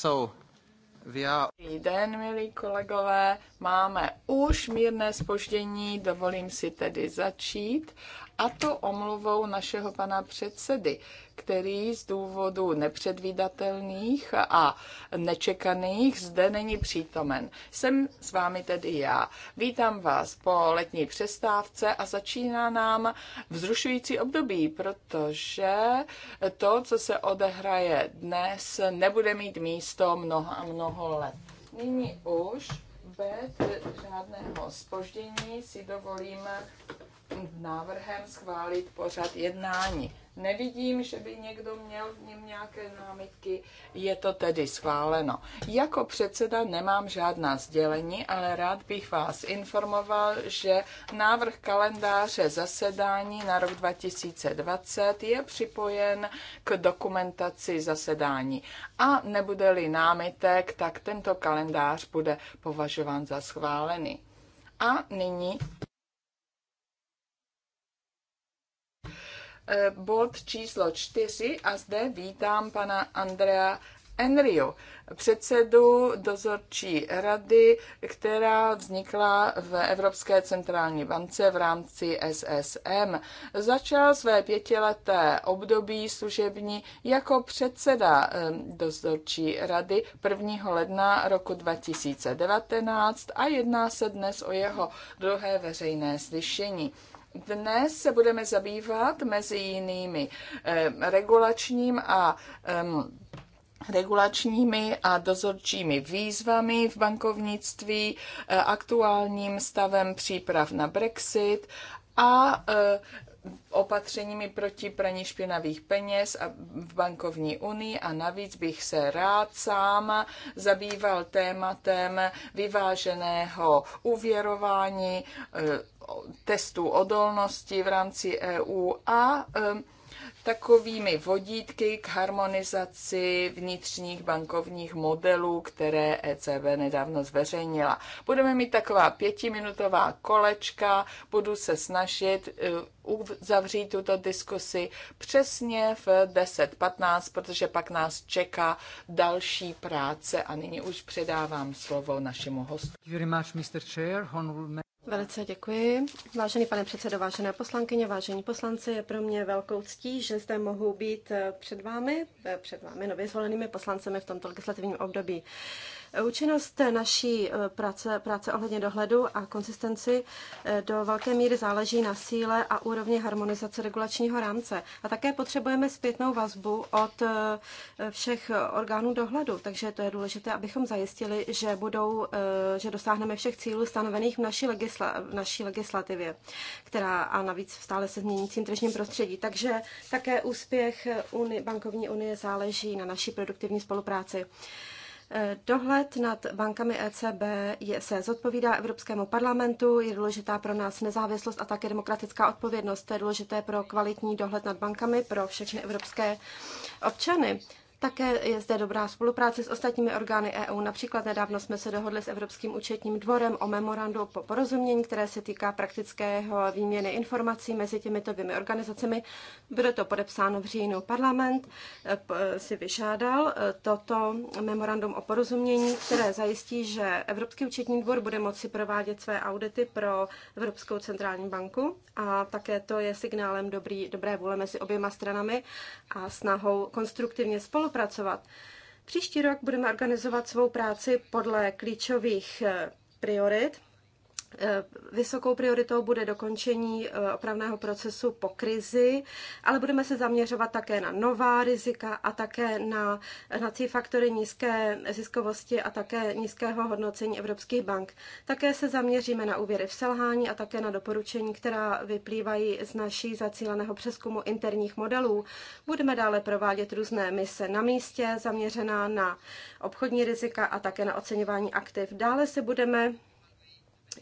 jsou. are... Dobrý den, milí kolegové. Máme už mírné spoždění, dovolím si tedy začít, a to omluvou našeho pana předsedy, který z důvodu nepředvídatelných a nečekaných zde není přítomen. Jsem s vámi tedy já. Vítám vás po letní přestávce a začíná nám vzrušující období, protože to, co se odehraje dnes, nebude mít místo mnoho a mnoho let. Nyní už bez žádného spoždění si dovolím návrhem schválit pořad jednání. Nevidím, že by někdo měl v něm nějaké námitky. Je to tedy schváleno. Jako předseda nemám žádná sdělení, ale rád bych vás informoval, že návrh kalendáře zasedání na rok 2020 je připojen k dokumentaci zasedání. A nebude-li námitek, tak tento kalendář bude považován za schválený. A nyní Eh, bod číslo čtyři a zde vítám pana Andrea Enrio, předsedu dozorčí rady, která vznikla v Evropské centrální bance v rámci SSM. Začal své pětileté období služební jako předseda eh, dozorčí rady 1. ledna roku 2019 a jedná se dnes o jeho druhé veřejné slyšení. Dnes se budeme zabývat mezi jinými eh, regulačním a regulačními a dozorčími výzvami v bankovnictví, eh, aktuálním stavem příprav na Brexit a eh, opatřeními proti praní špinavých peněz a v bankovní unii a navíc bych se rád sám zabýval tématem vyváženého uvěrování, eh, testů odolnosti v rámci EU a eh, takovými vodítky k harmonizaci vnitřních bankovních modelů, které ECB nedávno zveřejnila. Budeme mít taková pětiminutová kolečka, budu se snažit eh, uzavřít tuto diskusi přesně v 10.15, protože pak nás čeká další práce a nyní už předávám slovo našemu hostu. Velice děkuji. Vážený pane předsedo, vážené poslankyně, vážení poslanci, je pro mě velkou ctí, že zde mohu být před vámi, před vámi nově zvolenými poslancemi v tomto legislativním období. Účinnost naší eh, práce, práce ohledně dohledu a konsistenci eh, do velké míry záleží na síle a úrovni harmonizace regulačního rámce. A také potřebujeme zpětnou vazbu od eh, všech orgánů dohledu, takže to je důležité, abychom zajistili, že, budou, že dosáhneme všech cílů stanovených v naší, legisla, v naší legislativě, která a navíc v stále se změnícím tržním prostředí. Takže také úspěch uni, bankovní unie záleží na naší produktivní spolupráci. Dohled nad bankami ECB je, se zodpovídá Evropskému parlamentu, je důležitá pro nás nezávislost a také demokratická odpovědnost. To je důležité pro kvalitní dohled nad bankami pro všechny evropské občany. Také je zde dobrá spolupráce s ostatními orgány EU. Například nedávno jsme se dohodli s Evropským účetním dvorem o memorandu po porozumění, které se týká praktického výměny informací mezi těmito dvěmi organizacemi. Bude to podepsáno v říjnu. Parlament eh, eh, si vyžádal eh, toto memorandum o porozumění, které zajistí, že Evropský účetní dvor bude moci provádět své audity pro Evropskou centrální banku a také to je signálem dobrý, dobré vůle mezi oběma stranami a snahou konstruktivně spolupracovat spolupracovat. Příští rok budeme organizovat svou práci podle klíčových eh, priorit Eh, vysokou prioritou bude dokončení eh, opravného procesu po krizi, ale budeme se zaměřovat také na nová rizika a také na hnací faktory nízké ziskovosti a také nízkého hodnocení evropských bank. Také se zaměříme na úvěry v selhání a také na doporučení, která vyplývají z naší zacíleného přeskumu interních modelů. Budeme dále provádět různé mise na místě, zaměřená na obchodní rizika a také na oceňování aktiv. Dále se budeme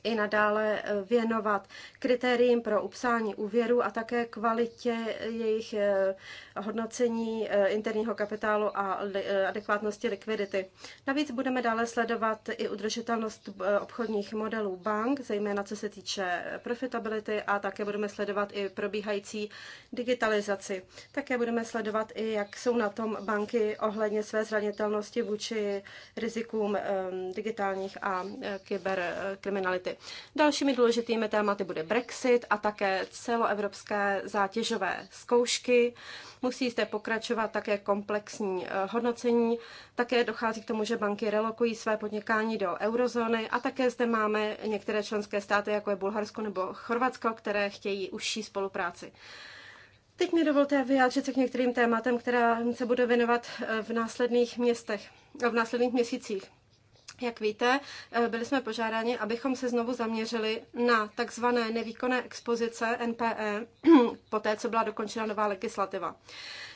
i nadále eh, věnovat kritériím pro upsání úvěru a také kvalitě jejich eh, hodnocení eh, interního kapitálu a adekvátnosti likvidity. Navíc budeme dále sledovat i udržitelnost obchodních modelů bank, zejména co se týče profitability a také budeme sledovat i probíhající digitalizaci. Také budeme sledovat i, jak jsou na tom banky ohledně své zranitelnosti vůči rizikům digitálních a kyberkriminality mobility. Dalšími důležitými tématy bude Brexit a také celoevropské zátěžové zkoušky. Musí zde pokračovat také komplexní eh, hodnocení. Také dochází k tomu, že banky relokují své podnikání do eurozóny a také zde máme některé členské státy, jako je Bulharsko nebo Chorvatsko, které chtějí užší spolupráci. Teď mi dovolte vyjádřit se k některým tématem, která se bude věnovat eh, v následných městech, v následných měsících. Jak víte, eh, byli jsme požádáni, abychom se znovu zaměřili na takzvané nevýkonné expozice NPE, po té, co byla dokončena nová legislativa.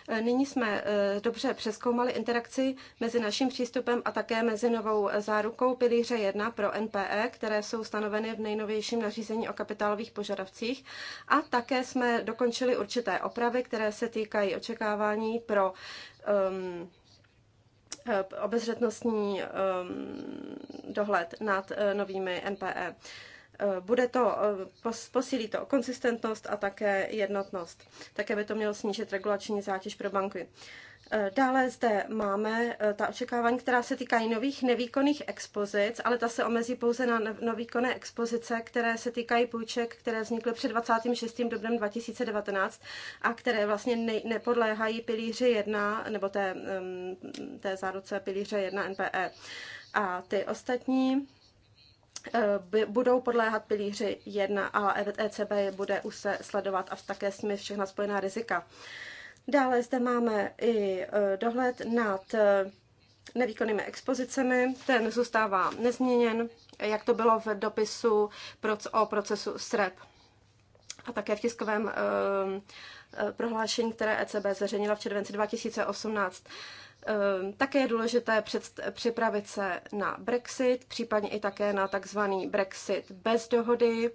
Eh, nyní jsme eh, dobře přeskoumali interakci mezi naším přístupem a také mezi novou zárukou pilíře 1 pro NPE, které jsou stanoveny v nejnovějším nařízení o kapitálových požadavcích. A také jsme dokončili určité opravy, které se týkají očekávání pro um, Eh, obezřetnostní ehm, dohled nad eh, novými NPE eh, Bude to, posílí to konsistentnost a také jednotnost. Také by to mělo snížit regulační zátěž pro banky. Eh, dále zde máme eh, ta očekávání, která se týkají nových nevýkonných expozic, ale ta se omezí pouze na novýkonné expozice, které se týkají půjček, které vznikly před 26. dobrem 2019 a které vlastně ne, nepodléhají pilíři 1 nebo té, té záruce pilíře 1 NPE. A ty ostatní eh, budou podléhat pilíři 1 a ECB je bude už sledovat a také s nimi všechna spojená rizika. Dále zde máme i e, dohled nad e, nevýkonnými expozicemi. Ten zůstává nezměněn, jak to bylo v dopisu o procesu SREP a také v tiskovém e, prohlášení, které ECB zveřejnila v červenci 2018. Také je důležité připravit se na Brexit, případně i také na takzvaný Brexit bez dohody.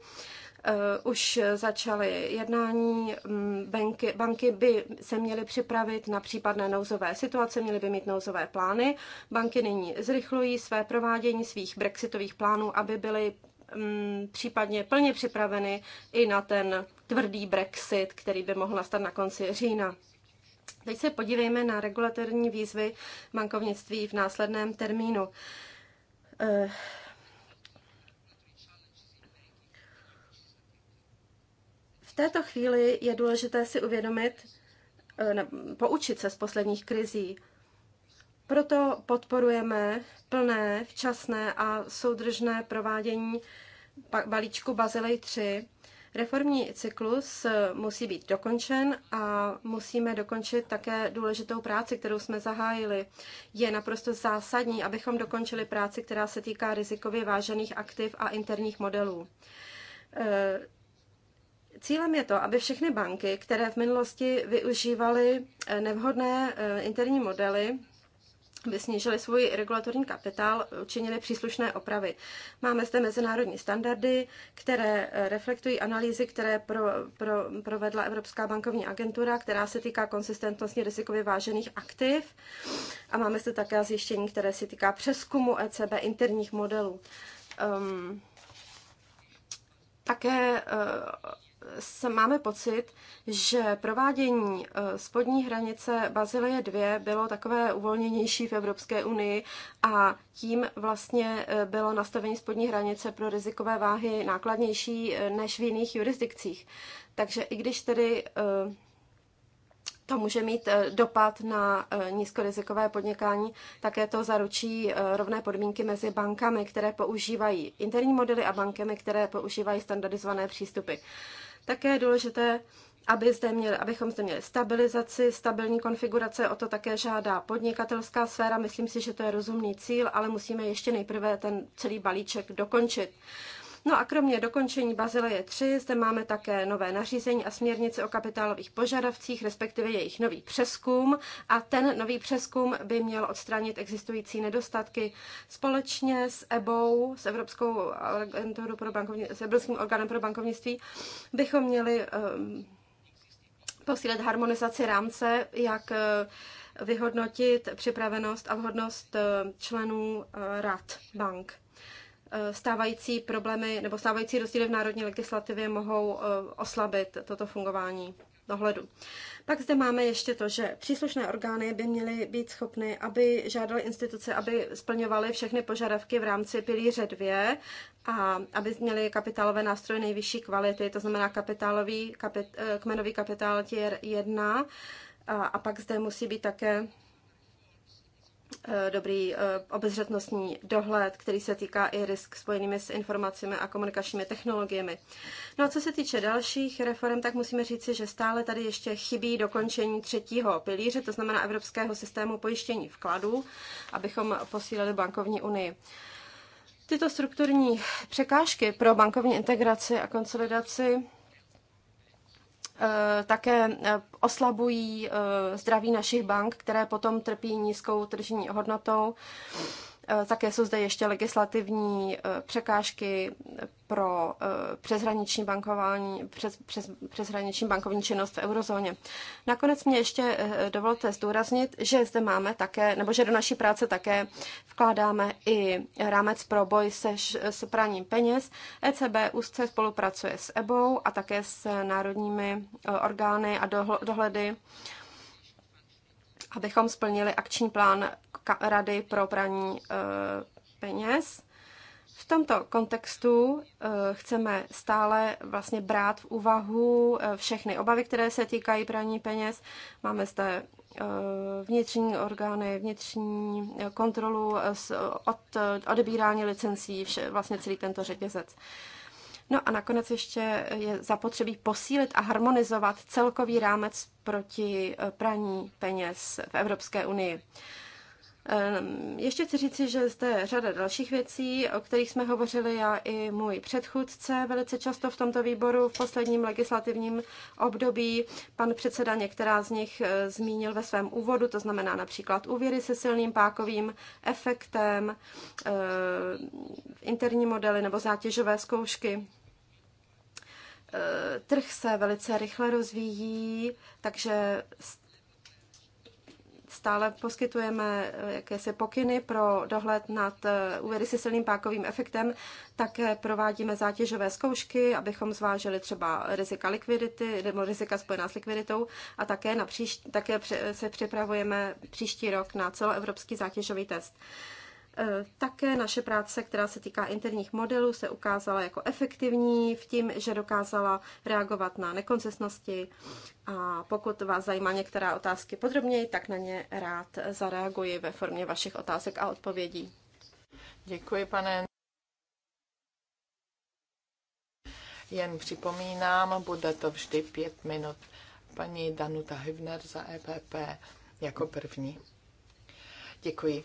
Eh, už začaly jednání. Mm, banky, banky by se měly připravit na případné nouzové situace, měly by mít nouzové plány. Banky nyní zrychlují své provádění svých brexitových plánů, aby byly mm, případně plně připraveny i na ten tvrdý brexit, který by mohl nastat na konci října. Teď se podívejme na regulatorní výzvy bankovnictví v následném termínu. Eh, této chvíli je důležité si uvědomit, eh, poučit se z posledních krizí. Proto podporujeme plné, včasné a soudržné provádění balíčku Bazilej 3. Reformní cyklus eh, musí být dokončen a musíme dokončit také důležitou práci, kterou jsme zahájili. Je naprosto zásadní, abychom dokončili práci, která se týká rizikově vážených aktiv a interních modelů eh, Cílem je to, aby všechny banky, které v minulosti využívaly eh, nevhodné eh, interní modely, aby snížili svůj regulatorní kapitál, učinili příslušné opravy. Máme zde mezinárodní standardy, které eh, reflektují analýzy, které pro, pro, provedla Evropská bankovní agentura, která se týká konsistentnosti rizikově vážených aktiv. A máme zde také zjištění, které se týká přeskumu ECB interních modelů. Um, také uh, máme pocit, že provádění eh, spodní hranice Bazileje 2 bylo takové uvolněnější v Evropské unii a tím vlastně eh, bylo nastavení spodní hranice pro rizikové váhy nákladnější eh, než v jiných jurisdikcích. Takže i když tedy to může mít dopad na nízkorizikové podnikání, také to zaručí rovné podmínky mezi bankami, které používají interní modely a bankami, které používají standardizované přístupy. Také je důležité, aby zde měli, abychom zde měli stabilizaci, stabilní konfigurace, o to také žádá podnikatelská sféra. Myslím si, že to je rozumný cíl, ale musíme ještě nejprve ten celý balíček dokončit. No a kromě dokončení Bazileje 3 zde máme také nové nařízení a směrnice o kapitálových požadavcích, respektive jejich nový přeskum. A ten nový přeskum by měl odstranit existující nedostatky společně s EBOU, s Evropskou agenturu pro bankovní, s Evropským orgánem pro bankovnictví, bychom měli um, posílit harmonizaci rámce, jak eh, vyhodnotit připravenost a vhodnost eh, členů eh, rad bank. Eh, stávající problémy nebo stávající rozdíly v národní legislativě mohou eh, oslabit toto fungování dohledu. Pak zde máme ještě to, že příslušné orgány by měly být schopny, aby žádaly instituce, aby splňovaly všechny požadavky v rámci pilíře 2 a aby měly kapitálové nástroje nejvyšší kvality, to znamená kapitálový, kapit, eh, kmenový kapitál tier 1 a, a pak zde musí být také Eh, dobrý eh, obezřetnostní dohled, který se týká i risk spojenými s informacemi a komunikačními technologiemi. No a co se týče dalších reform, tak musíme říci, že stále tady ještě chybí dokončení třetího pilíře, to znamená Evropského systému pojištění vkladů, abychom posílili bankovní unii. Tyto strukturní překážky pro bankovní integraci a konsolidaci Eh, také eh, oslabují eh, zdraví našich bank, které potom trpí nízkou tržní hodnotou. Eh, také jsou zde ještě legislativní eh, překážky pro eh, přeshraniční bankování, přes, přes, přeshraniční bankovní činnost v eurozóně. Nakonec mě ještě dovolte zdůraznit, že zde máme také, nebo že do naší práce také vkládáme i rámec pro boj se, s praním peněz. ECB úzce spolupracuje s EBou a také s národními orgány a dohledy abychom splnili akční plán Rady pro praní eh, peněz. V tomto kontextu eh, chceme stále vlastně brát v úvahu eh, všechny obavy, které se týkají praní peněz. Máme zde vnitřní orgány, vnitřní kontrolu od odebírání licencí, vše, vlastně celý tento řetězec. No a nakonec ještě je zapotřebí posílit a harmonizovat celkový rámec proti eh, praní peněz v Evropské unii. Ehm, ještě chci říci, že zde je řada dalších věcí, o kterých jsme hovořili já i můj předchůdce velice často v tomto výboru v posledním legislativním období. Pan předseda některá z nich eh, zmínil ve svém úvodu, to znamená například úvěry se silným pákovým efektem, eh, interní modely nebo zátěžové zkoušky. E, trh se velice rychle rozvíjí, takže stále poskytujeme jakési pokyny pro dohled nad e, úvěry se silným pákovým efektem. Také provádíme zátěžové zkoušky, abychom zvážili třeba rizika likvidity nebo rizika spojená s likviditou a také, na příš, také se připravujeme příští rok na celoevropský zátěžový test. Eh, také naše práce, která se týká interních modelů, se ukázala jako efektivní v tím, že dokázala reagovat na nekoncesnosti. A pokud vás zajímá některá otázky podrobněji, tak na ně rád zareaguji ve formě vašich otázek a odpovědí. Děkuji, pane. Jen připomínám, bude to vždy pět minut. Paní Danuta Hübner za EPP jako první. Děkuji.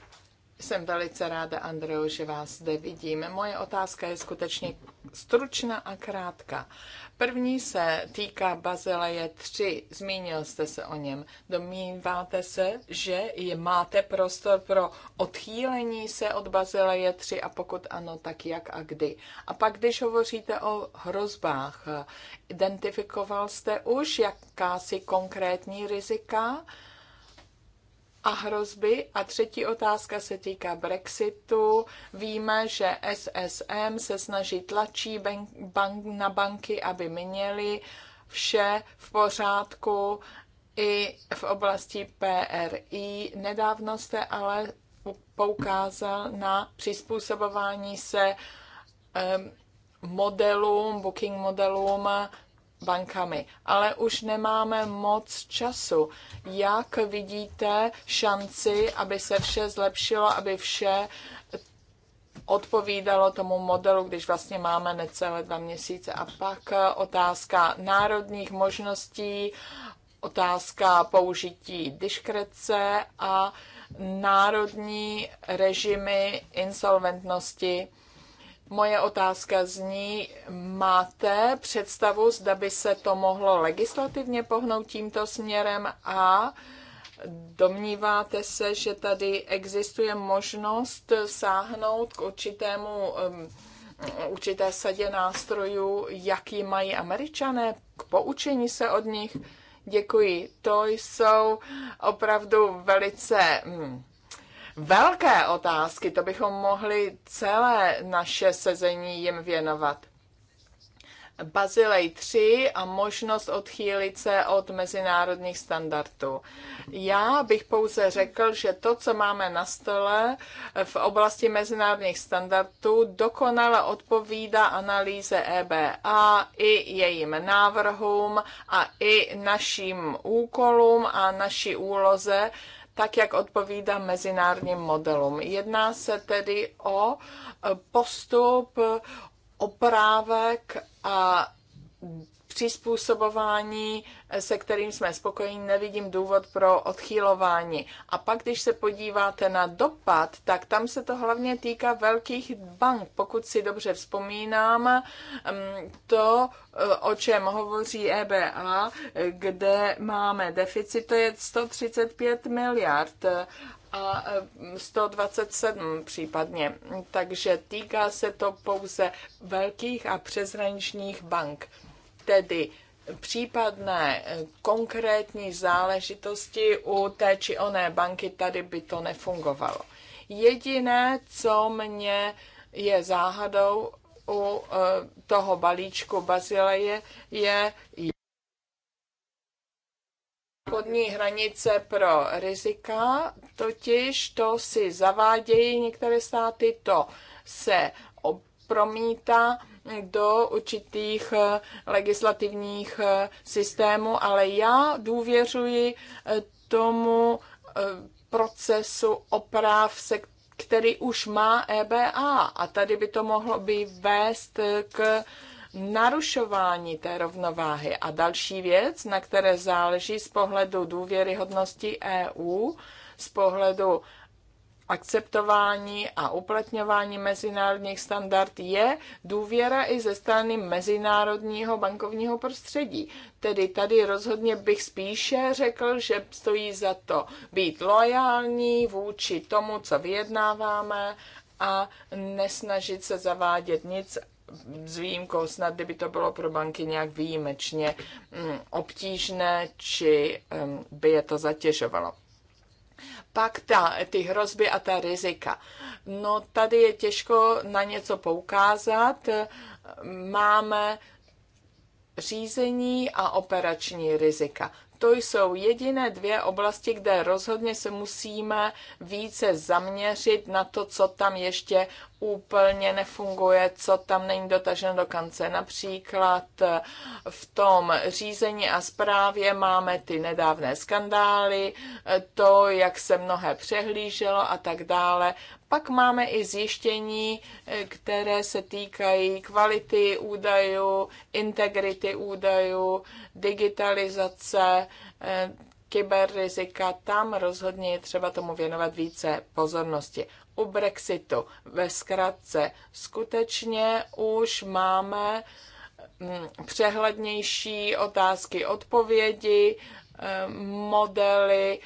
Jsem velice ráda, Andreu, že vás zde vidím. Moje otázka je skutečně stručná a krátká. První se týká Bazileje 3. Zmínil jste se o něm. Domníváte se, že je, máte prostor pro odchýlení se od Bazileje 3 a pokud ano, tak jak a kdy? A pak, když hovoříte o hrozbách, identifikoval jste už jakási konkrétní rizika? a hrozby. A třetí otázka se týká Brexitu. Víme, že SSM se snaží tlačí bank, na banky, aby měli vše v pořádku i v oblasti PRI. Nedávno jste ale poukázal na přizpůsobování se modelům, booking modelům bankami, ale už nemáme moc času. Jak vidíte šanci, aby se vše zlepšilo, aby vše odpovídalo tomu modelu, když vlastně máme necelé dva měsíce. A pak eh, otázka národních možností, otázka použití diskrece a národní režimy insolventnosti Moje otázka zní, máte představu, zda by se to mohlo legislativně pohnout tímto směrem a domníváte se, že tady existuje možnost sáhnout k určitému um, určité sadě nástrojů, jaký mají američané, k poučení se od nich. Děkuji. To jsou opravdu velice mm, velké otázky, to bychom mohli celé naše sezení jim věnovat. Bazilej 3 a možnost odchýlit se od mezinárodních standardů. Já bych pouze řekl, že to, co máme na stole v oblasti mezinárodních standardů, dokonale odpovídá analýze EBA i jejím návrhům a i našim úkolům a naší úloze tak jak odpovídá mezinárodním modelům. Jedná se tedy o postup oprávek a přizpůsobování, eh, se kterým jsme spokojeni, nevidím důvod pro odchýlování. A pak, když se podíváte na dopad, tak tam se to hlavně týká velkých bank. Pokud si dobře vzpomínám, mm, to, eh, o čem hovoří EBA, kde máme deficit, to je 135 miliard eh, a 127 mm, případně. Takže týká se to pouze velkých a přezraničních bank tedy případné eh, konkrétní záležitosti u té či oné banky, tady by to nefungovalo. Jediné, co mě je záhadou u eh, toho balíčku Bazileje, je podní hranice pro rizika, totiž to si zavádějí některé státy, to se promítá do určitých eh, legislativních eh, systémů, ale já důvěřuji eh, tomu procesu oprav, se který už má EBA. A tady by to mohlo by vést k narušování té rovnováhy. A další věc, na které záleží z pohledu důvěryhodnosti EU, z pohledu akceptování a uplatňování mezinárodních standard je důvěra i ze strany mezinárodního bankovního prostředí. Tedy tady rozhodně bych spíše řekl, že stojí za to být lojální vůči tomu, co vyjednáváme a nesnažit se zavádět nic s výjimkou snad, kdyby to bylo pro banky nějak výjimečně mm, obtížné, či mm, by je to zatěžovalo pak ta, ty hrozby a ta rizika. No tady je těžko na něco poukázat. Máme řízení a operační rizika. To jsou jediné dvě oblasti, kde rozhodně se musíme více zaměřit na to, co tam ještě úplně nefunguje, co tam není dotaženo do konce. Například eh, v tom řízení a zprávě máme ty nedávné skandály, eh, to, jak se mnohé přehlíželo a tak dále. Pak máme i zjištění, eh, které se týkají kvality údajů, integrity údajů, digitalizace, eh, kyberrizika. Tam rozhodně je třeba tomu věnovat více pozornosti. U Brexitu ve zkratce skutečně už máme mm, přehlednější otázky, odpovědi, eh, modely,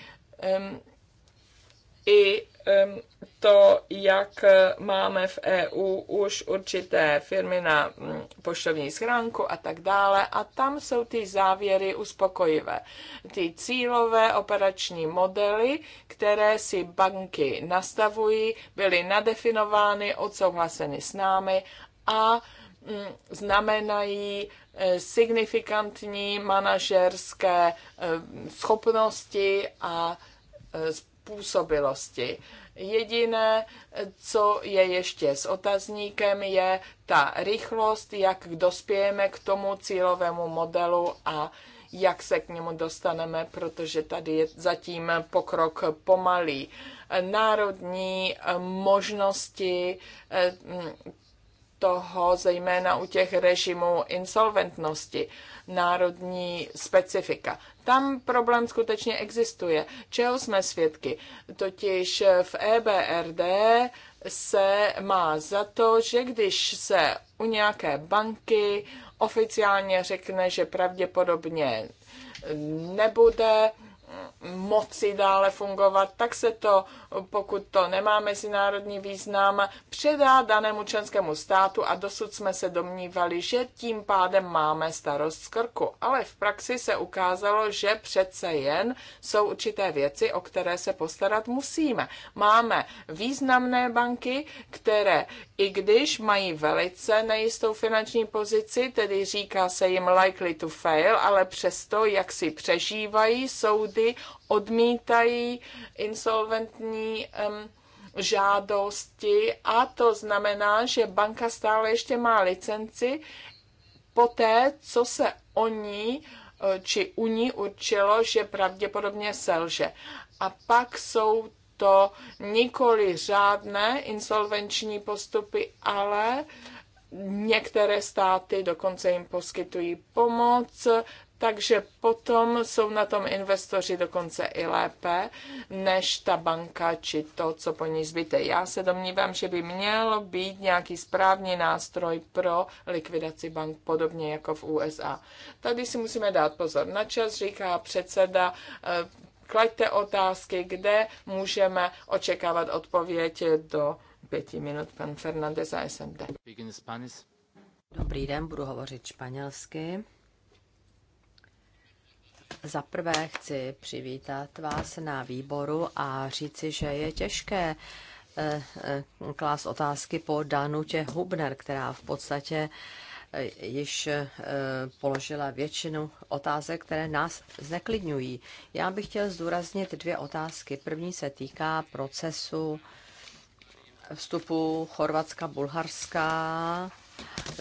i to, jak máme v EU už určité firmy na mm, poštovní schránku a tak dále. A tam jsou ty závěry uspokojivé. Ty cílové operační modely, které si banky nastavují, byly nadefinovány, odsouhlaseny s námi a mm, znamenají e, signifikantní manažerské e, schopnosti a e, působilosti. Jediné, co je ještě s otazníkem, je ta rychlost, jak dospějeme k tomu cílovému modelu a jak se k němu dostaneme, protože tady je zatím pokrok pomalý. Národní možnosti eh, toho zejména u těch režimů insolventnosti, národní specifika. Tam problém skutečně existuje. Čeho jsme svědky? Totiž v EBRD se má za to, že když se u nějaké banky oficiálně řekne, že pravděpodobně nebude moci dále fungovat, tak se to, pokud to nemá mezinárodní význam, předá danému členskému státu a dosud jsme se domnívali, že tím pádem máme starost z krku. Ale v praxi se ukázalo, že přece jen jsou určité věci, o které se postarat musíme. Máme významné banky, které i když mají velice nejistou finanční pozici, tedy říká se jim likely to fail, ale přesto, jak si přežívají, jsou soudy odmítají insolventní um, žádosti a to znamená, že banka stále ještě má licenci poté, co se o ní e, či u ní určilo, že pravděpodobně selže. A pak jsou to nikoli řádné insolvenční postupy, ale některé státy dokonce jim poskytují pomoc, takže potom jsou na tom investoři dokonce i lépe než ta banka či to, co po ní zbyte. Já se domnívám, že by měl být nějaký správný nástroj pro likvidaci bank, podobně jako v USA. Tady si musíme dát pozor na čas, říká předseda eh, klaďte otázky, kde můžeme očekávat odpověď do pěti minut. Pan Fernandez a SMD. Dobrý den, budu hovořit španělsky. Za prvé chci přivítat vás na výboru a říci, že je těžké eh, eh, klás otázky po Danutě Hubner, která v podstatě eh, již položila většinu otázek, které nás zneklidňují. Já bych chtěl zdůraznit dvě otázky. První se týká procesu vstupu Chorvatska, Bulharska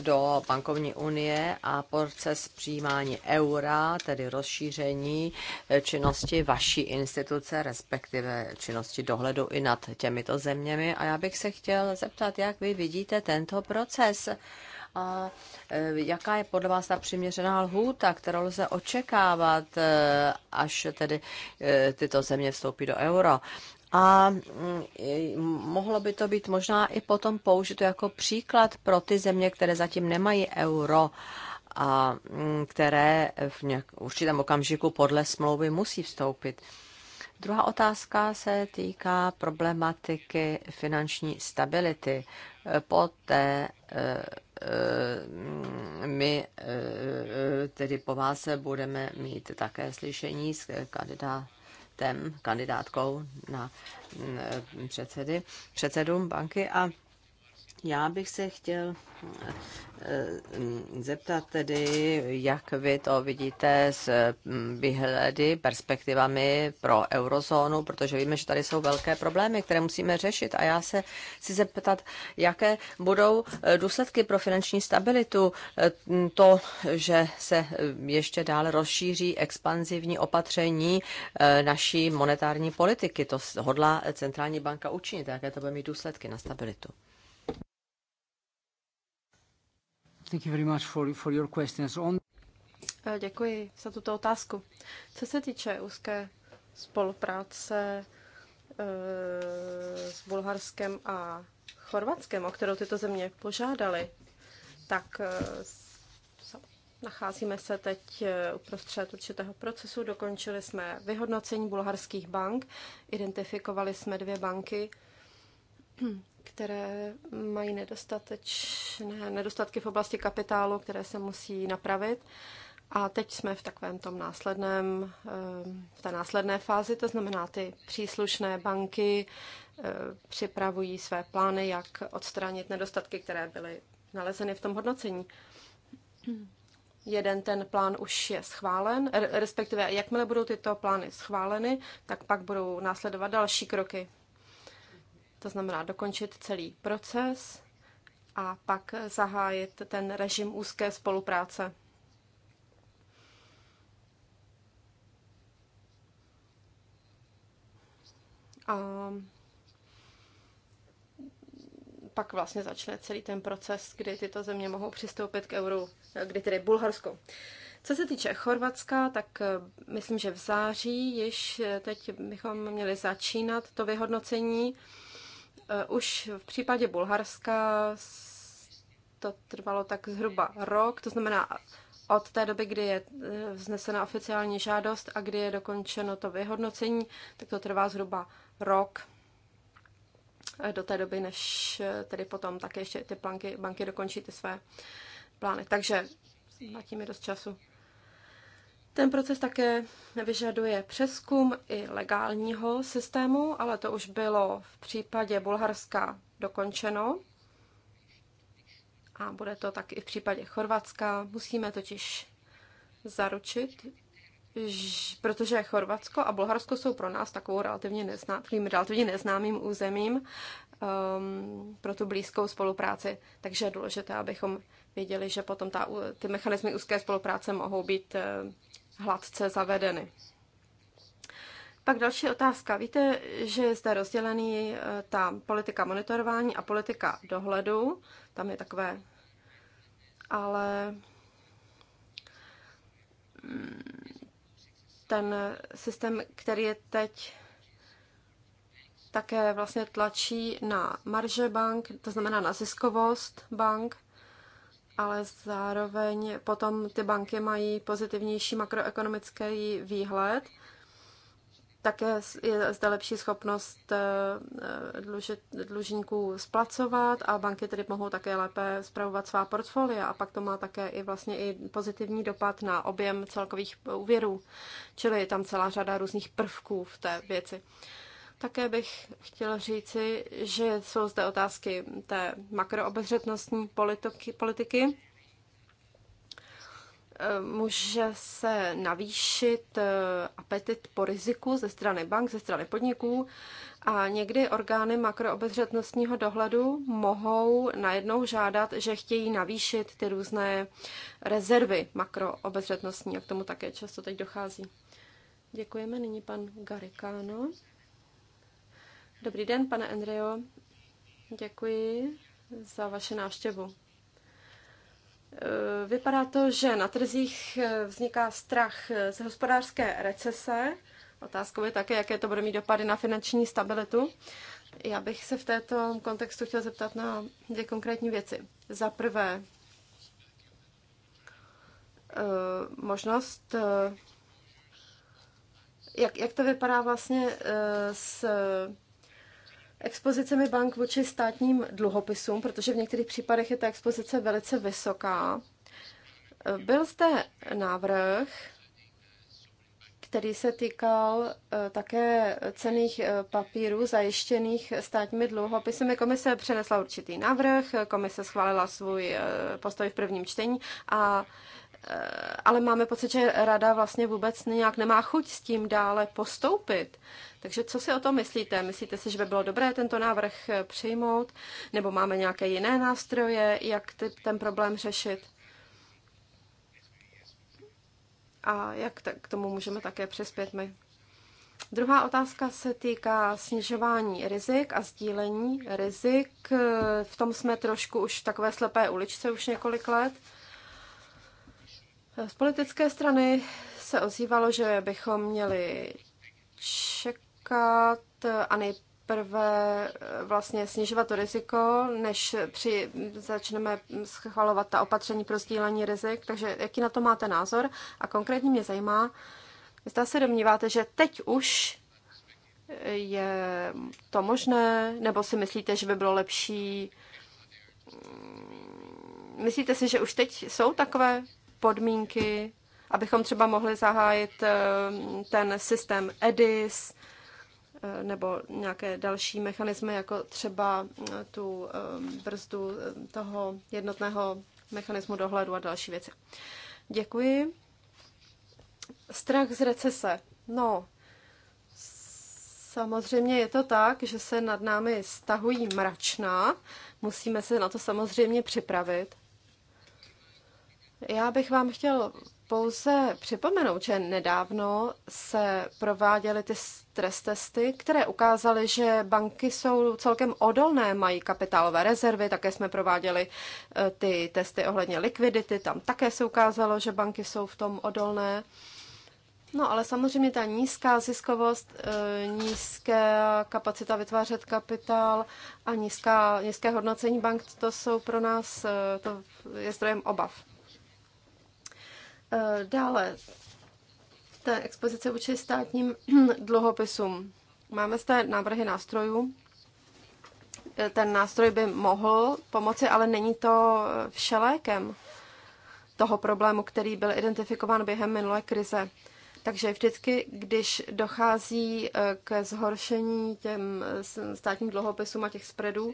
do bankovní unie a proces přijímání eura, tedy rozšíření eh, činnosti vaší instituce, respektive činnosti dohledu i nad těmito zeměmi. A já bych se chtěl zeptat, jak vy vidíte tento proces? A eh, jaká je podle vás ta přiměřená lhůta, kterou lze očekávat, eh, až tedy tyto země vstoupí do euro? A mm, mohlo by to být možná i potom použito jako příklad pro ty země, které zatím nemají euro a mm, které v nějak, určitém okamžiku podle smlouvy musí vstoupit. Druhá otázka se týká problematiky finanční stability. Poté e, e, my e, tedy po vás budeme mít také slyšení s kandidát kandidátkou na mm, eh, předsedy, předsedům banky a já bych se chtěl eh, zeptat tedy, jak vy to vidíte s mm, výhledy, perspektivami pro eurozónu, protože víme, že tady jsou velké problémy, které musíme řešit. A já se chci zeptat, jaké budou eh, důsledky pro finanční stabilitu eh, to, že se ještě dále rozšíří expanzivní opatření naší monetární politiky. To hodlá centrální banka učinit. Jaké to bude mít důsledky na stabilitu? Thank you very much for, for your questions. On... Eh, děkuji za tuto otázku. Co se týče úzké spolupráce eh, s Bulharskem a Chorvatskem, o kterou tyto země požádaly, tak eh, nacházíme se teď uprostřed určitého procesu. Dokončili jsme vyhodnocení bulharských bank, identifikovali jsme dvě banky, které mají nedostatečné nedostatky v oblasti kapitálu, které se musí napravit. A teď jsme v takovém tom následném, eh, v té následné fázi, to znamená, ty příslušné banky eh, připravují své plány, jak odstranit nedostatky, které byly nalezeny v tom hodnocení. Jeden ten plán už je schválen, respektive jakmile budou tyto plány schváleny, tak pak budou následovat další kroky to znamená dokončit celý proces a pak zahájit ten režim úzké spolupráce. A pak vlastně začne celý ten proces, kdy tyto země mohou přistoupit k euru, kdy tedy Bulharsko. Co se týče Chorvatska, tak eh, myslím, že v září již eh, teď bychom měli začínat to vyhodnocení. Eh, už v případě Bulharska to trvalo tak zhruba rok, to znamená od té doby, kdy je eh, vznesena oficiální žádost a kdy je dokončeno to vyhodnocení, tak to trvá zhruba rok eh, do té doby, než tedy potom také ještě ty banky, banky dokončí ty své plány. Takže zatím je dost času. Ten proces také vyžaduje přeskum i legálního systému, ale to už bylo v případě Bulharska dokončeno. A bude to tak i v případě Chorvatska. Musíme totiž zaručit, protože Chorvatsko a Bulharsko jsou pro nás takovou relativně, nezná, relativně neznámým územím um, pro tu blízkou spolupráci. Takže je důležité, abychom věděli, že potom ta, ty mechanismy úzké spolupráce mohou být eh, hladce zavedeny. Pak další otázka. Víte, že je zde rozdělený eh, ta politika monitorování a politika dohledu. Tam je takové, ale mm, ten systém, který je teď také vlastně tlačí na marže bank, to znamená na ziskovost bank ale zároveň potom ty banky mají pozitivnější makroekonomický výhled. Také je zde lepší schopnost eh, dlužníků splacovat a banky tedy mohou také lépe zpravovat svá portfolia a pak to má také i vlastně i pozitivní dopad na objem celkových úvěrů. Čili je tam celá řada různých prvků v té věci. Také bych chtěla říci, že jsou zde otázky té makroobezřetnostní politiky. Může se navýšit eh, apetit po riziku ze strany bank, ze strany podniků a někdy orgány makroobezřetnostního dohledu mohou najednou žádat, že chtějí navýšit ty různé rezervy makroobezřetnostní a k tomu také často teď dochází. Děkujeme nyní pan Garikáno. Dobrý den, pane Andrejo. Děkuji za vaši návštěvu. E, vypadá to, že na trzích e, vzniká strach z hospodářské recese. Otázkou je také, jaké to bude mít dopady na finanční stabilitu. Já bych se v této kontextu chtěla zeptat na dvě konkrétní věci. Za prvé, e, možnost, jak, jak to vypadá vlastně s expozicemi bank vůči státním dluhopisům, protože v některých případech je ta expozice velice vysoká. Byl zde návrh, který se týkal eh, také cených eh, papírů zajištěných státními dluhopisy. Komise přenesla určitý návrh, komise schválila svůj eh, postoj v prvním čtení a Eh, ale máme pocit, že rada vlastně vůbec nějak nemá chuť s tím dále postoupit. Takže co si o tom myslíte? Myslíte si, že by bylo dobré tento návrh eh, přijmout? Nebo máme nějaké jiné nástroje, jak ty, ten problém řešit? A jak t- k tomu můžeme také přispět my? Druhá otázka se týká snižování rizik a sdílení rizik. Eh, v tom jsme trošku už v takové slepé uličce už několik let. Z politické strany se ozývalo, že bychom měli čekat a nejprve eh, vlastně snižovat to riziko, než při, začneme schvalovat ta opatření pro sdílení rizik. Takže jaký na to máte názor? A konkrétně mě zajímá, zda se domníváte, že teď už eh, je to možné, nebo si myslíte, že by bylo lepší mm, Myslíte si, že už teď jsou takové podmínky, abychom třeba mohli zahájit eh, ten systém EDIS eh, nebo nějaké další mechanismy, jako třeba eh, tu brzdu toho jednotného mechanismu dohledu a další věci. Děkuji. Strach z recese. No, samozřejmě je to tak, že se nad námi stahují mračna. Musíme se na to samozřejmě připravit. Já bych vám chtěl pouze připomenout, že nedávno se prováděly ty stres testy, které ukázaly, že banky jsou celkem odolné, mají kapitálové rezervy, také jsme prováděli e, ty testy ohledně likvidity, tam také se ukázalo, že banky jsou v tom odolné. No ale samozřejmě ta nízká ziskovost, e, nízká kapacita vytvářet kapitál a nízká, nízké hodnocení bank, to jsou pro nás, e, to je zdrojem obav. Eh, dále, té expozice vůči státním dluhopisům. Máme zde návrhy nástrojů. Eh, ten nástroj by mohl pomoci, ale není to eh, všelékem toho problému, který byl identifikován během minulé krize. Takže vždycky, když dochází k zhoršení těm státním dluhopisům a těch spreadů,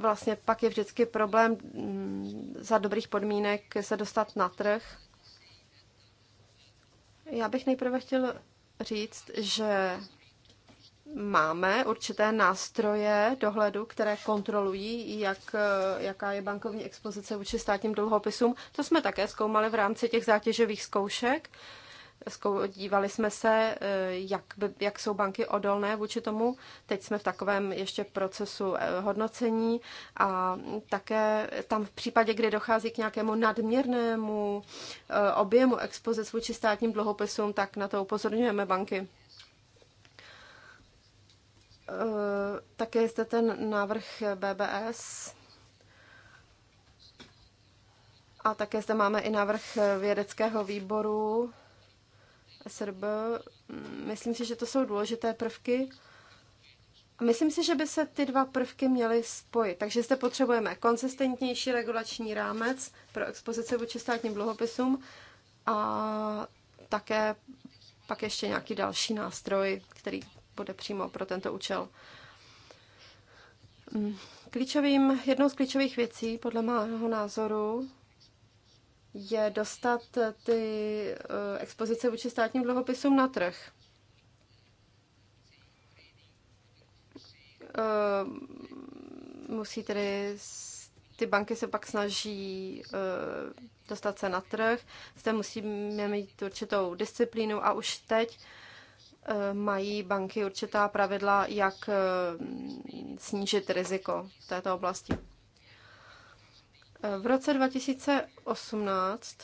vlastně pak je vždycky problém mm, za dobrých podmínek se dostat na trh. Já bych nejprve chtěl říct, že máme určité nástroje dohledu, které kontrolují, jak, jaká je bankovní expozice vůči státním dluhopisům. To jsme také zkoumali v rámci těch zátěžových zkoušek. Uh, Dívali jsme se, e, jak, by, jak jsou banky odolné vůči tomu. Teď jsme v takovém ještě procesu e, hodnocení a také tam v případě, kdy dochází k nějakému nadměrnému e, objemu expozic vůči státním dluhopisům, tak na to upozorňujeme banky také je zde ten návrh BBS. A také zde máme i návrh vědeckého výboru SRB. Mm, myslím si, že to jsou důležité prvky. Myslím si, že by se ty dva prvky měly spojit. Takže zde potřebujeme konsistentnější regulační rámec pro expozice vůči státním dluhopisům a také pak ještě nějaký další nástroj, který bude přímo pro tento účel. Mm, klíčovým, jednou z klíčových věcí, podle mého názoru, je dostat ty eh, expozice vůči státním dluhopisům na trh. Eh, musí tedy, ty banky se pak snaží eh, dostat se na trh, zde musíme mít určitou disciplínu a už teď mají banky určitá pravidla, jak snížit riziko v této oblasti. V roce 2018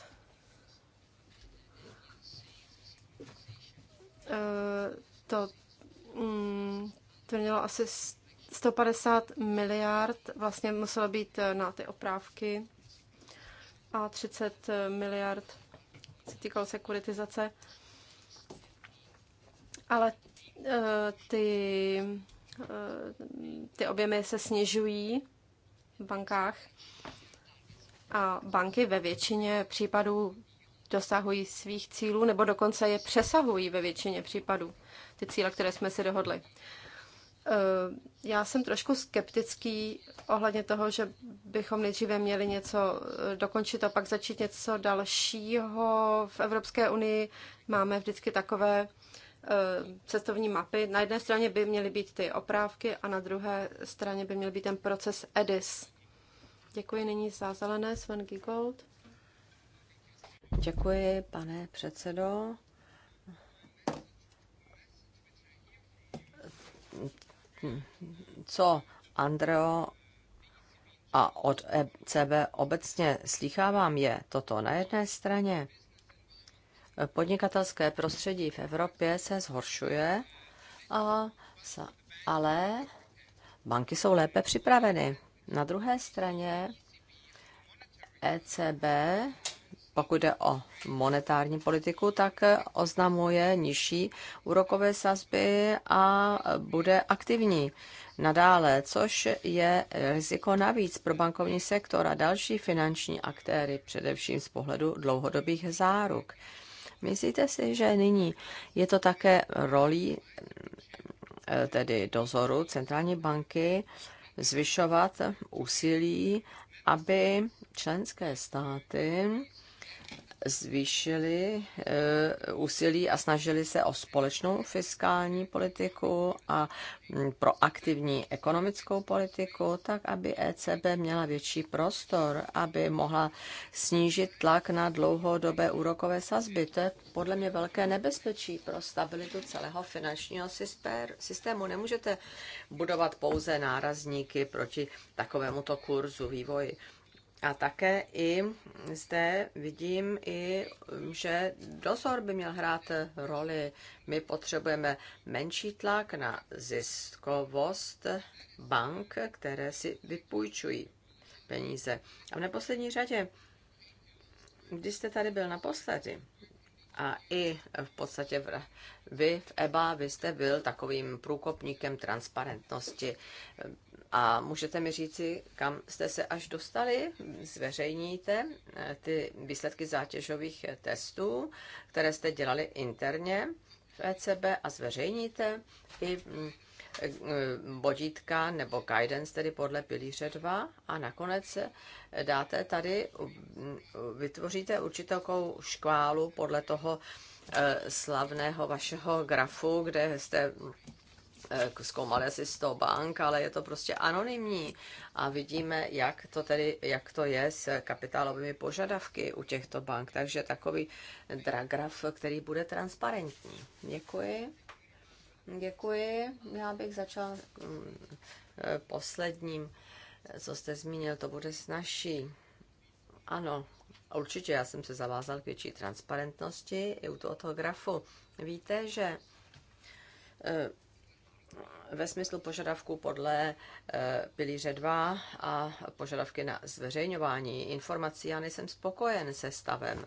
eh, to mm, tvrdilo asi 150 miliard, vlastně muselo být eh, na ty oprávky a 30 eh, miliard se týkalo sekuritizace. Ale ty, ty objemy se snižují v bankách a banky ve většině případů dosahují svých cílů nebo dokonce je přesahují ve většině případů, ty cíle, které jsme si dohodli. Eh, já jsem trošku skeptický ohledně toho, že bychom nejdříve měli něco eh, dokončit a pak začít něco dalšího. V Evropské unii máme vždycky takové eh, cestovní mapy. Na jedné straně by měly být ty oprávky a na druhé straně by měl být ten proces EDIS. Děkuji nyní za zelené Sven Gigold. Děkuji, pane předsedo. Co Andreo a od ECB obecně slýchávám je toto. Na jedné straně podnikatelské prostředí v Evropě se zhoršuje, a, ale banky jsou lépe připraveny na druhé straně ECB, pokud jde o monetární politiku, tak oznamuje nižší úrokové sazby a bude aktivní nadále, což je riziko navíc pro bankovní sektor a další finanční aktéry, především z pohledu dlouhodobých záruk. Myslíte si, že nyní je to také rolí tedy dozoru centrální banky, zvyšovat úsilí, aby členské státy zvýšili eh, úsilí a snažili se o společnou fiskální politiku a mm, proaktivní ekonomickou politiku, tak aby ECB měla větší prostor, aby mohla snížit tlak na dlouhodobé úrokové sazby. To je podle mě velké nebezpečí pro stabilitu celého finančního systému. Nemůžete budovat pouze nárazníky proti takovémuto kurzu vývoji. A také i zde vidím i, že dozor by měl hrát roli. My potřebujeme menší tlak na ziskovost bank, které si vypůjčují peníze. A v neposlední řadě, když jste tady byl naposledy, a i v podstatě vy v EBA, vy jste byl takovým průkopníkem transparentnosti. A můžete mi říci, kam jste se až dostali? Zveřejníte eh, ty výsledky zátěžových eh, testů, které jste dělali interně v ECB a zveřejníte i bodítka mm, eh, nebo guidance, tedy podle pilíře 2 a nakonec dáte tady, mm, vytvoříte určitou škválu podle toho slavného vašeho grafu, kde jste Eh, zkoumali si 100 bank, ale je to prostě anonymní a vidíme, jak to, tedy, jak to je s kapitálovými požadavky u těchto bank. Takže takový dragraf, který bude transparentní. Děkuji. Děkuji. Já bych začal mm, eh, posledním, eh, co jste zmínil, to bude snažší. Ano, určitě já jsem se zavázal k větší transparentnosti i u tohoto grafu. Víte, že ve smyslu požadavků podle eh, pilíře 2 a požadavky na zveřejňování informací. Já nejsem spokojen se stavem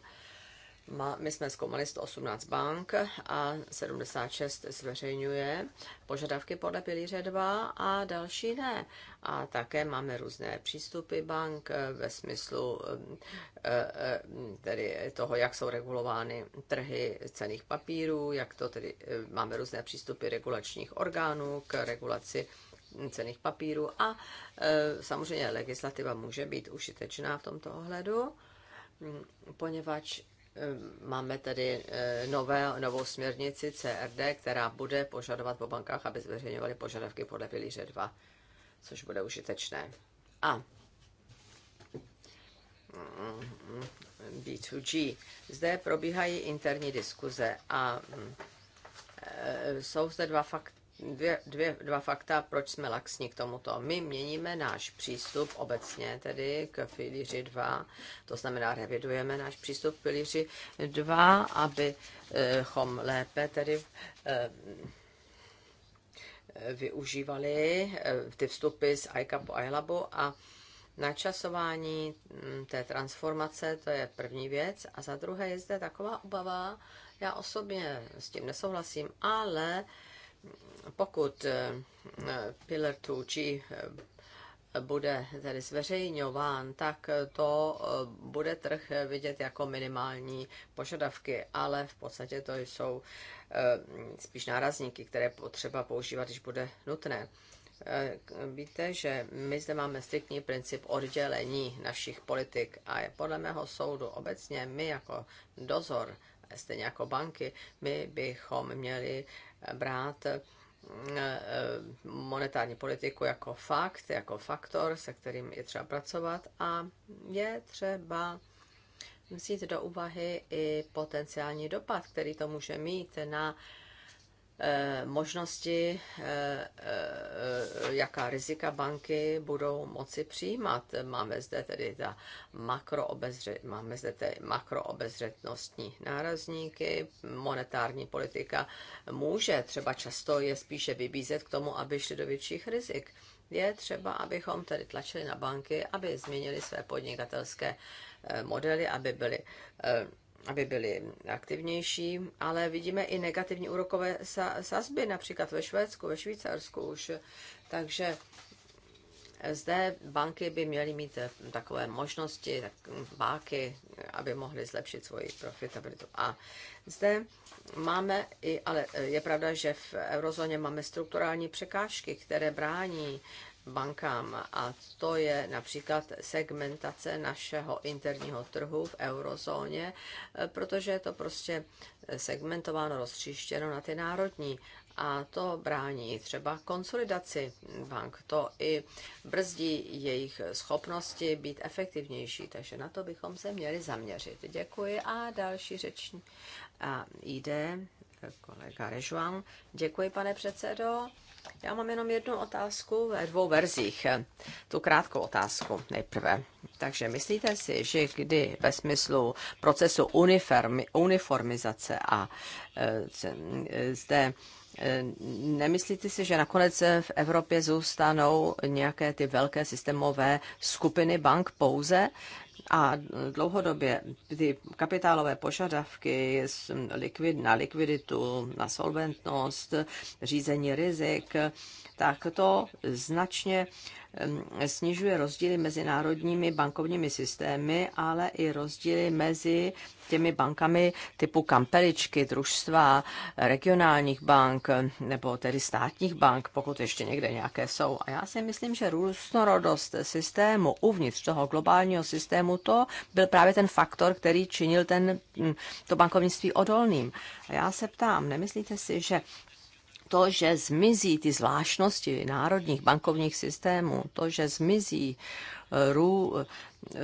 my jsme zkoumali 118 bank a 76 zveřejňuje požadavky podle pilíře 2 a další ne. A také máme různé přístupy bank ve smyslu um, e, e, tedy toho, jak jsou regulovány trhy cených papírů, jak to tedy e, máme různé přístupy regulačních orgánů k regulaci cených papírů a samozřejmě legislativa může být užitečná v tomto ohledu poněvadž Máme tady e, nové, novou směrnici CRD, která bude požadovat po bankách, aby zveřejňovaly požadavky podle pilíře 2, což bude užitečné. A mm, B2G. Zde probíhají interní diskuze a mm, e, jsou zde dva fakt, dvě, dvě, dva fakta, proč jsme laxní k tomuto. My měníme náš přístup obecně, tedy k pilíři 2, to znamená revidujeme náš přístup k pilíři 2, abychom eh, lépe tedy eh, využívali eh, ty vstupy z iCapu a iLabu a načasování hm, té transformace, to je první věc. A za druhé je zde taková obava, já osobně s tím nesouhlasím, ale pokud eh, Pillar 2G eh, bude tedy zveřejňován, tak eh, to bude trh vidět jako minimální požadavky, ale v podstatě to jsou spíš nárazníky, které potřeba používat, když bude nutné. Víte, že my zde máme striktní princip oddělení našich politik a podle mého soudu obecně my jako dozor stejně jako banky, my bychom měli brát eh, eh, monetární politiku jako fakt, jako faktor, se kterým je třeba pracovat a je třeba vzít do úvahy i potenciální dopad, který to může mít na Eh, možnosti, eh, eh, jaká rizika banky budou moci přijímat. Máme zde tedy ta máme zde tedy makroobezřetnostní nárazníky. Monetární politika může třeba často je spíše vybízet k tomu, aby šli do větších rizik. Je třeba, abychom tedy tlačili na banky, aby změnili své podnikatelské modely, aby byly aby byli aktivnější, ale vidíme i negativní úrokové sazby, například ve Švédsku, ve Švýcarsku už. Takže zde banky by měly mít eh, takové možnosti, tak báky, hm, aby mohly zlepšit svoji profitabilitu. A zde máme i, ale eh, je pravda, že v eurozóně máme strukturální překážky, které brání bankám. A to je například segmentace našeho interního trhu v eurozóně, protože je to prostě segmentováno, roztříštěno na ty národní a to brání třeba konsolidaci bank. To i brzdí jejich schopnosti být efektivnější, takže na to bychom se měli zaměřit. Děkuji a další řeční a jde kolega Režuan. Děkuji, pane předsedo. Já mám jenom jednu otázku ve dvou verzích. Tu krátkou otázku nejprve. Takže myslíte si, že kdy ve smyslu procesu uniformizace a e, e, zde e, Nemyslíte si, že nakonec v Evropě zůstanou nějaké ty velké systémové skupiny bank pouze, a dlouhodobě ty kapitálové požadavky na likviditu, na solventnost, řízení rizik, tak to značně snižuje rozdíly mezi národními bankovními systémy, ale i rozdíly mezi těmi bankami typu kampeličky, družstva, regionálních bank nebo tedy státních bank, pokud ještě někde nějaké jsou. A já si myslím, že různorodost systému uvnitř toho globálního systému, to byl právě ten faktor, který činil ten, to bankovnictví odolným. A já se ptám, nemyslíte si, že to, že zmizí ty zvláštnosti národních bankovních systémů, to, že zmizí eh, rů,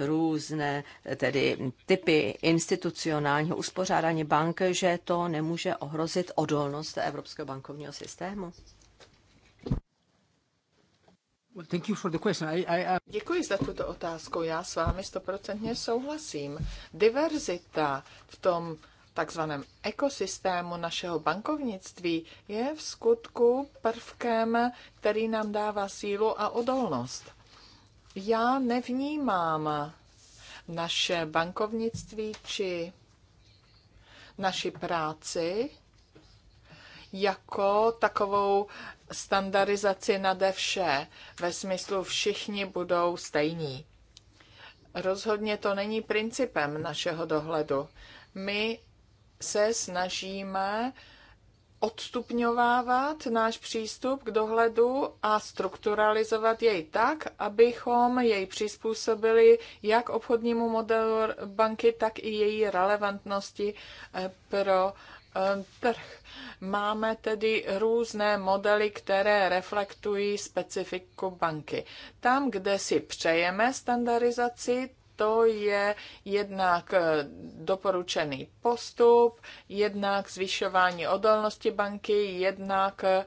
různé tedy typy institucionálního uspořádání bank, že to nemůže ohrozit odolnost Evropského bankovního systému? Děkuji za tuto otázku. Já s vámi stoprocentně souhlasím. Diverzita v tom takzvaném ekosystému našeho bankovnictví je v skutku prvkem, který nám dává sílu a odolnost. Já nevnímám naše bankovnictví či naši práci jako takovou standardizaci nade vše, ve smyslu všichni budou stejní. Rozhodně to není principem našeho dohledu. My se snažíme odstupňovávat náš přístup k dohledu a strukturalizovat jej tak, abychom jej přizpůsobili jak obchodnímu modelu banky, tak i její relevantnosti eh, pro eh, trh. Máme tedy různé modely, které reflektují specifiku banky. Tam, kde si přejeme standardizaci, to je jednak eh, doporučený postup, jednak zvyšování odolnosti banky, jednak eh,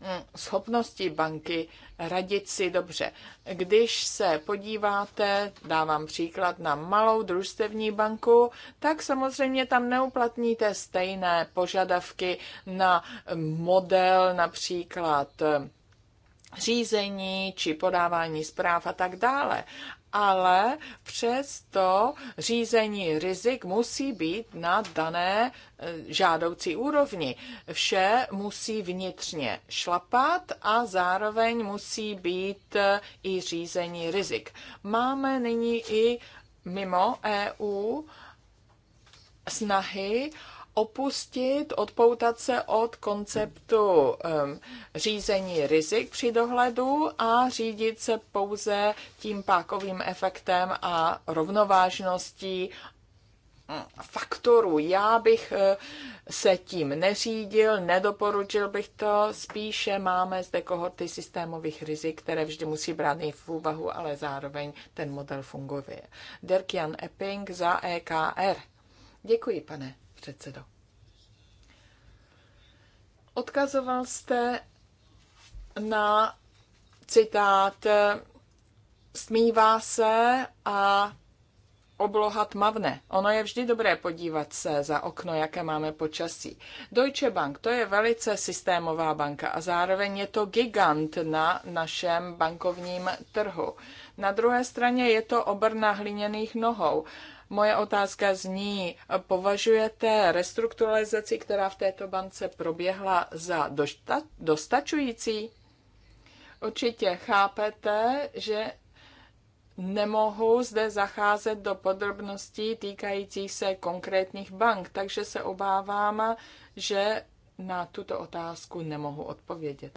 mm, schopnosti banky radit si dobře. Když se podíváte, dávám příklad na malou družstevní banku, tak samozřejmě tam neuplatníte stejné požadavky na model například eh, řízení či podávání zpráv a tak dále ale přesto řízení rizik musí být na dané e, žádoucí úrovni. Vše musí vnitřně šlapat a zároveň musí být e, i řízení rizik. Máme nyní i mimo EU snahy opustit, odpoutat se od konceptu um, řízení rizik při dohledu a řídit se pouze tím pákovým efektem a rovnovážností mm, faktorů. Já bych eh, se tím neřídil, nedoporučil bych to, spíše máme zde kohorty systémových rizik, které vždy musí brát v úvahu, ale zároveň ten model funguje. Dirk Jan Epping za EKR. Děkuji, pane předsedo. Odkazoval jste na citát Smívá se a obloha tmavne. Ono je vždy dobré podívat se za okno, jaké máme počasí. Deutsche Bank, to je velice systémová banka a zároveň je to gigant na našem bankovním trhu. Na druhé straně je to na hliněných nohou Moje otázka zní, považujete restrukturalizaci, která v této bance proběhla, za dostačující? Určitě chápete, že nemohu zde zacházet do podrobností týkajících se konkrétních bank, takže se obávám, že na tuto otázku nemohu odpovědět.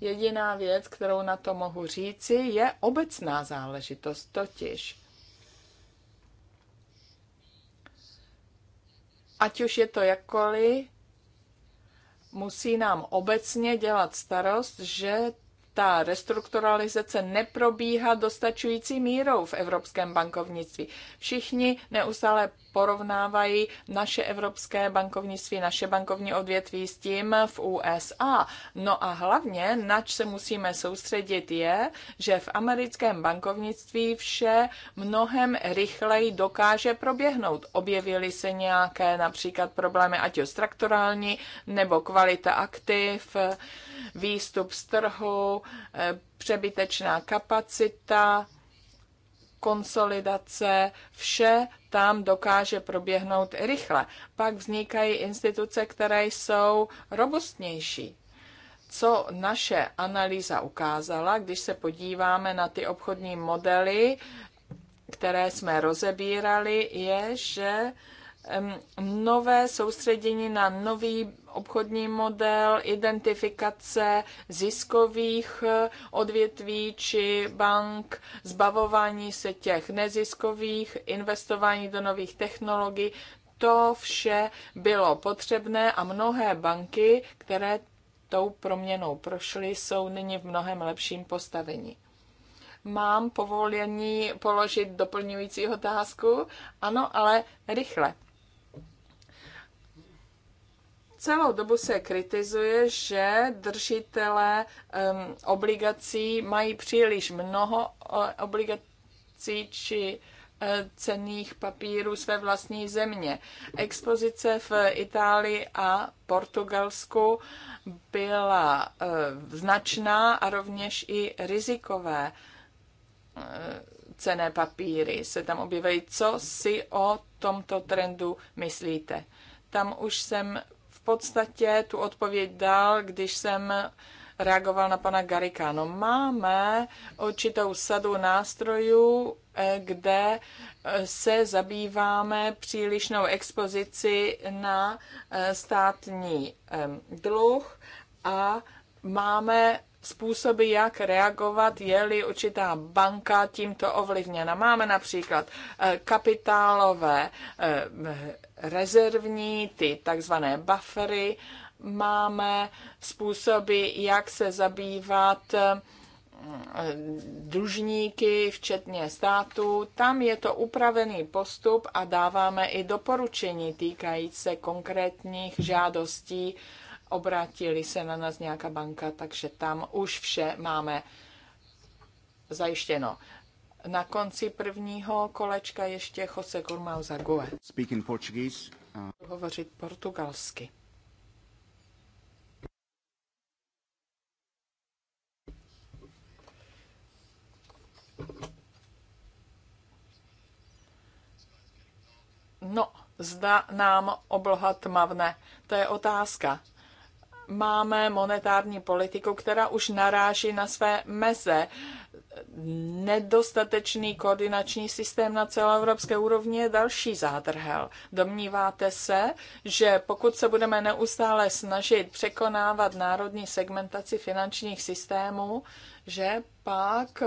Jediná věc, kterou na to mohu říci, je obecná záležitost, totiž ať už je to jakkoliv, musí nám obecně dělat starost, že ta restrukturalizace neprobíhá dostačující mírou v evropském bankovnictví. Všichni neustále porovnávají naše evropské bankovnictví, naše bankovní odvětví s tím v USA. No a hlavně, nač se musíme soustředit, je, že v americkém bankovnictví vše mnohem rychleji dokáže proběhnout. Objevily se nějaké například problémy, ať jo strukturální, nebo kvalita aktiv, výstup z trhu, Eh, přebytečná kapacita, konsolidace, vše tam dokáže proběhnout rychle. Pak vznikají instituce, které jsou robustnější. Co naše analýza ukázala, když se podíváme na ty obchodní modely, které jsme rozebírali, je, že nové soustředění na nový obchodní model, identifikace ziskových eh, odvětví či bank, zbavování se těch neziskových, investování do nových technologií. To vše bylo potřebné a mnohé banky, které tou proměnou prošly, jsou nyní v mnohem lepším postavení. Mám povolení položit doplňující otázku? Ano, ale rychle Celou dobu se kritizuje, že držitelé um, obligací mají příliš mnoho obligací či e, cenných papírů své vlastní země. Expozice v Itálii a Portugalsku byla e, značná a rovněž i rizikové e, cené papíry se tam objevují. Co si o tomto trendu myslíte? Tam už jsem v podstatě tu odpověď dal, když jsem reagoval na pana Garika. No máme určitou sadu nástrojů, eh, kde eh, se zabýváme přílišnou expozici na eh, státní dluh a máme způsoby, jak reagovat, je-li určitá banka tímto ovlivněna. Máme například kapitálové rezervní, ty takzvané buffery, máme způsoby, jak se zabývat eh, dlužníky, včetně státu. Tam je to upravený postup a dáváme i doporučení týkající se konkrétních žádostí. Obrátili se na nás nějaká banka, takže tam už vše máme zajištěno. Na konci prvního kolečka ještě Jose Gurmao Zague. Speak Portuguese. Uh... Hovořit portugalsky. No, zda nám obloha tmavne, to je otázka. Máme monetární politiku, která už naráží na své meze nedostatečný koordinační systém na celoevropské úrovni je další zádrhel. Domníváte se, že pokud se budeme neustále snažit překonávat národní segmentaci finančních systémů, že pak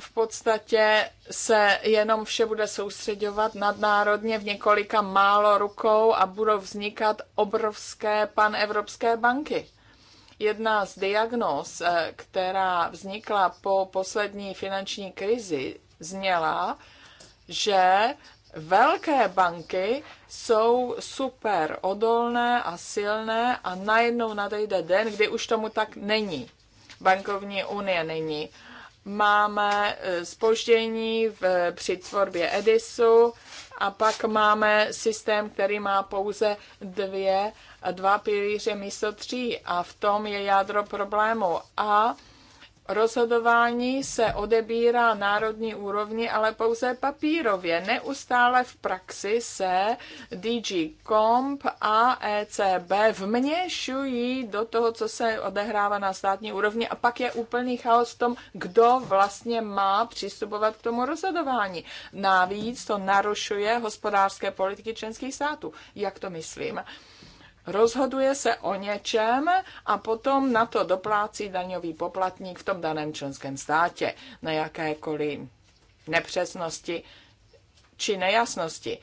v podstatě se jenom vše bude soustředovat nadnárodně v několika málo rukou a budou vznikat obrovské panevropské banky Jedna z diagnóz, eh, která vznikla po poslední finanční krizi, zněla, že velké banky jsou super odolné a silné a najednou nadejde den, kdy už tomu tak není. Bankovní unie není. Máme spoždění eh, v, při tvorbě Edisu, a pak máme systém, který má pouze dvě, dva pilíře místo tří a v tom je jádro problému. A Rozhodování se odebírá národní úrovni, ale pouze papírově. Neustále v praxi se DG Comp a ECB vměšují do toho, co se odehrává na státní úrovni a pak je úplný chaos v tom, kdo vlastně má přistupovat k tomu rozhodování. Navíc to narušuje hospodářské politiky členských států. Jak to myslím? rozhoduje se o něčem a potom na to doplácí daňový poplatník v tom daném členském státě na jakékoliv nepřesnosti či nejasnosti.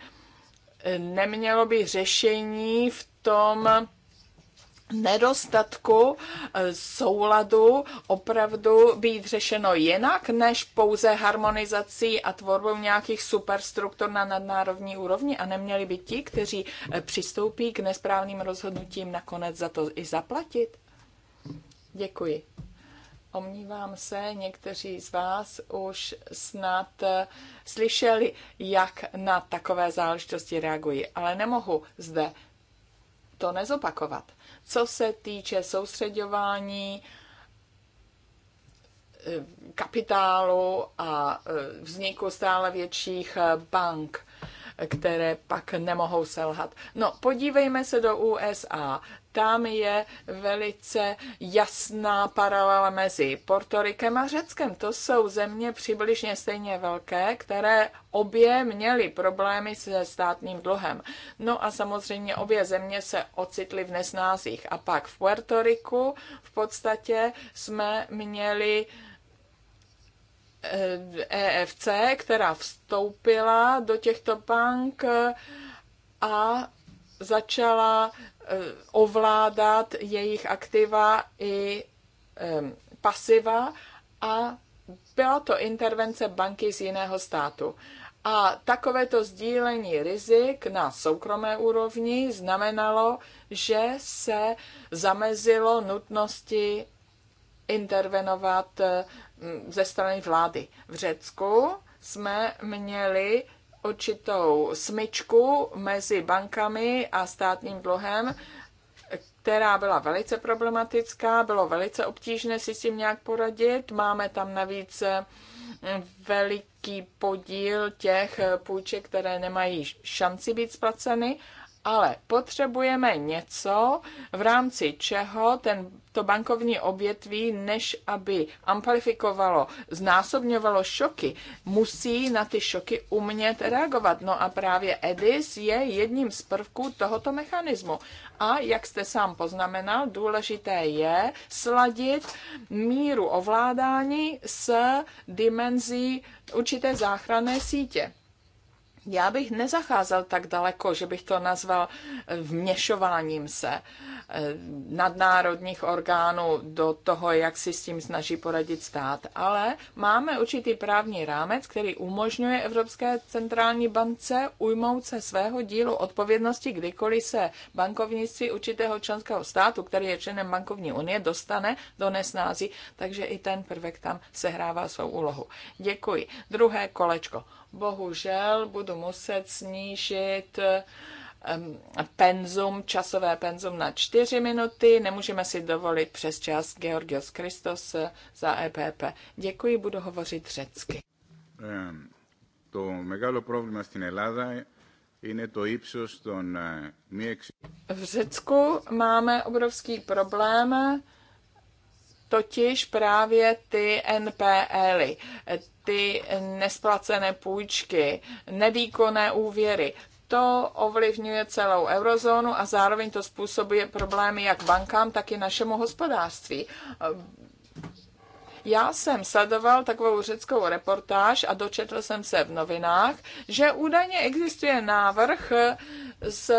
Nemělo by řešení v tom nedostatku eh, souladu opravdu být řešeno jinak, než pouze harmonizací a tvorbou nějakých superstruktur na nadnárodní úrovni a neměli by ti, kteří eh, přistoupí k nesprávným rozhodnutím, nakonec za to i zaplatit? Děkuji. Omnívám se, někteří z vás už snad eh, slyšeli, jak na takové záležitosti reagují, ale nemohu zde to nezopakovat co se týče soustředování eh, kapitálu a eh, vzniku stále větších eh, bank, které pak nemohou selhat. No, podívejme se do USA tam je velice jasná paralela mezi Portorikem a Řeckem. To jsou země přibližně stejně velké, které obě měly problémy se státním dluhem. No a samozřejmě obě země se ocitly v nesnázích. A pak v Puertoriku v podstatě jsme měli EFC, eh, e která vstoupila do těchto bank eh, a začala Eh, ovládat jejich aktiva i pasiva a byla to intervence banky z jiného státu. A takovéto sdílení rizik na soukromé úrovni znamenalo, že se zamezilo nutnosti intervenovat eh, ze strany vlády. V Řecku jsme měli určitou smyčku mezi bankami a státním dluhem, která byla velice problematická, bylo velice obtížné si s tím nějak poradit. Máme tam navíc eh, veliký podíl těch půjček, které nemají šanci být splaceny ale potřebujeme něco, v rámci čeho ten, to bankovní obětví, než aby amplifikovalo, znásobňovalo šoky, musí na ty šoky umět reagovat. No a právě EDIS je jedním z prvků tohoto mechanismu. A jak jste sám poznamenal, důležité je sladit míru ovládání s dimenzí určité záchranné sítě já bych nezacházel tak daleko, že bych to nazval eh, vměšováním se eh, nadnárodních orgánů do toho, jak si s tím snaží poradit stát, ale máme určitý právní rámec, který umožňuje Evropské centrální bance ujmout se svého dílu odpovědnosti, kdykoliv se bankovnictví určitého členského státu, který je členem bankovní unie, dostane do nesnází, takže i ten prvek tam sehrává svou úlohu. Děkuji. Druhé kolečko bohužel budu muset snížit penzum, časové penzum na čtyři minuty. Nemůžeme si dovolit přes čas Georgios Christos za EPP. Děkuji, budu hovořit řecky. To megalo πρόβλημα στην Elada V Řecku máme obrovský problém totiž právě ty NPLy, ty nesplacené půjčky, nevýkonné úvěry. To ovlivňuje celou eurozónu a zároveň to způsobuje problémy jak bankám, tak i našemu hospodářství. Já jsem sledoval takovou řeckou reportáž a dočetl jsem se v novinách, že údajně existuje návrh z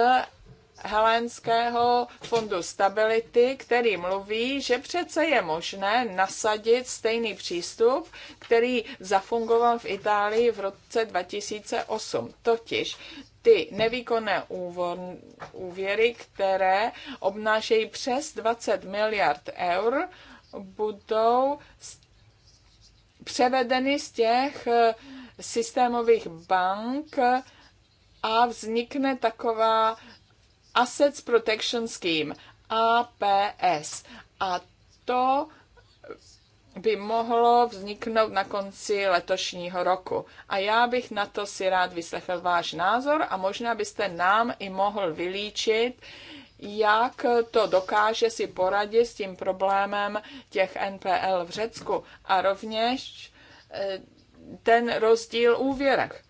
Helenského fondu stability, který mluví, že přece je možné nasadit stejný přístup, který zafungoval v Itálii v roce 2008. Totiž ty nevýkonné úvěry, které obnášejí přes 20 miliard eur, budou převedeny z těch eh, systémových bank a vznikne taková Assets Protection Scheme, APS. A to by mohlo vzniknout na konci letošního roku. A já bych na to si rád vyslechl váš názor a možná byste nám i mohl vylíčit, jak to dokáže si poradit s tím problémem těch NPL v Řecku a rovněž eh, ten rozdíl úvěrech.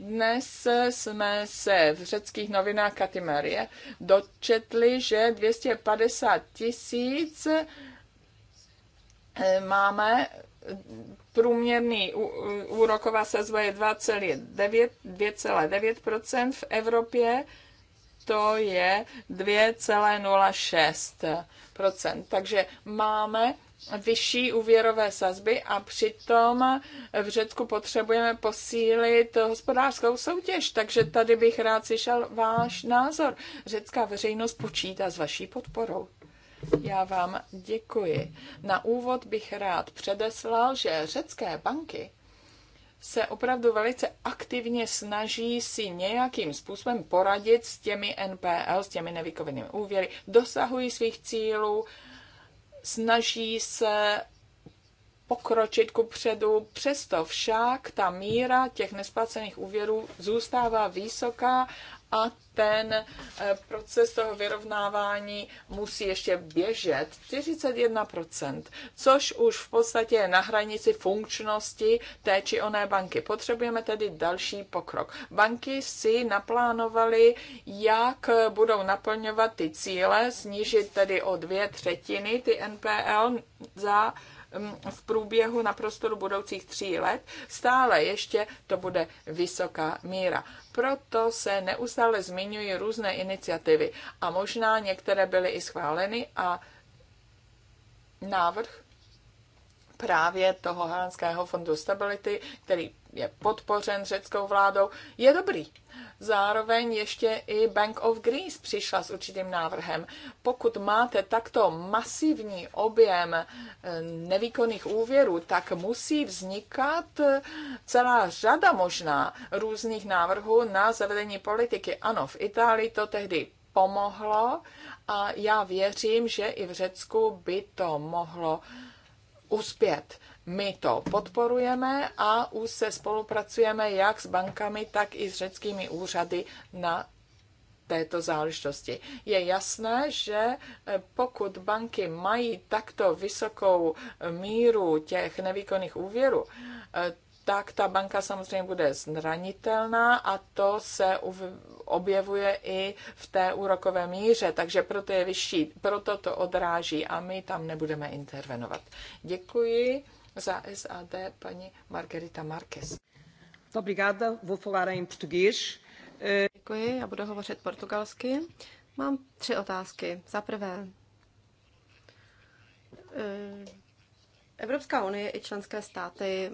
Dnes jsme se v řeckých novinách Katimerie dočetli, že 250 tisíc eh, máme průměrný úroková sazba je 2,9% v Evropě, to je 2,06%. Takže máme vyšší úvěrové sazby a přitom v Řecku potřebujeme posílit hospodářskou soutěž. Takže tady bych rád slyšel váš názor. Řecká veřejnost počítá s vaší podporou. Já vám děkuji. Na úvod bych rád předeslal, že řecké banky se opravdu velice aktivně snaží si nějakým způsobem poradit s těmi NPL, s těmi nevykovenými úvěry, dosahují svých cílů, snaží se pokročit ku předu. Přesto však ta míra těch nesplacených úvěrů zůstává vysoká a ten eh, proces toho vyrovnávání musí ještě běžet 41%, což už v podstatě je na hranici funkčnosti té či oné banky. Potřebujeme tedy další pokrok. Banky si naplánovaly, jak budou naplňovat ty cíle, snížit tedy o dvě třetiny ty NPL za Mm, v průběhu na prostoru budoucích tří let, stále ještě to bude vysoká míra. Proto se neustále zmiňují různé iniciativy a možná některé byly i schváleny a návrh právě toho Holandského fondu stability, který je podpořen řeckou vládou, je dobrý. Zároveň ještě i Bank of Greece přišla s určitým návrhem. Pokud máte takto masivní objem eh, nevýkonných úvěrů, tak musí vznikat eh, celá řada možná různých návrhů na zavedení politiky. Ano, v Itálii to tehdy pomohlo a já věřím, že i v Řecku by to mohlo uspět. My to podporujeme a už se spolupracujeme jak s bankami, tak i s řeckými úřady na této záležitosti. Je jasné, že eh, pokud banky mají takto vysokou eh, míru těch nevýkonných úvěrů, eh, tak ta banka samozřejmě bude zranitelná a to se objevuje i v té úrokové míře, takže proto je vyšší, proto to odráží a my tam nebudeme intervenovat. Děkuji. Za SAD paní Margarita Marques. Obrigada, vou falar em português. Eh, Děkuji, já budu hovořit portugalsky. Mám tři otázky. Za prvé, eh, Evropská unie i členské státy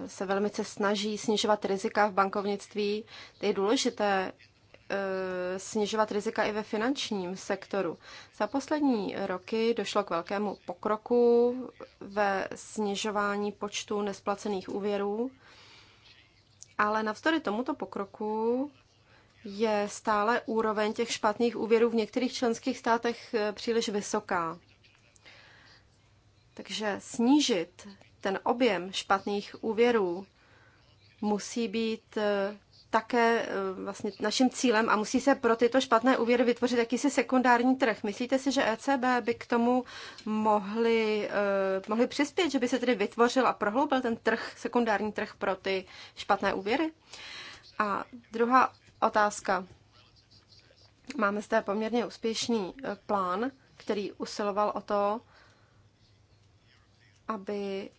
eh, se velmi se snaží snižovat rizika v bankovnictví. Je důležité Eh, snižovat rizika i ve finančním sektoru. Za poslední roky došlo k velkému pokroku ve snižování počtu nesplacených úvěrů, ale navzdory tomuto pokroku je stále úroveň těch špatných úvěrů v některých členských státech eh, příliš vysoká. Takže snížit ten objem špatných úvěrů musí být eh, také eh, vlastně naším cílem a musí se pro tyto špatné úvěry vytvořit jakýsi sekundární trh. Myslíte si, že ECB by k tomu mohli, eh, mohli přispět, že by se tedy vytvořil a prohloubil ten trh, sekundární trh pro ty špatné úvěry? A druhá otázka. Máme zde poměrně úspěšný eh, plán, který usiloval o to, aby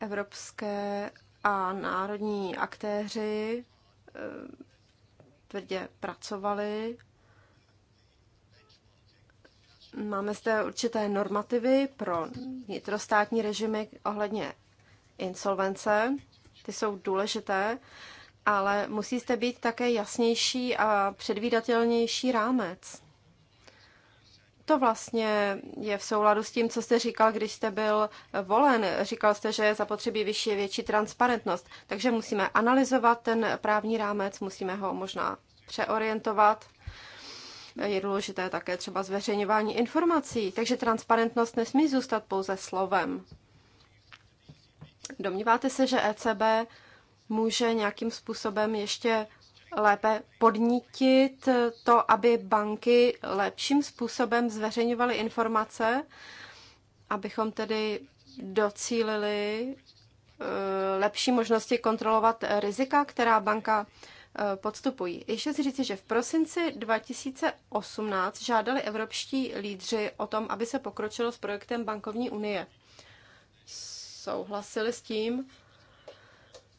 evropské a národní aktéři Eh, tvrdě pracovali. Máme zde určité normativy pro vnitrostátní režimy ohledně insolvence. Ty jsou důležité, ale musí zde být také jasnější a předvídatelnější rámec to vlastně je v souladu s tím, co jste říkal, když jste byl volen. Říkal jste, že je zapotřebí vyšší, větší transparentnost. Takže musíme analyzovat ten právní rámec, musíme ho možná přeorientovat. Je důležité také třeba zveřejňování informací, takže transparentnost nesmí zůstat pouze slovem. Domníváte se, že ECB může nějakým způsobem ještě lépe podnítit to, aby banky lepším způsobem zveřejňovaly informace, abychom tedy docílili eh, lepší možnosti kontrolovat rizika, která banka eh, podstupují. Ještě si říci, že v prosinci 2018 žádali evropští lídři o tom, aby se pokročilo s projektem bankovní unie. Souhlasili s tím,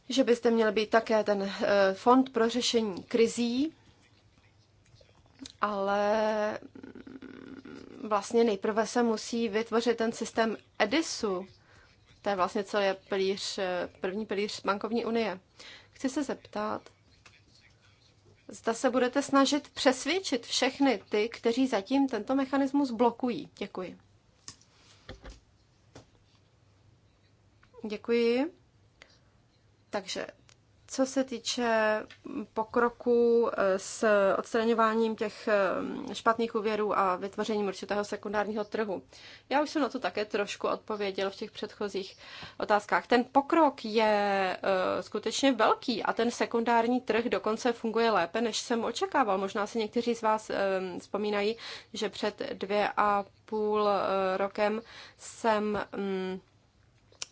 že byste měli být také ten eh, fond pro řešení krizí, ale mm, vlastně nejprve se musí vytvořit ten systém EDISu, to je vlastně co je pilíř, eh, první pilíř bankovní unie. Chci se zeptat, zda se budete snažit přesvědčit všechny ty, kteří zatím tento mechanismus blokují. Děkuji. Děkuji. Takže co se týče pokroku eh, s odstraňováním těch eh, špatných úvěrů a vytvořením určitého sekundárního trhu. Já už jsem na to také trošku odpověděl v těch předchozích otázkách. Ten pokrok je eh, skutečně velký a ten sekundární trh dokonce funguje lépe, než jsem očekával. Možná si někteří z vás vzpomínají, že před dvě a půl rokem jsem mm,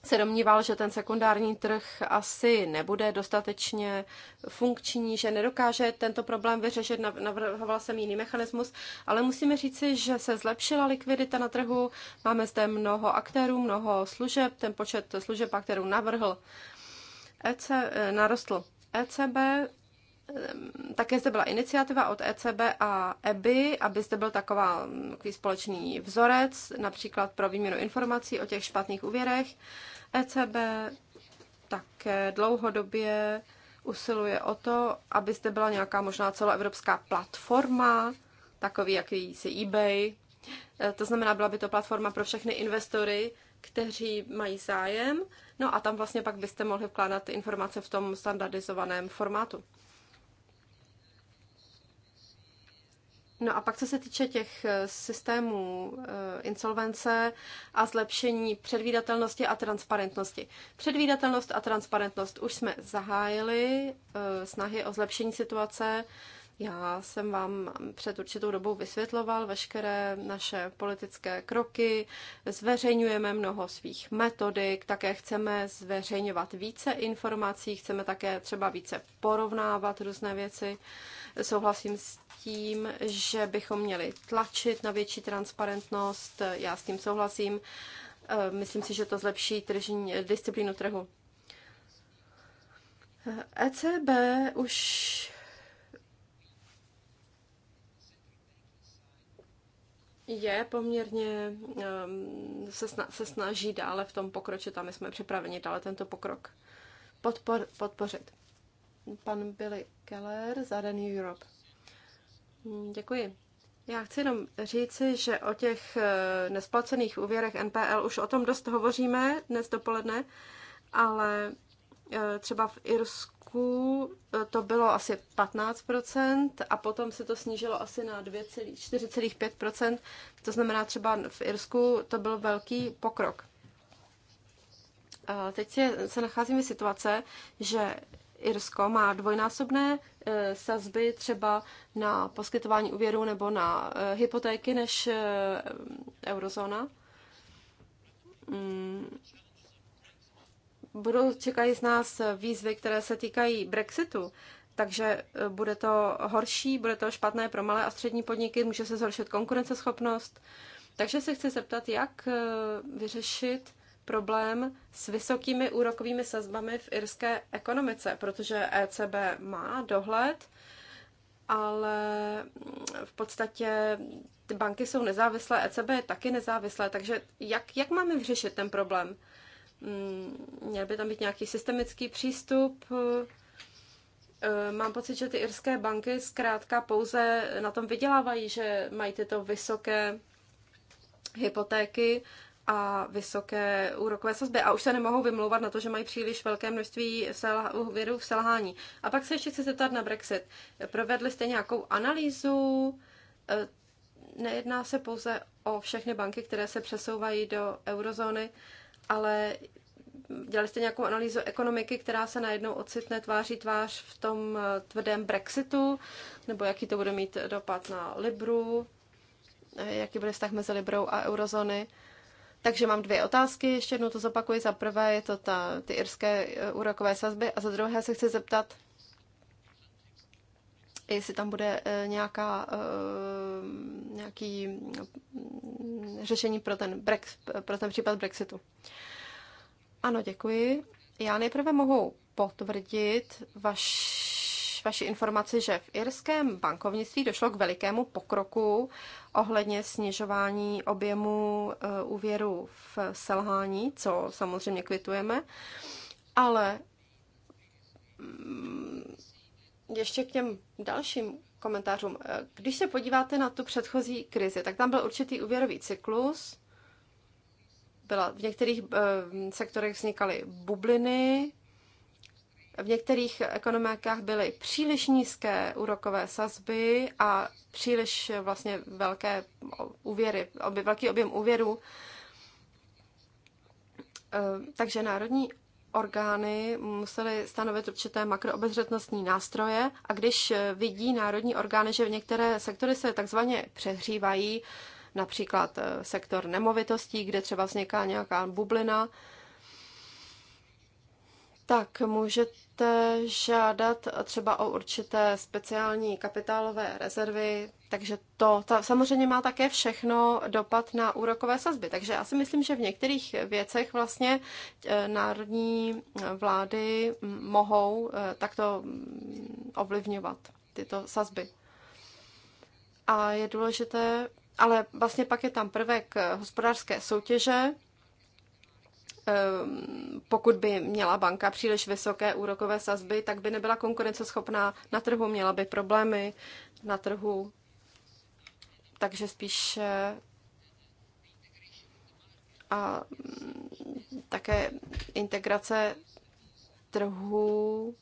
se domníval, že ten sekundární trh asi nebude dostatečně funkční, že nedokáže tento problém vyřešit, navrhoval jsem jiný mechanismus, ale musíme říci, že se zlepšila likvidita na trhu, máme zde mnoho aktérů, mnoho služeb, ten počet služeb kterou navrhl, EC, e, narostl. ECB také zde byla iniciativa od ECB a EBI, aby zde byl taková, takový společný vzorec, například pro výměnu informací o těch špatných úvěrech. ECB také dlouhodobě usiluje o to, aby zde byla nějaká možná celoevropská platforma, takový, jaký si eBay. E, to znamená, byla by to platforma pro všechny investory, kteří mají zájem. No a tam vlastně pak byste mohli vkládat ty informace v tom standardizovaném formátu. No a pak, co se týče těch eh, systémů eh, insolvence a zlepšení předvídatelnosti a transparentnosti. Předvídatelnost a transparentnost už jsme zahájili eh, snahy o zlepšení situace. Já jsem vám před určitou dobou vysvětloval veškeré naše politické kroky, zveřejňujeme mnoho svých metodik, také chceme zveřejňovat více informací, chceme také třeba více porovnávat různé věci. Souhlasím s tím, že bychom měli tlačit na větší transparentnost. Já s tím souhlasím. Eh, myslím si, že to zlepší tržní, eh, disciplínu trhu. ECB eh, e už je poměrně, ehm, se, sna, se snaží dále v tom pokročit a my jsme připraveni dále tento pokrok podpor, podpořit. Pan Billy Keller za Europe. Hm, děkuji. Já chci jenom říci, že o těch eh, nesplacených úvěrech NPL už o tom dost hovoříme dnes dopoledne, ale eh, třeba v Irsku eh, to bylo asi 15% a potom se to snížilo asi na 4,5%. To znamená třeba v Irsku to byl velký pokrok. Teď se nacházíme v situace, že Irsko má dvojnásobné Eh, sazby třeba na poskytování úvěru nebo na eh, hypotéky než eh, eurozóna. Mm. Budou čekají z nás výzvy, které se týkají Brexitu, takže bude to horší, bude to špatné pro malé a střední podniky, může se zhoršit konkurenceschopnost. Takže se chci zeptat, jak vyřešit problém s vysokými úrokovými sazbami v irské ekonomice, protože ECB má dohled, ale v podstatě ty banky jsou nezávislé, ECB je taky nezávislé, takže jak, jak máme vyřešit ten problém? Hmm, měl by tam být nějaký systemický přístup, mám pocit, že ty irské banky zkrátka pouze na tom vydělávají, že mají tyto vysoké hypotéky a vysoké úrokové sazby a už se nemohou vymlouvat na to, že mají příliš velké množství úvěrů v selhání. A pak se ještě chci zeptat na Brexit. Provedli jste nějakou analýzu? Eh, nejedná se pouze o všechny banky, které se přesouvají do eurozóny, ale dělali jste nějakou analýzu ekonomiky, která se najednou ocitne tváří tvář v tom eh, tvrdém Brexitu, nebo jaký to bude mít dopad na Libru, eh, jaký bude vztah mezi Librou a eurozóny. Takže mám dvě otázky, ještě jednou to zopakuji. Za prvé je to ta, ty irské eh, úrokové sazby a za druhé se chci zeptat, jestli tam bude eh, nějaká, eh, nějaký mm, řešení pro ten, brex, pro ten případ Brexitu. Ano, děkuji. Já nejprve mohu potvrdit vaš vaši informaci, že v irském bankovnictví došlo k velikému pokroku ohledně snižování objemu eh, úvěru v selhání, co samozřejmě kvitujeme, ale mm, ještě k těm dalším komentářům. Eh, když se podíváte na tu předchozí krizi, tak tam byl určitý úvěrový cyklus, byla, v některých eh, sektorech vznikaly bubliny, v některých ekonomikách byly příliš nízké úrokové sazby a příliš eh, vlastně velké úvěry, oby, velký objem úvěrů. Eh, takže národní orgány musely stanovit určité makroobezřetnostní nástroje a když eh, vidí národní orgány, že v některé sektory se takzvaně přehřívají, například sektor nemovitostí, kde třeba vzniká nějaká bublina, tak může můžete žádat třeba o určité speciální kapitálové rezervy, takže to, to samozřejmě má také všechno dopad na úrokové sazby. Takže já si myslím, že v některých věcech vlastně eh, národní vlády mohou eh, takto mm, ovlivňovat tyto sazby. A je důležité, ale vlastně pak je tam prvek eh, hospodářské soutěže, Ehm, pokud by měla banka příliš vysoké úrokové sazby, tak by nebyla konkurenceschopná na trhu, měla by problémy na trhu. Takže spíš a mm, také integrace trhu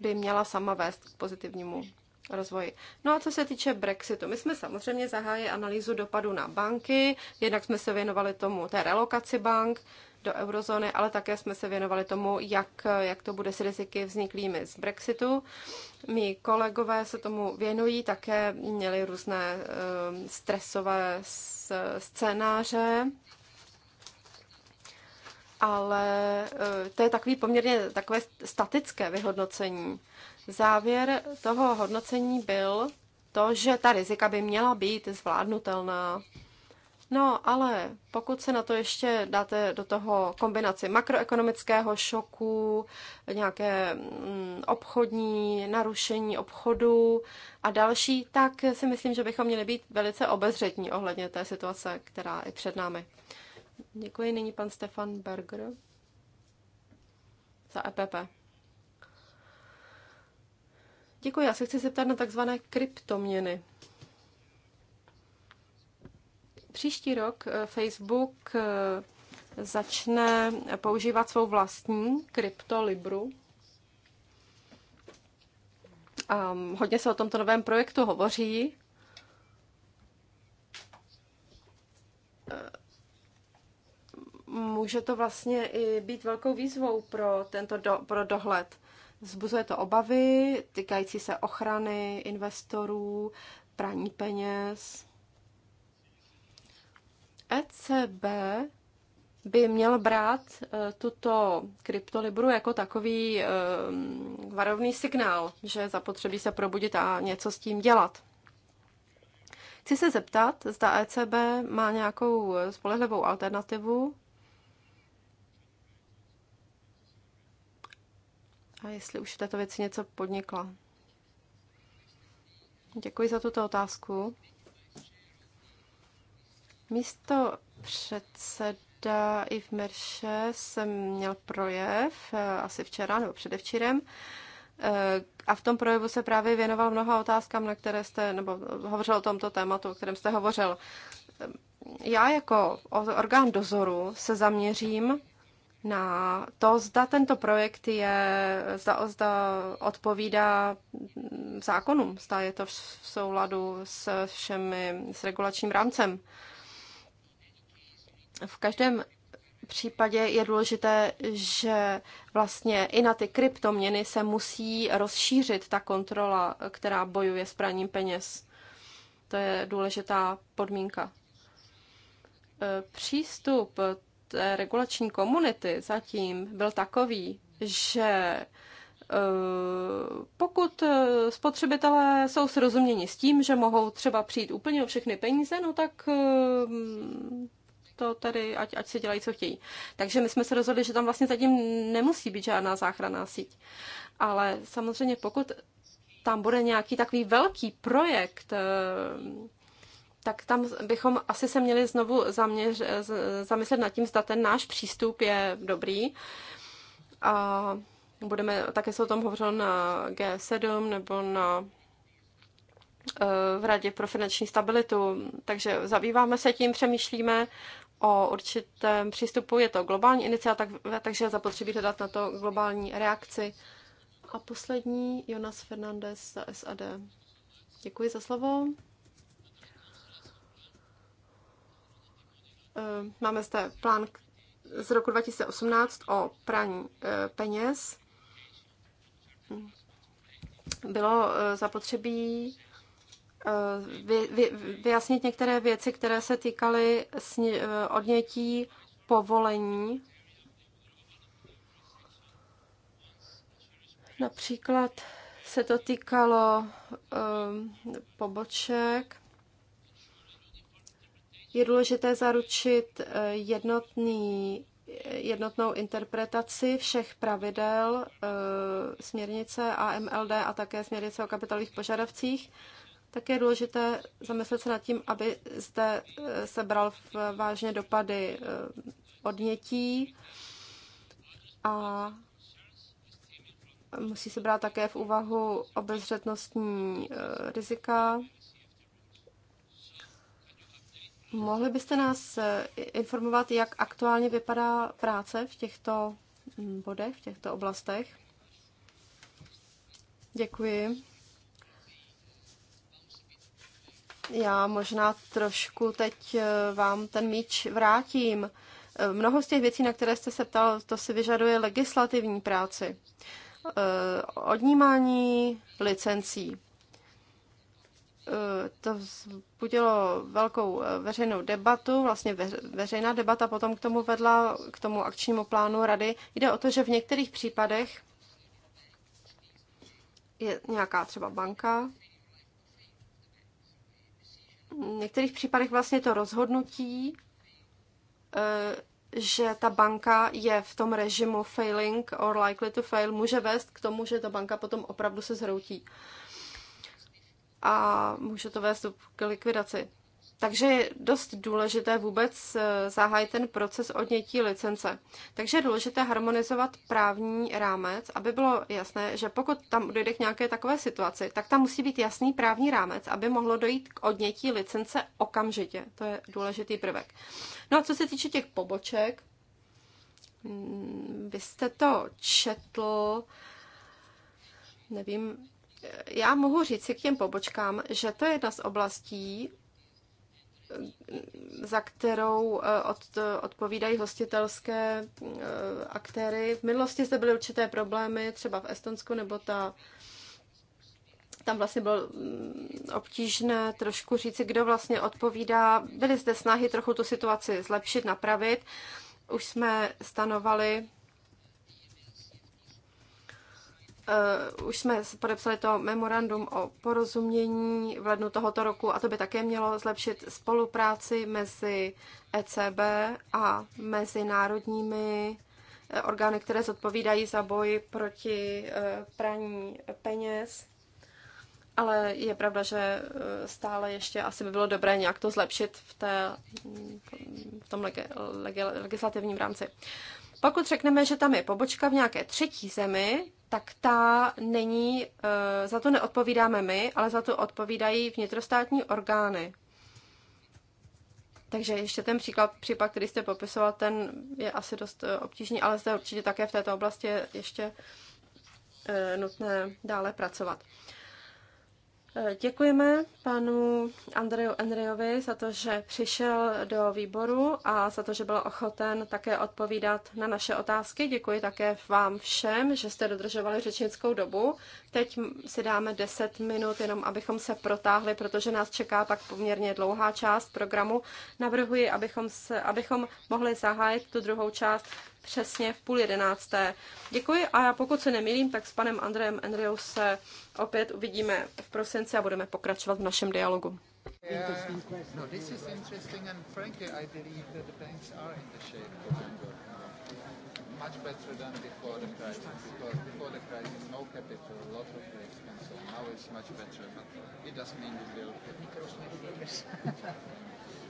by měla sama vést k pozitivnímu rozvoji. No a co se týče Brexitu, my jsme samozřejmě zahájili analýzu dopadu na banky, jednak jsme se věnovali tomu té relokaci bank, do eurozóny, ale také jsme se věnovali tomu, jak, jak to bude s riziky vzniklými z Brexitu. Mí kolegové se tomu věnují, také měli různé eh, stresové scénáře, ale eh, to je takový poměrně takové statické vyhodnocení. Závěr toho hodnocení byl to, že ta rizika by měla být zvládnutelná. No, ale pokud se na to ještě dáte do toho kombinaci makroekonomického šoku, nějaké mm, obchodní narušení obchodu a další, tak si myslím, že bychom měli být velice obezřetní ohledně té situace, která je před námi. Děkuji. Nyní pan Stefan Berger za EPP. Děkuji. Já se chci zeptat na takzvané kryptoměny. Příští rok eh, Facebook eh, začne používat svou vlastní kryptolibru. Um, hodně se o tomto novém projektu hovoří. Eh, může to vlastně i být velkou výzvou pro tento do, pro dohled. Zbuzuje to obavy týkající se ochrany investorů, praní peněz. ECB by měl brát e, tuto kryptolibru jako takový e, varovný signál, že zapotřebí se probudit a něco s tím dělat. Chci se zeptat, zda ECB má nějakou spolehlivou alternativu a jestli už v této věci něco podnikla. Děkuji za tuto otázku. Místo předseda i v Merše jsem měl projev eh, asi včera nebo předevčírem eh, a v tom projevu se právě věnoval mnoha otázkám, na které jste, nebo hovořil o tomto tématu, o kterém jste hovořil. Eh, já jako orgán dozoru se zaměřím na to, zda tento projekt je, zda, zda odpovídá zákonům, zda je to v souladu s všemi, s regulačním rámcem. V každém případě je důležité, že vlastně i na ty kryptoměny se musí rozšířit ta kontrola, která bojuje s praním peněz. To je důležitá podmínka. E, přístup té regulační komunity zatím byl takový, že e, pokud spotřebitelé jsou srozuměni s tím, že mohou třeba přijít úplně o všechny peníze, no tak e, to tady, ať, ať si dělají, co chtějí. Takže my jsme se rozhodli, že tam vlastně zatím nemusí být žádná záchranná síť. Ale samozřejmě, pokud tam bude nějaký takový velký projekt, eh, tak tam bychom asi se měli znovu zaměř, zamyslet nad tím, zda ten náš přístup je dobrý. A budeme, také se o tom hovořil na G7 nebo na eh, v Radě pro finanční stabilitu. Takže zabýváme se tím, přemýšlíme o určitém přístupu. Je to globální iniciativa, tak, takže je zapotřebí hledat na to globální reakci. A poslední, Jonas Fernandez za SAD. Děkuji za slovo. Eh, máme zde plán z roku 2018 o praní eh, peněz. Bylo eh, zapotřebí Eh, vy, vy, vyjasnit některé věci, které se týkaly sni, eh, odnětí povolení. Například se to týkalo um, poboček. Je důležité zaručit jednotný, jednotnou interpretaci všech pravidel e, směrnice AMLD a také směrnice o kapitálových požadavcích. E, také je důležité zamyslet se nad tím, aby zde eh, se v vážně dopady eh, odnětí a musí se brát také v úvahu obezřetnostní eh, rizika. Mohli byste nás informovat, jak aktuálně vypadá práce v těchto mm, bodech, v těchto oblastech? Děkuji. Já možná trošku teď eh, vám ten míč vrátím. Eh, mnoho z těch věcí, na které jste se ptal, to si vyžaduje legislativní práci. Eh, odnímání licencí. To vzbudilo velkou veřejnou debatu, vlastně veřejná debata potom k tomu vedla, k tomu akčnímu plánu rady. Jde o to, že v některých případech je nějaká třeba banka, v některých případech vlastně to rozhodnutí, eh, že ta banka je v tom režimu failing or likely to fail, může vést k tomu, že ta banka potom opravdu se zhroutí. A může to vést k likvidaci. Takže je dost důležité vůbec eh, zahájit ten proces odnětí licence. Takže je důležité harmonizovat právní rámec, aby bylo jasné, že pokud tam dojde k nějaké takové situaci, tak tam musí být jasný právní rámec, aby mohlo dojít k odnětí licence okamžitě. To je důležitý prvek. No a co se týče těch poboček, mm, vy jste to četl, nevím, já mohu říct si k těm pobočkám, že to je jedna z oblastí, za kterou eh, od, odpovídají hostitelské eh, aktéry. V minulosti zde byly určité problémy, třeba v Estonsku, nebo ta, tam vlastně bylo mm, obtížné trošku říci, kdo vlastně odpovídá. Byly zde snahy trochu tu situaci zlepšit, napravit. Už jsme stanovali Uh, už jsme podepsali to memorandum o porozumění v lednu tohoto roku a to by také mělo zlepšit spolupráci mezi ECB a mezi národními eh, orgány, které zodpovídají za boj proti eh, praní peněz. Ale je pravda, že stále ještě asi by bylo dobré nějak to zlepšit v, té, v tom lege, lege, legislativním rámci. Pokud řekneme, že tam je pobočka v nějaké třetí zemi, tak ta není, eh, za to neodpovídáme my, ale za to odpovídají vnitrostátní orgány. Takže ještě ten příklad, případ, který jste popisoval, ten je asi dost eh, obtížný, ale zde určitě také v této oblasti je ještě eh, nutné dále pracovat. Eh, děkujeme panu Andreju Enriovi za to, že přišel do výboru a za to, že byl ochoten také odpovídat na naše otázky. Děkuji také vám všem, že jste dodržovali řečnickou dobu. Teď si dáme 10 minut, jenom abychom se protáhli, protože nás čeká pak poměrně dlouhá část programu. Navrhuji, abychom, se, abychom mohli zahájit tu druhou část přesně v půl jedenácté. Děkuji a já pokud se nemýlím, tak s panem Andrejem Andreou se opět uvidíme v prosinci a budeme pokračovat v našem dialogu. No, uh, much better than before the crisis because before the crisis no capital, a lot of risk and so now it's much better but it doesn't mean we will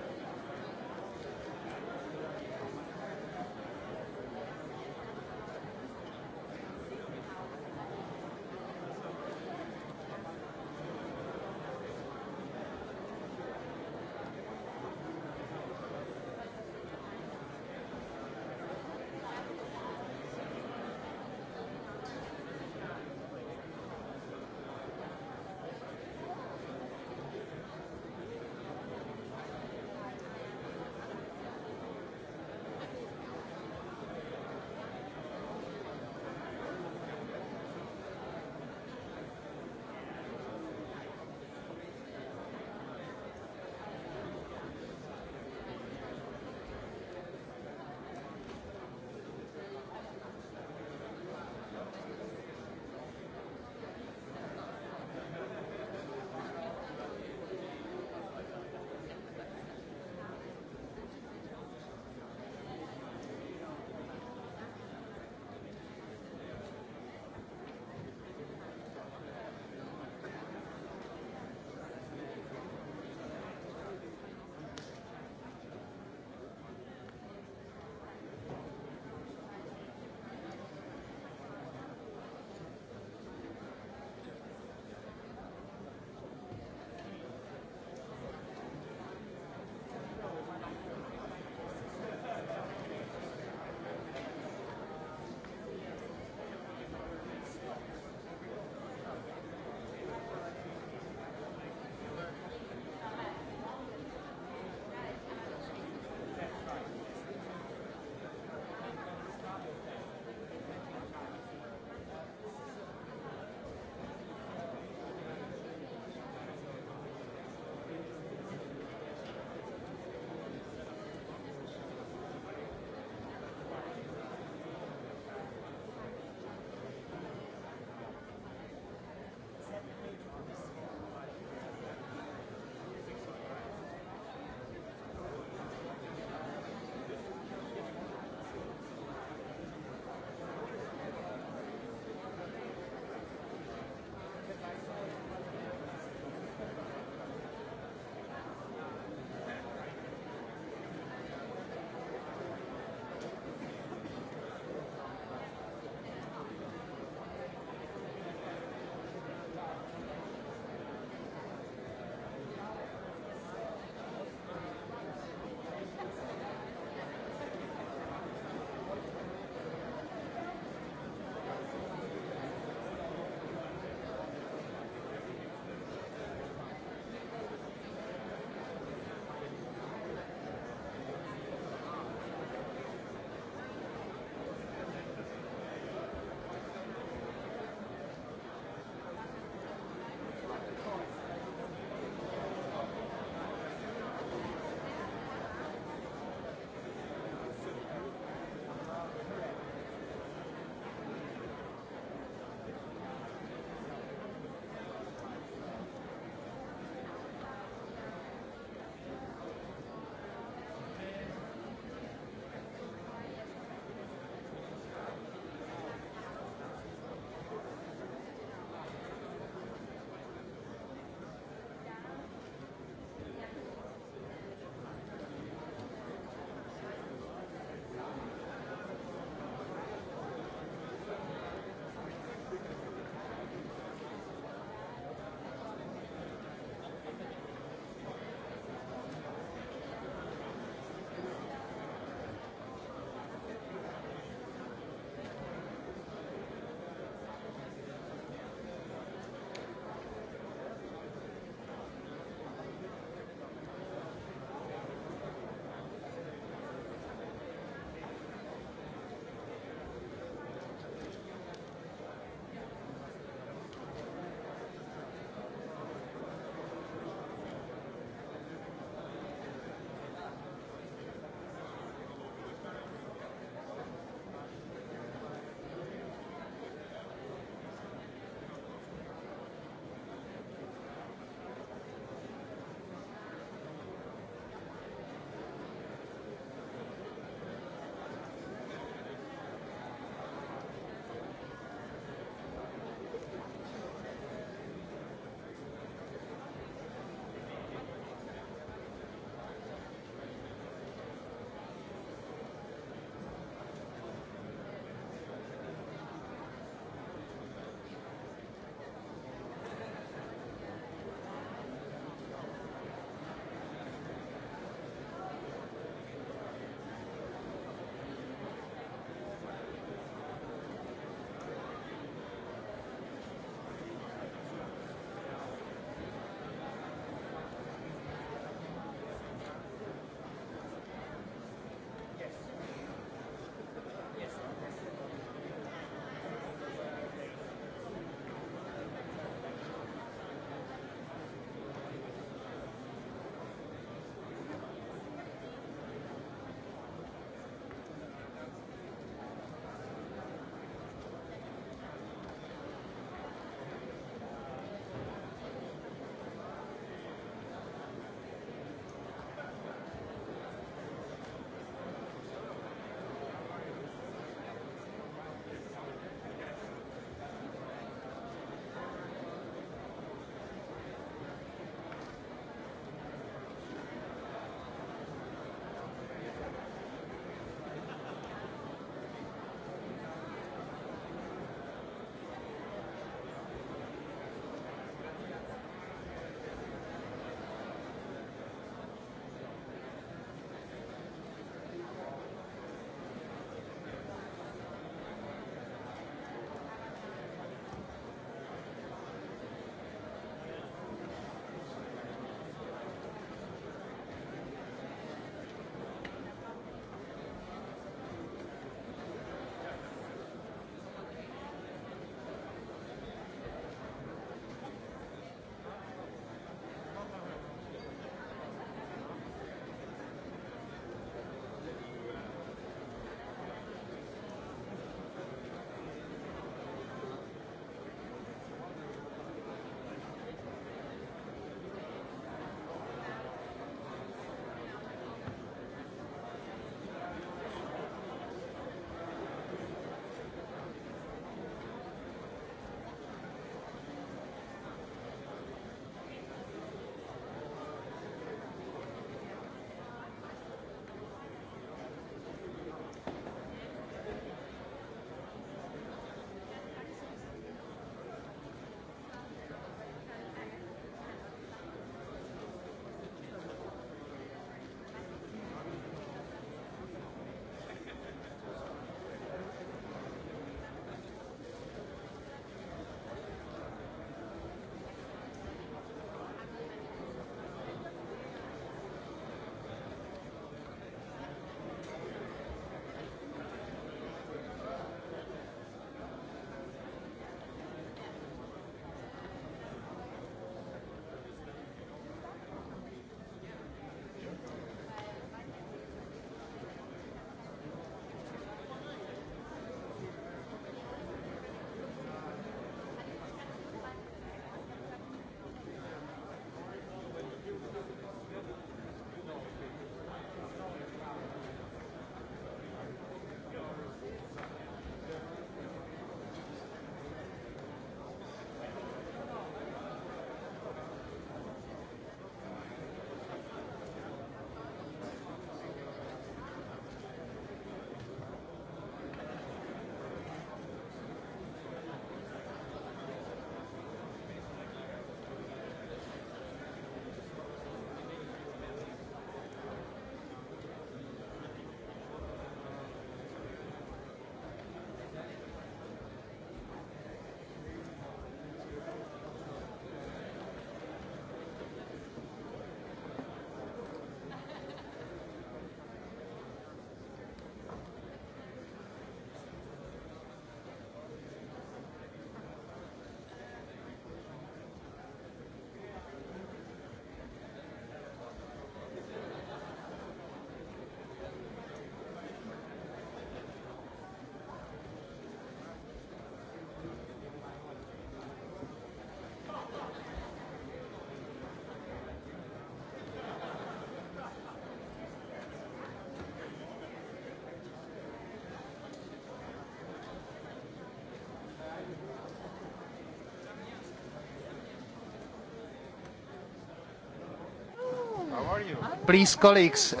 Please, colleagues. Uh...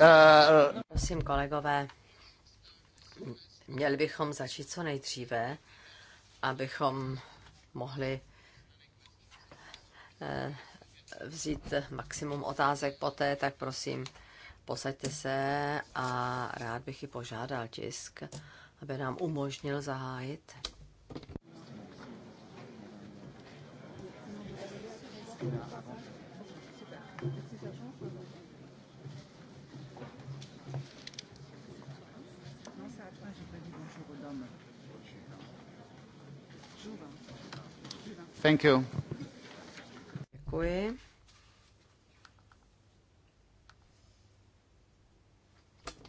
Prosím, kolegové, měli bychom začít co nejdříve, abychom mohli eh, vzít maximum otázek poté, tak prosím, posaďte se a rád bych i požádal tisk, aby nám umožnil zahájit Děkuji.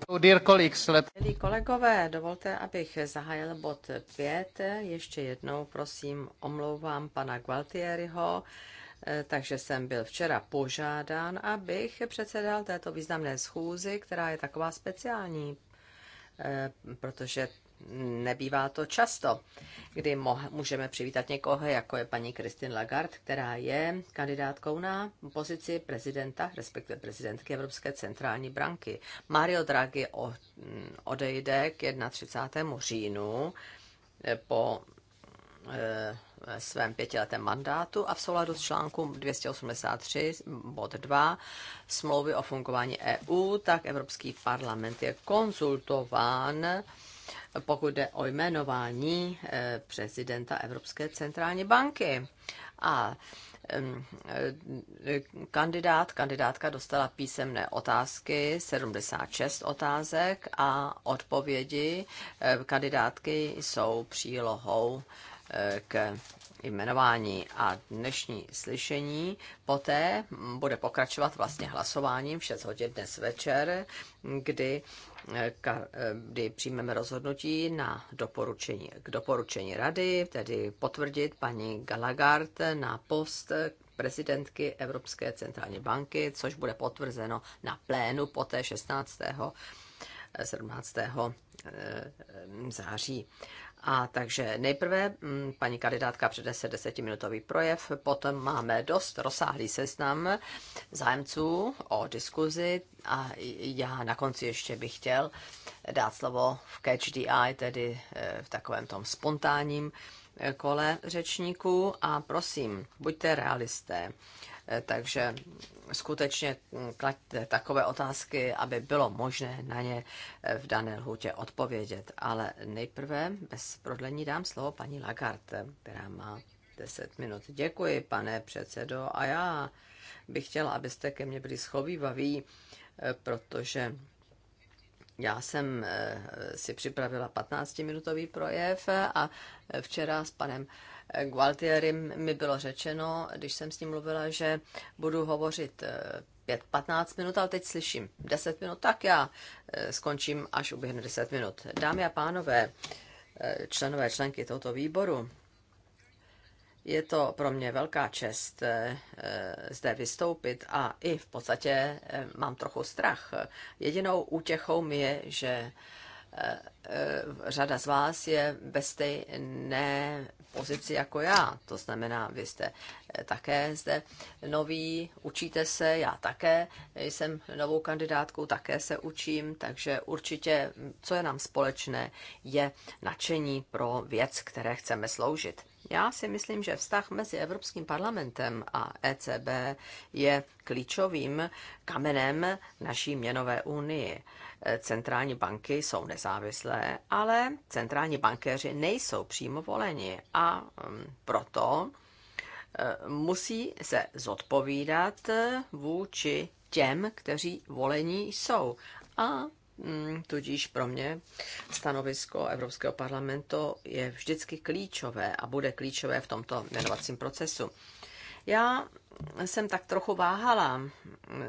Oh, Milí kolegové, dovolte, abych zahájil bod 5. Ještě jednou prosím omlouvám pana Gualtieriho, eh, takže jsem byl včera požádán, abych předsedal této významné schůzi, která je taková speciální, eh, protože nebývá to často, kdy můžeme přivítat někoho, jako je paní Christine Lagarde, která je kandidátkou na pozici prezidenta, respektive prezidentky Evropské centrální banky. Mario Draghi mm, odejde k 31. říjnu eh, po eh, svém pětiletém mandátu a v souladu s článkem 283 bod 2 smlouvy o fungování EU, tak Evropský parlament je konzultován pokud jde o jmenování eh, prezidenta Evropské centrální banky. A eh, kandidát, kandidátka dostala písemné otázky, 76 otázek a odpovědi eh, kandidátky jsou přílohou k jmenování a dnešní slyšení. Poté bude pokračovat vlastně hlasováním v 6 hodin dnes večer, kdy, kdy přijmeme rozhodnutí na doporučení, k doporučení rady, tedy potvrdit paní Galagard na post prezidentky Evropské centrální banky, což bude potvrzeno na plénu poté 16. 17. Eh, září. A takže nejprve mm, paní kandidátka přednese desetiminutový projev, potom máme dost rozsáhlý seznam zájemců o diskuzi a já na konci ještě bych chtěl dát slovo v Catch the Eye, tedy eh, v takovém tom spontánním eh, kole řečníků a prosím, buďte realisté Eh, takže skutečně mm, klaďte takové otázky, aby bylo možné na ně eh, v dané lhůtě odpovědět. Ale nejprve bez prodlení dám slovo paní Lagarde, která má 10 minut. Děkuji, pane předsedo, a já bych chtěla, abyste ke mně byli schovývaví, eh, protože já jsem si připravila 15-minutový projev a včera s panem Gualtieri mi bylo řečeno, když jsem s ním mluvila, že budu hovořit 5, eh, 15 minut, ale teď slyším 10 minut, tak já eh, skončím, až uběhne 10 minut. Dámy a pánové, eh, členové členky tohoto výboru, je to pro mě velká čest zde vystoupit a i v podstatě mám trochu strach. Jedinou útěchou mi je, že Eh, eh, řada z vás je ve stejné pozici jako já. To znamená, vy jste eh, také zde noví, učíte se, já také jsem novou kandidátkou, také se učím, takže určitě, co je nám společné, je nadšení pro věc, které chceme sloužit. Já si myslím, že vztah mezi Evropským parlamentem a ECB je klíčovým kamenem naší měnové unie. Centrální banky jsou nezávislé, ale centrální bankéři nejsou přímo voleni a mm, proto e, musí se zodpovídat vůči těm, kteří volení jsou. A Mm, tudíž pro mě stanovisko Evropského parlamentu je vždycky klíčové a bude klíčové v tomto jmenovacím procesu. Já jsem tak trochu váhala,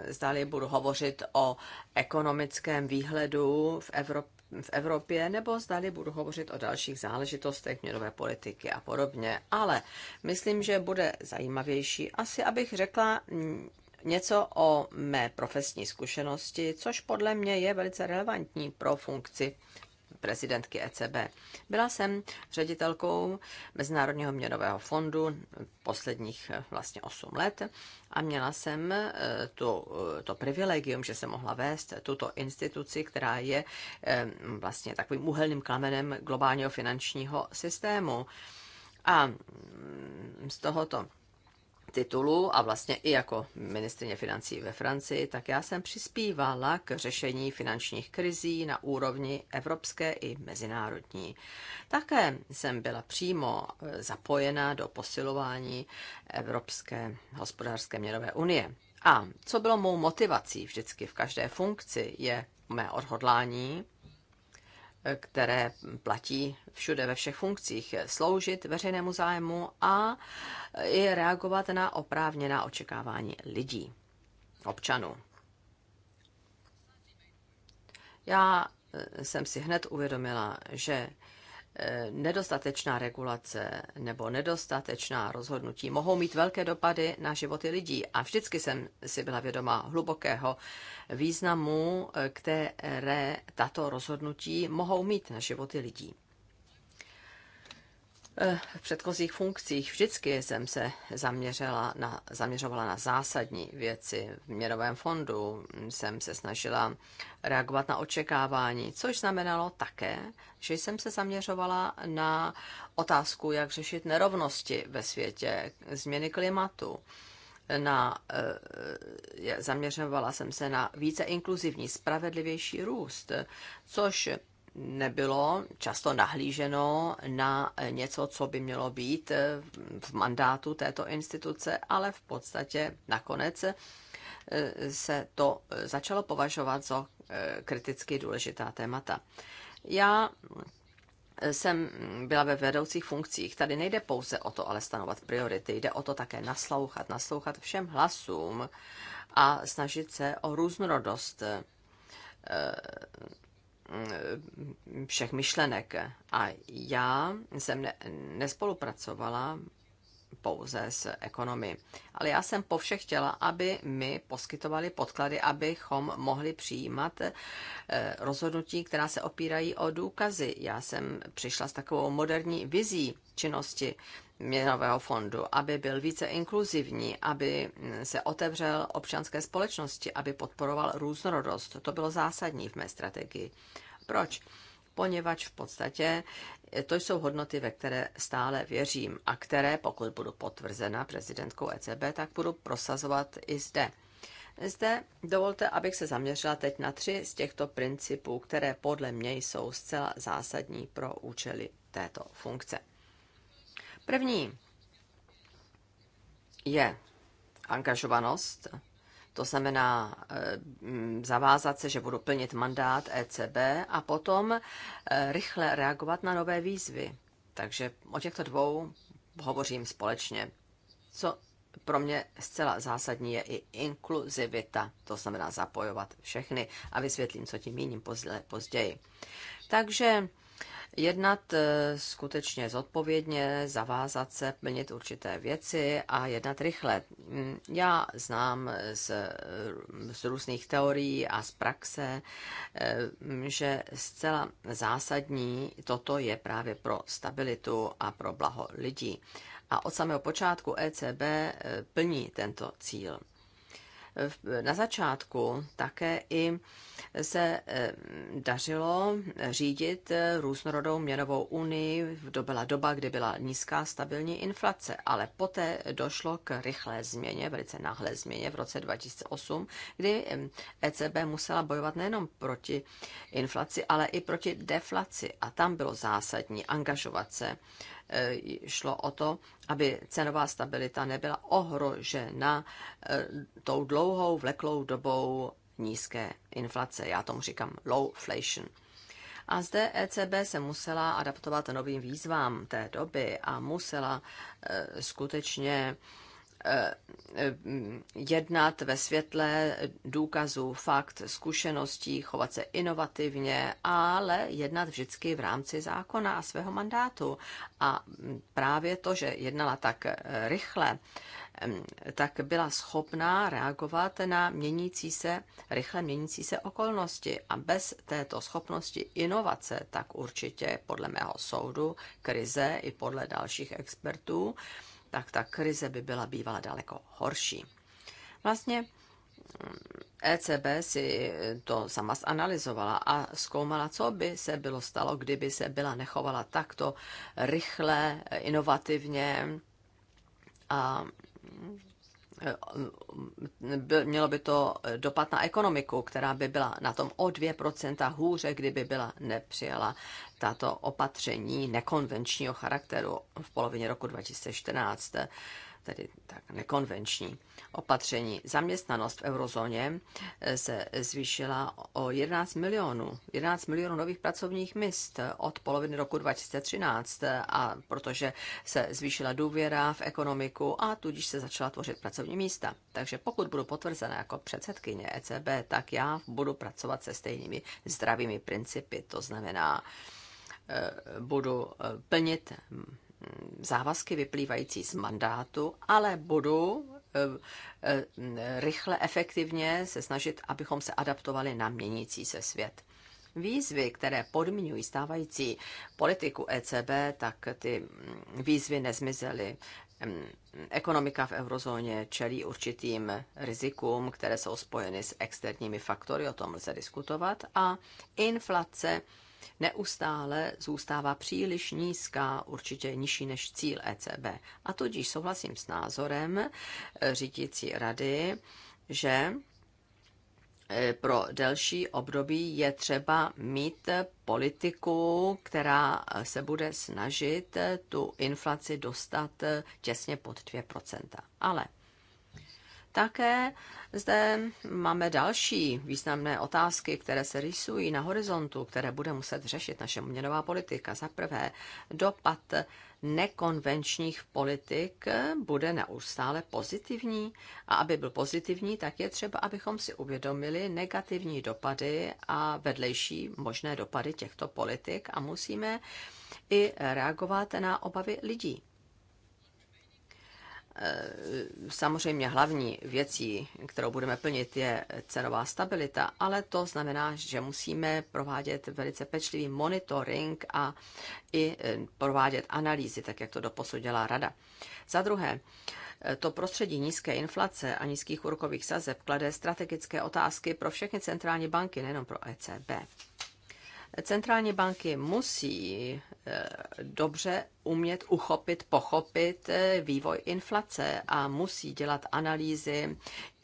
zdali budu hovořit o ekonomickém výhledu v Evropě, v Evropě, nebo zdali budu hovořit o dalších záležitostech měnové politiky a podobně. Ale myslím, že bude zajímavější asi, abych řekla něco o mé profesní zkušenosti, což podle mě je velice relevantní pro funkci prezidentky ECB. Byla jsem ředitelkou Mezinárodního měnového fondu posledních eh, vlastně 8 let a měla jsem eh, tu, eh, to privilegium, že jsem mohla vést tuto instituci, která je vlastně takovým úhelným kamenem globálního finančního systému. A mm, z tohoto titulu a vlastně i jako ministrině financí ve Francii, tak já jsem přispívala k řešení finančních krizí na úrovni evropské i mezinárodní. Také jsem byla přímo eh, zapojena do posilování Evropské hospodářské měnové unie. A co bylo mou motivací vždycky v každé funkci, je mé odhodlání které platí všude ve všech funkcích, sloužit veřejnému zájmu a i reagovat na oprávněná očekávání lidí, občanů. Já jsem si hned uvědomila, že Eh, nedostatečná regulace nebo nedostatečná rozhodnutí mohou mít velké dopady na životy lidí. A vždycky jsem si byla vědoma hlubokého významu, eh, které tato rozhodnutí mohou mít na životy lidí. Eh, v předchozích funkcích vždycky jsem se zaměřila na, zaměřovala na zásadní věci. V měrovém fondu jsem se snažila reagovat na očekávání, což znamenalo také, že jsem se zaměřovala na otázku, jak řešit nerovnosti ve světě, změny klimatu. Na, eh, zaměřovala jsem se na více inkluzivní, spravedlivější růst, což nebylo často nahlíženo na něco, co by mělo být v mandátu této instituce, ale v podstatě nakonec eh, se to začalo považovat za eh, kriticky důležitá témata. Já jsem byla ve vedoucích funkcích. Tady nejde pouze o to, ale stanovat priority. Jde o to také naslouchat, naslouchat všem hlasům a snažit se o různorodost eh, Mm, všech myšlenek. A já jsem ne, nespolupracovala pouze z ekonomii. Ale já jsem po všech chtěla, aby mi poskytovali podklady, abychom mohli přijímat eh, rozhodnutí, která se opírají o důkazy. Já jsem přišla s takovou moderní vizí činnosti měnového fondu, aby byl více inkluzivní, aby mm, se otevřel občanské společnosti, aby podporoval různorodost. To bylo zásadní v mé strategii. Proč? poněvadž v podstatě eh, to jsou hodnoty, ve které stále věřím a které, pokud budu potvrzena prezidentkou ECB, tak budu prosazovat i zde. Zde dovolte, abych se zaměřila teď na tři z těchto principů, které podle mě jsou zcela zásadní pro účely této funkce. První je angažovanost to znamená eh, zavázat se, že budu plnit mandát ECB a potom eh, rychle reagovat na nové výzvy. Takže o těchto dvou hovořím společně. Co pro mě zcela zásadní je i inkluzivita, to znamená zapojovat všechny a vysvětlím, co tím míním později. Takže jednat eh, skutečně zodpovědně, zavázat se, plnit určité věci a jednat rychle. Mm, já znám z, eh, z různých teorií a z praxe, eh, že zcela zásadní toto je právě pro stabilitu a pro blaho lidí. A od samého počátku ECB plní tento cíl na začátku také i se eh, dařilo řídit různorodou měnovou unii. To byla doba, kdy byla nízká stabilní inflace, ale poté došlo k rychlé změně, velice náhlé změně v roce 2008, kdy ECB eh, e musela bojovat nejenom proti inflaci, ale i proti deflaci. A tam bylo zásadní angažovat se E, šlo o to, aby cenová stabilita nebyla ohrožena e, tou dlouhou vleklou dobou nízké inflace. Já tomu říkám lowflation. A zde ECB se musela adaptovat novým výzvám té doby a musela e, skutečně jednat ve světle důkazů, fakt, zkušeností, chovat se inovativně, ale jednat vždycky v rámci zákona a svého mandátu. A právě to, že jednala tak eh, rychle, mm, tak byla schopná reagovat na měnící se, rychle měnící se okolnosti. A bez této schopnosti inovace, tak určitě podle mého soudu, krize i podle dalších expertů, tak ta krize by byla bývala daleko horší. Vlastně mm, ECB si to sama zanalizovala a zkoumala, co by se bylo stalo, kdyby se byla nechovala takto rychle, inovativně a mělo by to dopad na ekonomiku, která by byla na tom o 2% hůře, kdyby byla nepřijala tato opatření nekonvenčního charakteru v polovině roku 2014 tedy tak nekonvenční opatření. Zaměstnanost v eurozóně eh, se zvýšila o 11 milionů, 11 milionů nových pracovních míst od poloviny roku 2013 eh, a protože se zvýšila důvěra v ekonomiku a tudíž se začala tvořit pracovní místa. Takže pokud budu potvrzena jako předsedkyně ECB, tak já budu pracovat se stejnými zdravými principy, to znamená, eh, budu plnit hm, závazky vyplývající z mandátu, ale budu eh, eh, rychle, efektivně se snažit, abychom se adaptovali na měnící se svět. Výzvy, které podmiňují stávající politiku ECB, tak ty mm, výzvy nezmizely. Mm, ekonomika v eurozóně čelí určitým rizikům, které jsou spojeny s externími faktory, o tom lze diskutovat, a inflace neustále zůstává příliš nízká, určitě nižší než cíl ECB. A tudíž souhlasím s názorem eh, řídící rady, že eh, pro delší období je třeba mít politiku, která se bude snažit tu inflaci dostat eh, těsně pod 2%. Ale také zde máme další významné otázky, které se rysují na horizontu, které bude muset řešit naše měnová politika. Za prvé, dopad nekonvenčních politik bude neustále pozitivní. A aby byl pozitivní, tak je třeba, abychom si uvědomili negativní dopady a vedlejší možné dopady těchto politik a musíme i reagovat na obavy lidí. Eh, samozřejmě hlavní věcí, kterou budeme plnit, je cenová stabilita, ale to znamená, že musíme provádět velice pečlivý monitoring a i eh, provádět analýzy, tak jak to doposud dělá rada. Za druhé, eh, to prostředí nízké inflace a nízkých úrokových sazeb klade strategické otázky pro všechny centrální banky, nejenom pro ECB. Centrální banky musí eh, dobře umět uchopit, pochopit eh, vývoj inflace a musí dělat analýzy,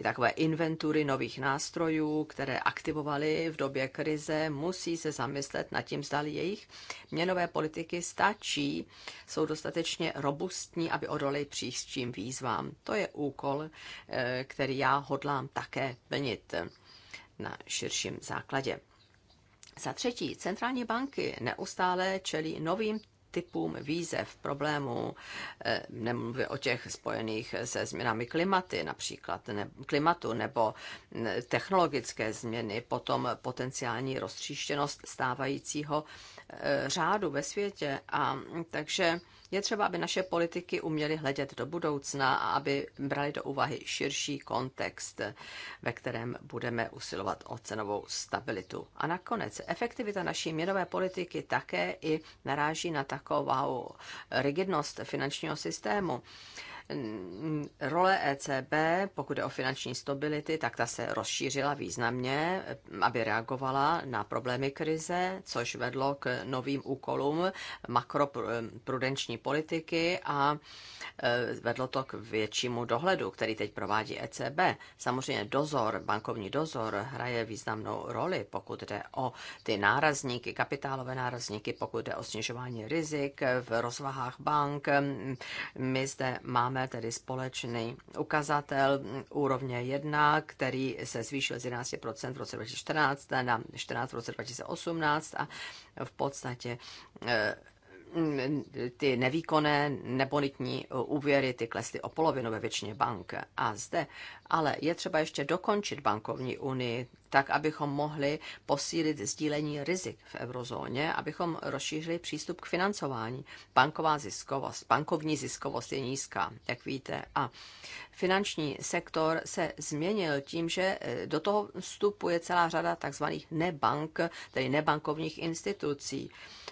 takové inventury nových nástrojů, které aktivovaly v době krize, musí se zamyslet nad tím, zda jejich měnové politiky stačí, jsou dostatečně robustní, aby odolali příštím výzvám. To je úkol, eh, který já hodlám také plnit na širším základě. Za třetí, centrální banky neustále čelí novým typům výzev, problémů, eh, nemluvě o těch spojených se změnami klimaty například, ne, klimatu nebo mm, technologické změny, potom potenciální roztříštěnost stávajícího eh, řádu ve světě. A takže je třeba, aby naše politiky uměly hledět do budoucna a aby brali do úvahy širší kontext, ve kterém budeme usilovat o cenovou stabilitu. A nakonec, efektivita naší měnové politiky také i naráží na takovou rigidnost finančního systému role ECB, pokud je o finanční stability, tak ta se rozšířila významně, aby reagovala na problémy krize, což vedlo k novým úkolům makroprudenční politiky a e, vedlo to k většímu dohledu, který teď provádí ECB. Samozřejmě dozor, bankovní dozor hraje významnou roli, pokud jde o ty nárazníky, kapitálové nárazníky, pokud jde o snižování rizik v rozvahách bank. My zde máme máme tedy společný ukazatel úrovně 1, který se zvýšil z 11% v roce 2014 na 14% v roce 2018 a v podstatě eh, ty nevýkonné nebonitní úvěry, ty klesly o polovinu ve většině bank. A zde ale je třeba ještě dokončit bankovní unii tak abychom mohli posílit sdílení rizik v eurozóně, abychom rozšířili přístup k financování. Banková ziskovost, bankovní ziskovost je nízká, jak víte, a finanční sektor se změnil tím, že eh, do toho vstupuje celá řada tzv. nebank, tedy nebankovních institucí.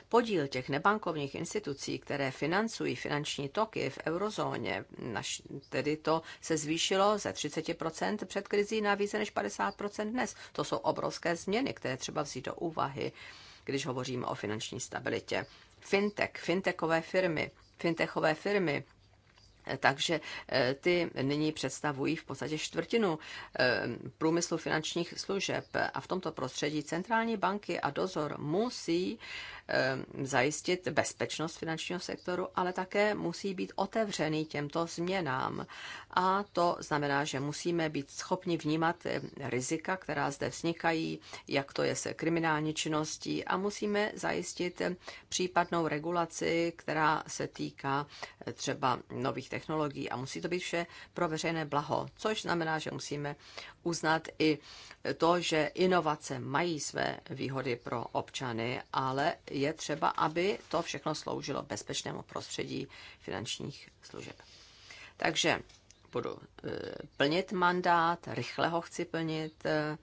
Podíl těch nebankovních institucí, které financují finanční toky v eurozóně, tedy to se zvýšilo ze 30% před krizí na více než 50% dnes. To jsou obrovské změny, které třeba vzít do úvahy, když hovoříme o finanční stabilitě. Fintech, fintechové firmy, fintechové firmy, eh, takže eh, ty nyní představují v podstatě čtvrtinu eh, průmyslu finančních služeb a v tomto prostředí centrální banky a dozor musí Eh, zajistit bezpečnost finančního sektoru, ale také musí být otevřený těmto změnám. A to znamená, že musíme být schopni vnímat eh, rizika, která zde vznikají, jak to je se kriminální činností a musíme zajistit eh, případnou regulaci, která se týká třeba nových technologií a musí to být vše pro veřejné blaho, což znamená, že musíme uznat i to, že inovace mají své výhody pro občany, ale je třeba, aby to všechno sloužilo bezpečnému prostředí finančních služeb. Takže budu e, plnit mandát, rychle ho chci plnit. E,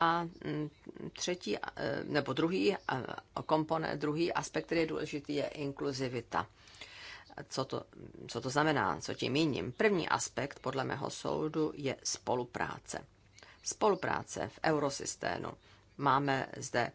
a třetí, e, nebo druhý komponent, druhý aspekt, který je důležitý, je inkluzivita. Co to, co to znamená, co tím míním? První aspekt, podle mého soudu, je spolupráce. Spolupráce v eurosystému. Máme zde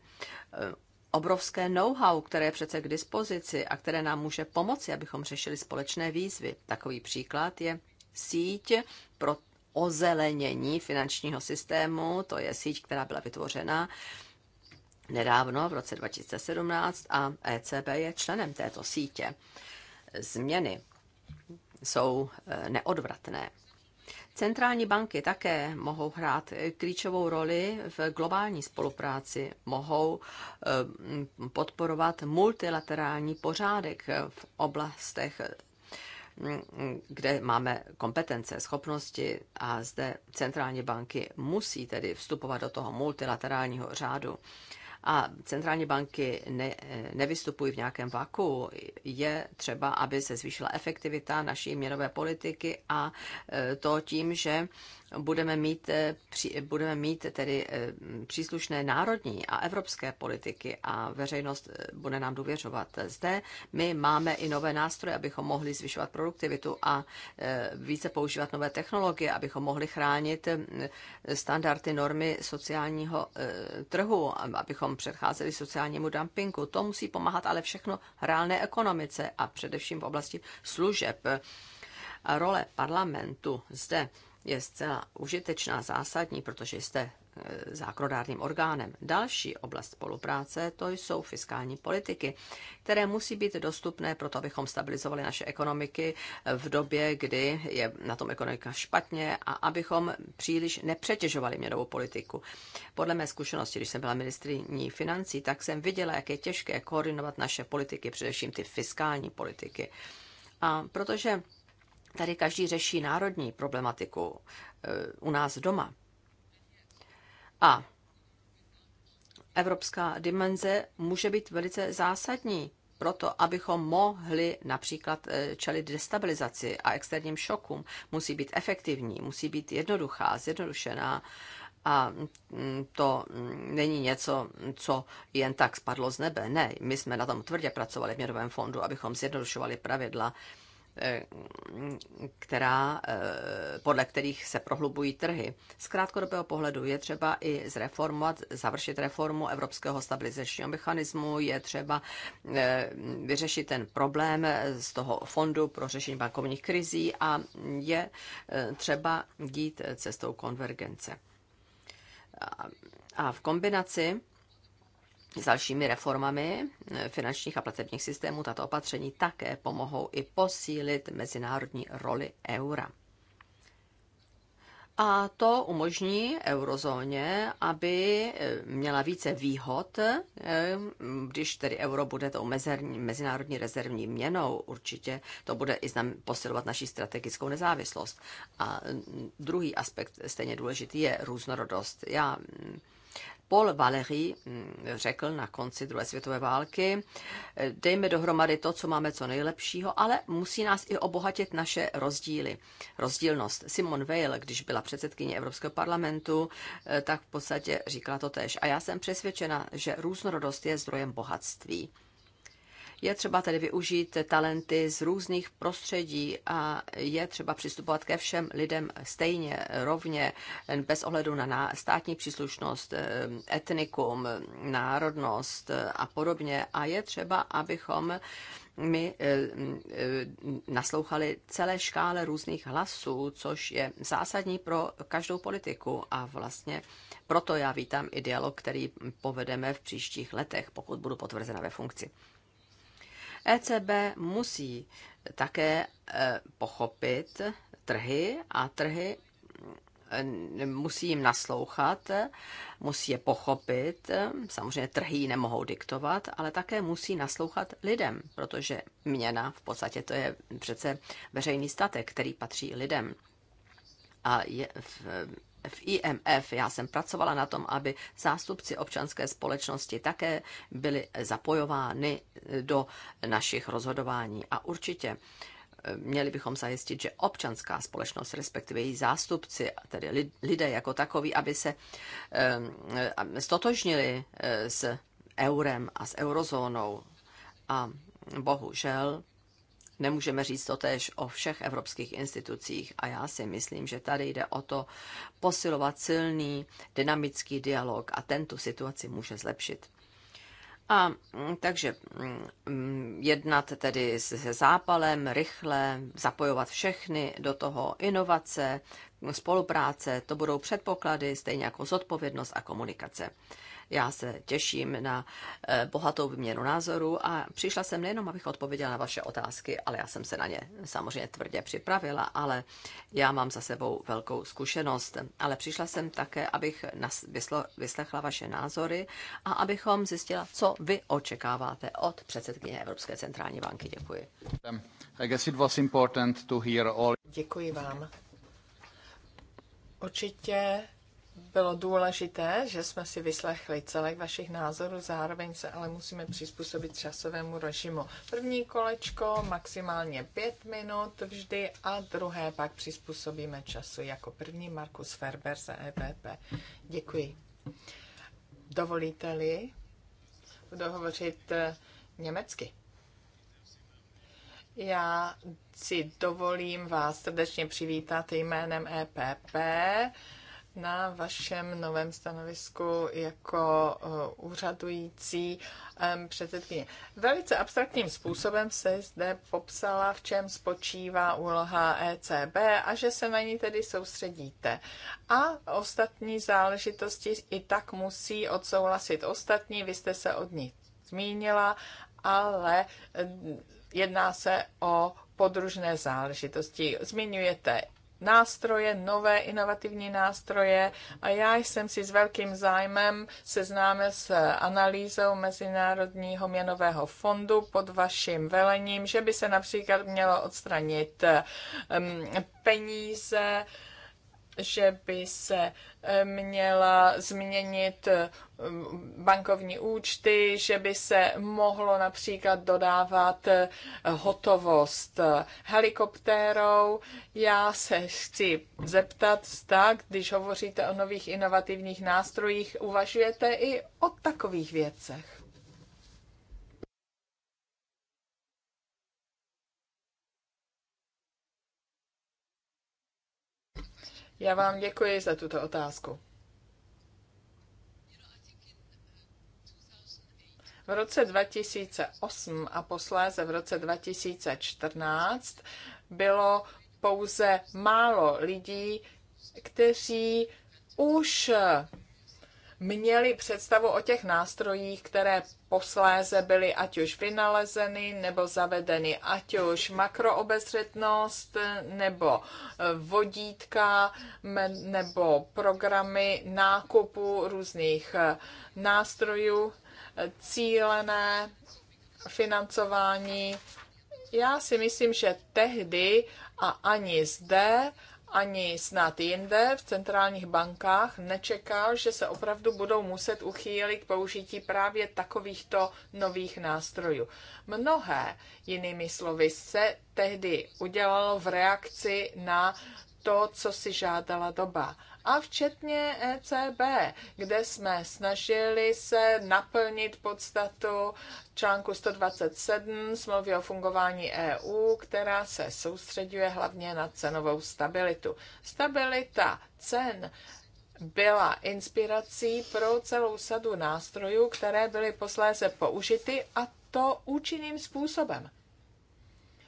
obrovské know-how, které je přece k dispozici a které nám může pomoci, abychom řešili společné výzvy. Takový příklad je síť pro ozelenění finančního systému, to je síť, která byla vytvořena nedávno v roce 2017 a ECB je členem této sítě. Změny jsou eh, neodvratné Centrální banky také mohou hrát klíčovou roli v globální spolupráci, mohou eh, podporovat multilaterální pořádek v oblastech mm, kde máme kompetence, schopnosti a zde centrální banky musí tedy vstupovat do toho multilaterálního řádu a centrální banky ne, nevystupují v nějakém vaku. Je třeba, aby se zvýšila efektivita naší měnové politiky a e, to tím, že budeme mít, eh, budeme mít tedy eh, příslušné národní a evropské politiky a veřejnost eh, bude nám důvěřovat. Zde my máme i nové nástroje, abychom mohli zvyšovat produktivitu a více používat nové technologie, abychom mohli chránit standardy, normy sociálního trhu, abychom předcházeli sociálnímu dumpingu. To musí pomáhat ale všechno reálné ekonomice a především v oblasti služeb. A role parlamentu zde je zcela užitečná, zásadní, protože jste e, zákonodárným orgánem. Další oblast spolupráce to jsou fiskální politiky, které musí být dostupné pro to, abychom stabilizovali naše ekonomiky v době, kdy je na tom ekonomika špatně a abychom příliš nepřetěžovali měnovou politiku. Podle mé zkušenosti, když jsem byla ministriní financí, tak jsem viděla, jak je těžké koordinovat naše politiky, především ty fiskální politiky. A protože Tady každý řeší národní problematiku eh, u nás doma. A evropská dimenze může být velice zásadní proto, abychom mohli například eh, čelit destabilizaci a externím šokům. Musí být efektivní, musí být jednoduchá, zjednodušená a mm, to mm, není něco, co jen tak spadlo z nebe. Ne, my jsme na tom tvrdě pracovali v Měnovém fondu, abychom zjednodušovali pravidla Eh, která, eh, podle kterých se prohlubují trhy. Z krátkodobého pohledu je třeba i zreformovat, završit reformu Evropského stabilizačního mechanismu, je třeba eh, vyřešit ten problém z toho fondu pro řešení bankovních krizí a je třeba jít cestou konvergence. A v kombinaci s dalšími reformami eh, finančních a platebních systémů tato opatření také pomohou i posílit mezinárodní roli eura. A to umožní eurozóně, aby eh, měla více výhod, eh, když tedy euro bude tou mezinárodní rezervní měnou. Určitě to bude i znam, posilovat naši strategickou nezávislost. A mm, druhý aspekt stejně důležitý je různorodost. Já mm, Paul Valéry mm, řekl na konci druhé světové války, eh, dejme dohromady to, co máme co nejlepšího, ale musí nás i obohatit naše rozdíly. Rozdílnost. Simon Weil, když byla předsedkyně Evropského parlamentu, eh, tak v podstatě říkala to tež. A já jsem přesvědčena, že různorodost je zdrojem bohatství. Je třeba tedy využít talenty z různých prostředí a je třeba přistupovat ke všem lidem stejně, rovně, bez ohledu na státní příslušnost, eh, etnikum, národnost a podobně. A je třeba, abychom my eh, eh, naslouchali celé škále různých hlasů, což je zásadní pro každou politiku a vlastně proto já vítám i dialog, který povedeme v příštích letech, pokud budu potvrzena ve funkci. ECB musí také e, pochopit trhy a trhy e, musí jim naslouchat, musí je pochopit. Samozřejmě trhy ji nemohou diktovat, ale také musí naslouchat lidem, protože měna v podstatě to je přece veřejný statek, který patří lidem. A je v, v IMF. Já jsem pracovala na tom, aby zástupci občanské společnosti také byli zapojovány do našich rozhodování. A určitě eh, měli bychom zajistit, že občanská společnost, respektive její zástupci, tedy lidé jako takoví, aby se eh, eh, stotožnili s eurem a s eurozónou. A bohužel nemůžeme říct to tež o všech evropských institucích a já si myslím, že tady jde o to posilovat silný dynamický dialog a tento situaci může zlepšit. A mm, takže mm, jednat tedy se zápalem, rychle, zapojovat všechny do toho, inovace, spolupráce, to budou předpoklady, stejně jako zodpovědnost a komunikace. Já se těším na eh, bohatou výměnu názorů a přišla jsem nejenom, abych odpověděla na vaše otázky, ale já jsem se na ně samozřejmě tvrdě připravila, ale já mám za sebou velkou zkušenost. Ale přišla jsem také, abych vyslechla vaše názory a abychom zjistila, co vy očekáváte od předsedkyně Evropské centrální banky. Děkuji. Um, Děkuji vám. Určitě bylo důležité, že jsme si vyslechli celek vašich názorů, zároveň se ale musíme přizpůsobit časovému režimu. První kolečko maximálně pět minut vždy a druhé pak přizpůsobíme času. Jako první Markus Ferber za EPP. Děkuji. Dovolíte-li, budu hovořit eh, německy. Já si dovolím vás srdečně přivítat jménem EPP na vašem novém stanovisku jako eh, úřadující eh, předsedkyně. Velice abstraktním způsobem se zde popsala, v čem spočívá úloha ECB a že se na ní tedy soustředíte. A ostatní záležitosti i tak musí odsouhlasit ostatní, vy jste se od nich zmínila, ale eh, jedná se o podružné záležitosti. Zmiňujete nástroje, nové inovativní nástroje a já jsem si s velkým zájmem seznáme s analýzou Mezinárodního měnového fondu pod vaším velením, že by se například mělo odstranit ehm, peníze, že by se eh, měla změnit eh, bankovní účty, že by se mohlo například dodávat eh, hotovost helikoptérou. Já se chci zeptat, zda, když hovoříte o nových inovativních nástrojích, uvažujete i o takových věcech. Já vám děkuji za tuto otázku. V roce 2008 a posléze v roce 2014 bylo pouze málo lidí, kteří už měli představu o těch nástrojích, které posléze byly ať už vynalezeny nebo zavedeny, ať už makroobezřetnost nebo e, vodítka nebo programy nákupu různých e, nástrojů, e, cílené financování. Já si myslím, že tehdy a ani zde ani snad jinde v centrálních bankách nečekal, že se opravdu budou muset uchýlit k použití právě takovýchto nových nástrojů. Mnohé, jinými slovy, se tehdy udělalo v reakci na to, co si žádala doba a včetně ECB, kde jsme snažili se naplnit podstatu článku 127 smlouvy o fungování EU, která se soustředuje hlavně na cenovou stabilitu. Stabilita cen byla inspirací pro celou sadu nástrojů, které byly posléze použity a to účinným způsobem.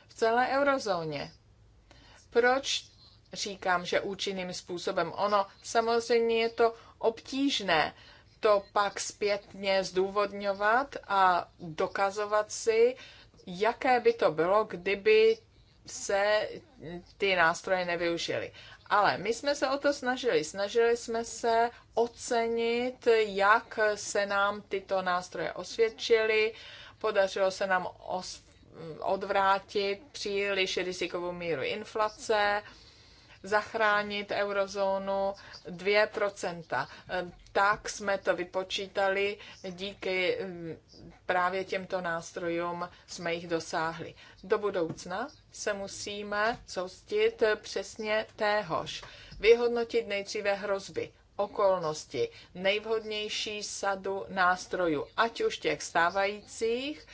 V celé eurozóně. Proč říkám, že účinným způsobem. Ono samozřejmě je to obtížné to pak zpětně zdůvodňovat a dokazovat si, jaké by to bylo, kdyby se ty nástroje nevyužily. Ale my jsme se o to snažili. Snažili jsme se ocenit, jak se nám tyto nástroje osvědčily. Podařilo se nám os- odvrátit příliš rizikovou míru inflace zachránit eurozónu 2%. Tak jsme to vypočítali, díky mm, právě těmto nástrojům jsme jich dosáhli. Do budoucna se musíme soustit přesně téhož. Vyhodnotit nejdříve hrozby, okolnosti, nejvhodnější sadu nástrojů, ať už těch stávajících,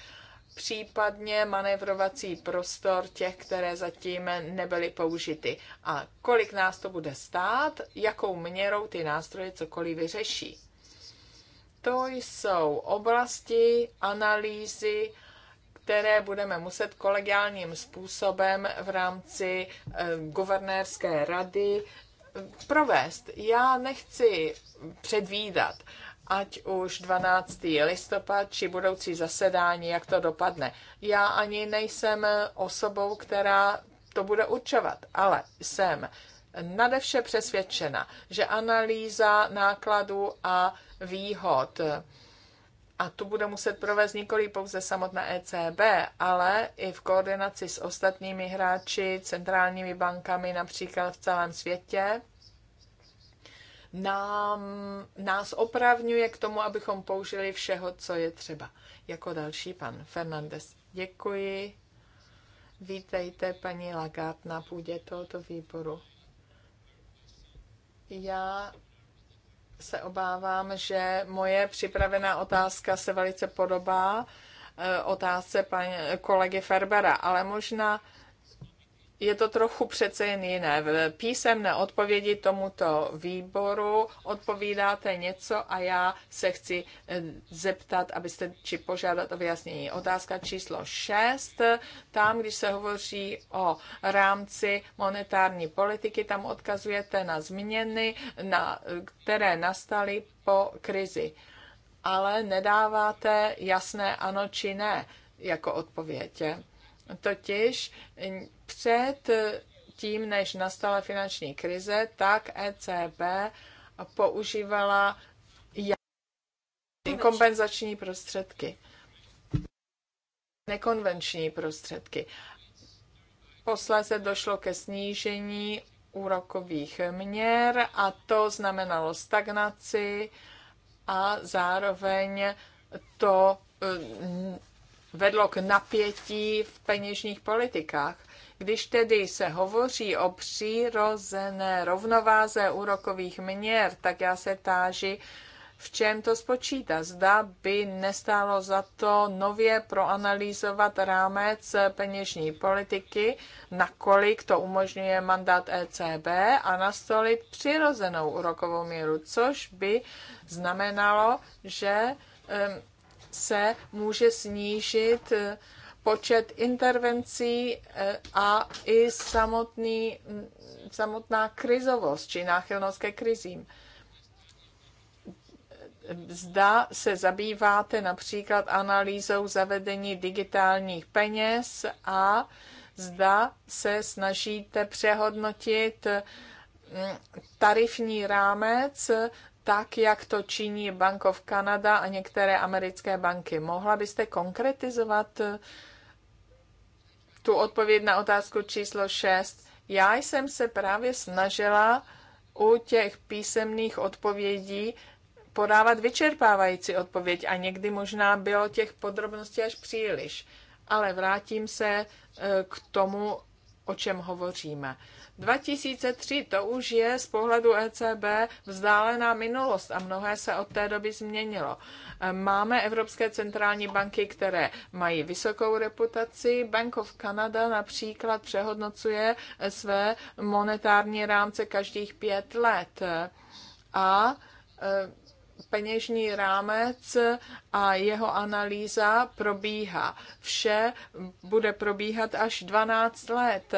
případně manévrovací prostor těch, které zatím nebyly použity. A kolik nás to bude stát, jakou měrou ty nástroje cokoliv vyřeší. To jsou oblasti analýzy, které budeme muset kolegiálním způsobem v rámci eh, guvernérské rady eh, provést. Já nechci předvídat, ať už 12. listopad či budoucí zasedání, jak to dopadne. Já ani nejsem osobou, která to bude určovat, ale jsem nadevše přesvědčena, že analýza nákladů a výhod a tu bude muset provést nikoli pouze samotná ECB, ale i v koordinaci s ostatními hráči, centrálními bankami například v celém světě, nám, nás opravňuje k tomu, abychom použili všeho, co je třeba. Jako další pan Fernandez. Děkuji. Vítejte, paní Lagarde, na půdě tohoto výboru. Já se obávám, že moje připravená otázka se velice podobá eh, otázce paní, kolegy Ferbera, ale možná je to trochu přece jen jiné. V písemné odpovědi tomuto výboru odpovídáte něco a já se chci eh, zeptat, abyste či požádat o vyjasnění. Otázka číslo 6. Tam, když se hovoří o rámci monetární politiky, tam odkazujete na změny, na, které nastaly po krizi. Ale nedáváte jasné ano či ne jako odpověď. Totiž před eh, tím, než nastala finanční krize, tak ECB používala kompenzační prostředky, nekonvenční prostředky. Posléze došlo ke snížení úrokových měr a to znamenalo stagnaci a zároveň to eh, vedlo k napětí v peněžních politikách. Když tedy se hovoří o přirozené rovnováze úrokových měr, tak já se táži, v čem to spočítá. Zda by nestálo za to nově proanalýzovat rámec peněžní politiky, nakolik to umožňuje mandát ECB a nastolit přirozenou úrokovou míru, což by znamenalo, že se může snížit počet intervencí eh, a i samotný, mm, samotná krizovost či náchylnost ke krizím. Zda se zabýváte například analýzou zavedení digitálních peněz a zda se snažíte přehodnotit mm, tarifní rámec tak, jak to činí Bank of Canada a některé americké banky. Mohla byste konkretizovat tu odpověď na otázku číslo 6. Já jsem se právě snažila u těch písemných odpovědí podávat vyčerpávající odpověď a někdy možná bylo těch podrobností až příliš. Ale vrátím se eh, k tomu, o čem hovoříme. 2003 to už je z pohledu ECB vzdálená minulost a mnohé se od té doby změnilo. Máme evropské centrální banky, které mají vysokou reputaci. Bank of Canada například přehodnocuje své monetární rámce každých pět let. A e, peněžní rámec a jeho analýza probíhá. Vše bude probíhat až 12 let.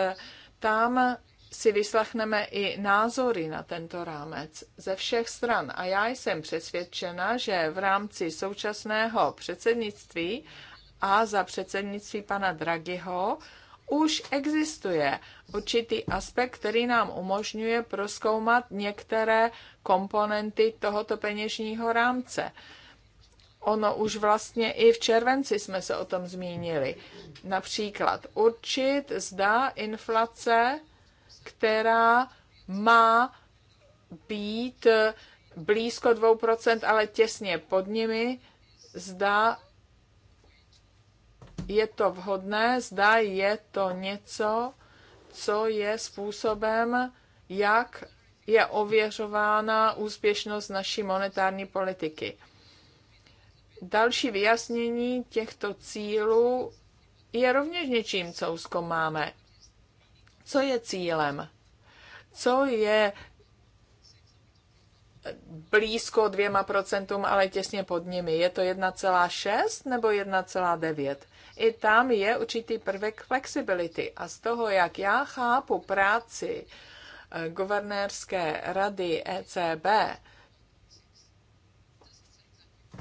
Tam si vyslechneme i názory na tento rámec ze všech stran. A já jsem přesvědčena, že v rámci současného předsednictví a za předsednictví pana Draghiho už existuje určitý aspekt, který nám umožňuje proskoumat některé komponenty tohoto peněžního rámce. Ono už vlastně i v červenci jsme se o tom zmínili. Například určit, zda inflace která má být blízko 2%, ale těsně pod nimi, zda je to vhodné, zda je to něco, co je způsobem, jak je ověřována úspěšnost naší monetární politiky. Další vyjasnění těchto cílů je rovněž něčím, co zkoumáme. Co je cílem? Co je blízko dvěma procentům, ale těsně pod nimi. Je to 1,6 nebo 1,9? I tam je určitý prvek flexibility. A z toho, jak já chápu práci eh, guvernérské rady ECB,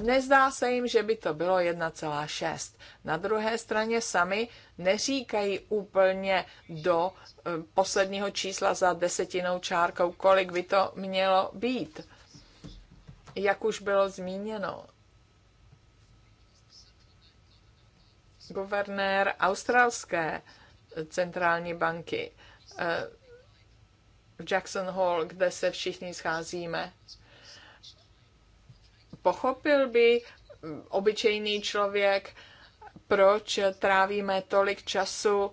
Nezdá se jim, že by to bylo 1,6. Na druhé straně sami neříkají úplně do eh, posledního čísla za desetinou čárkou, kolik by to mělo být. Jak už bylo zmíněno, guvernér australské centrální banky eh, Jackson Hall, kde se všichni scházíme, Pochopil by mm, obyčejný člověk, proč trávíme tolik času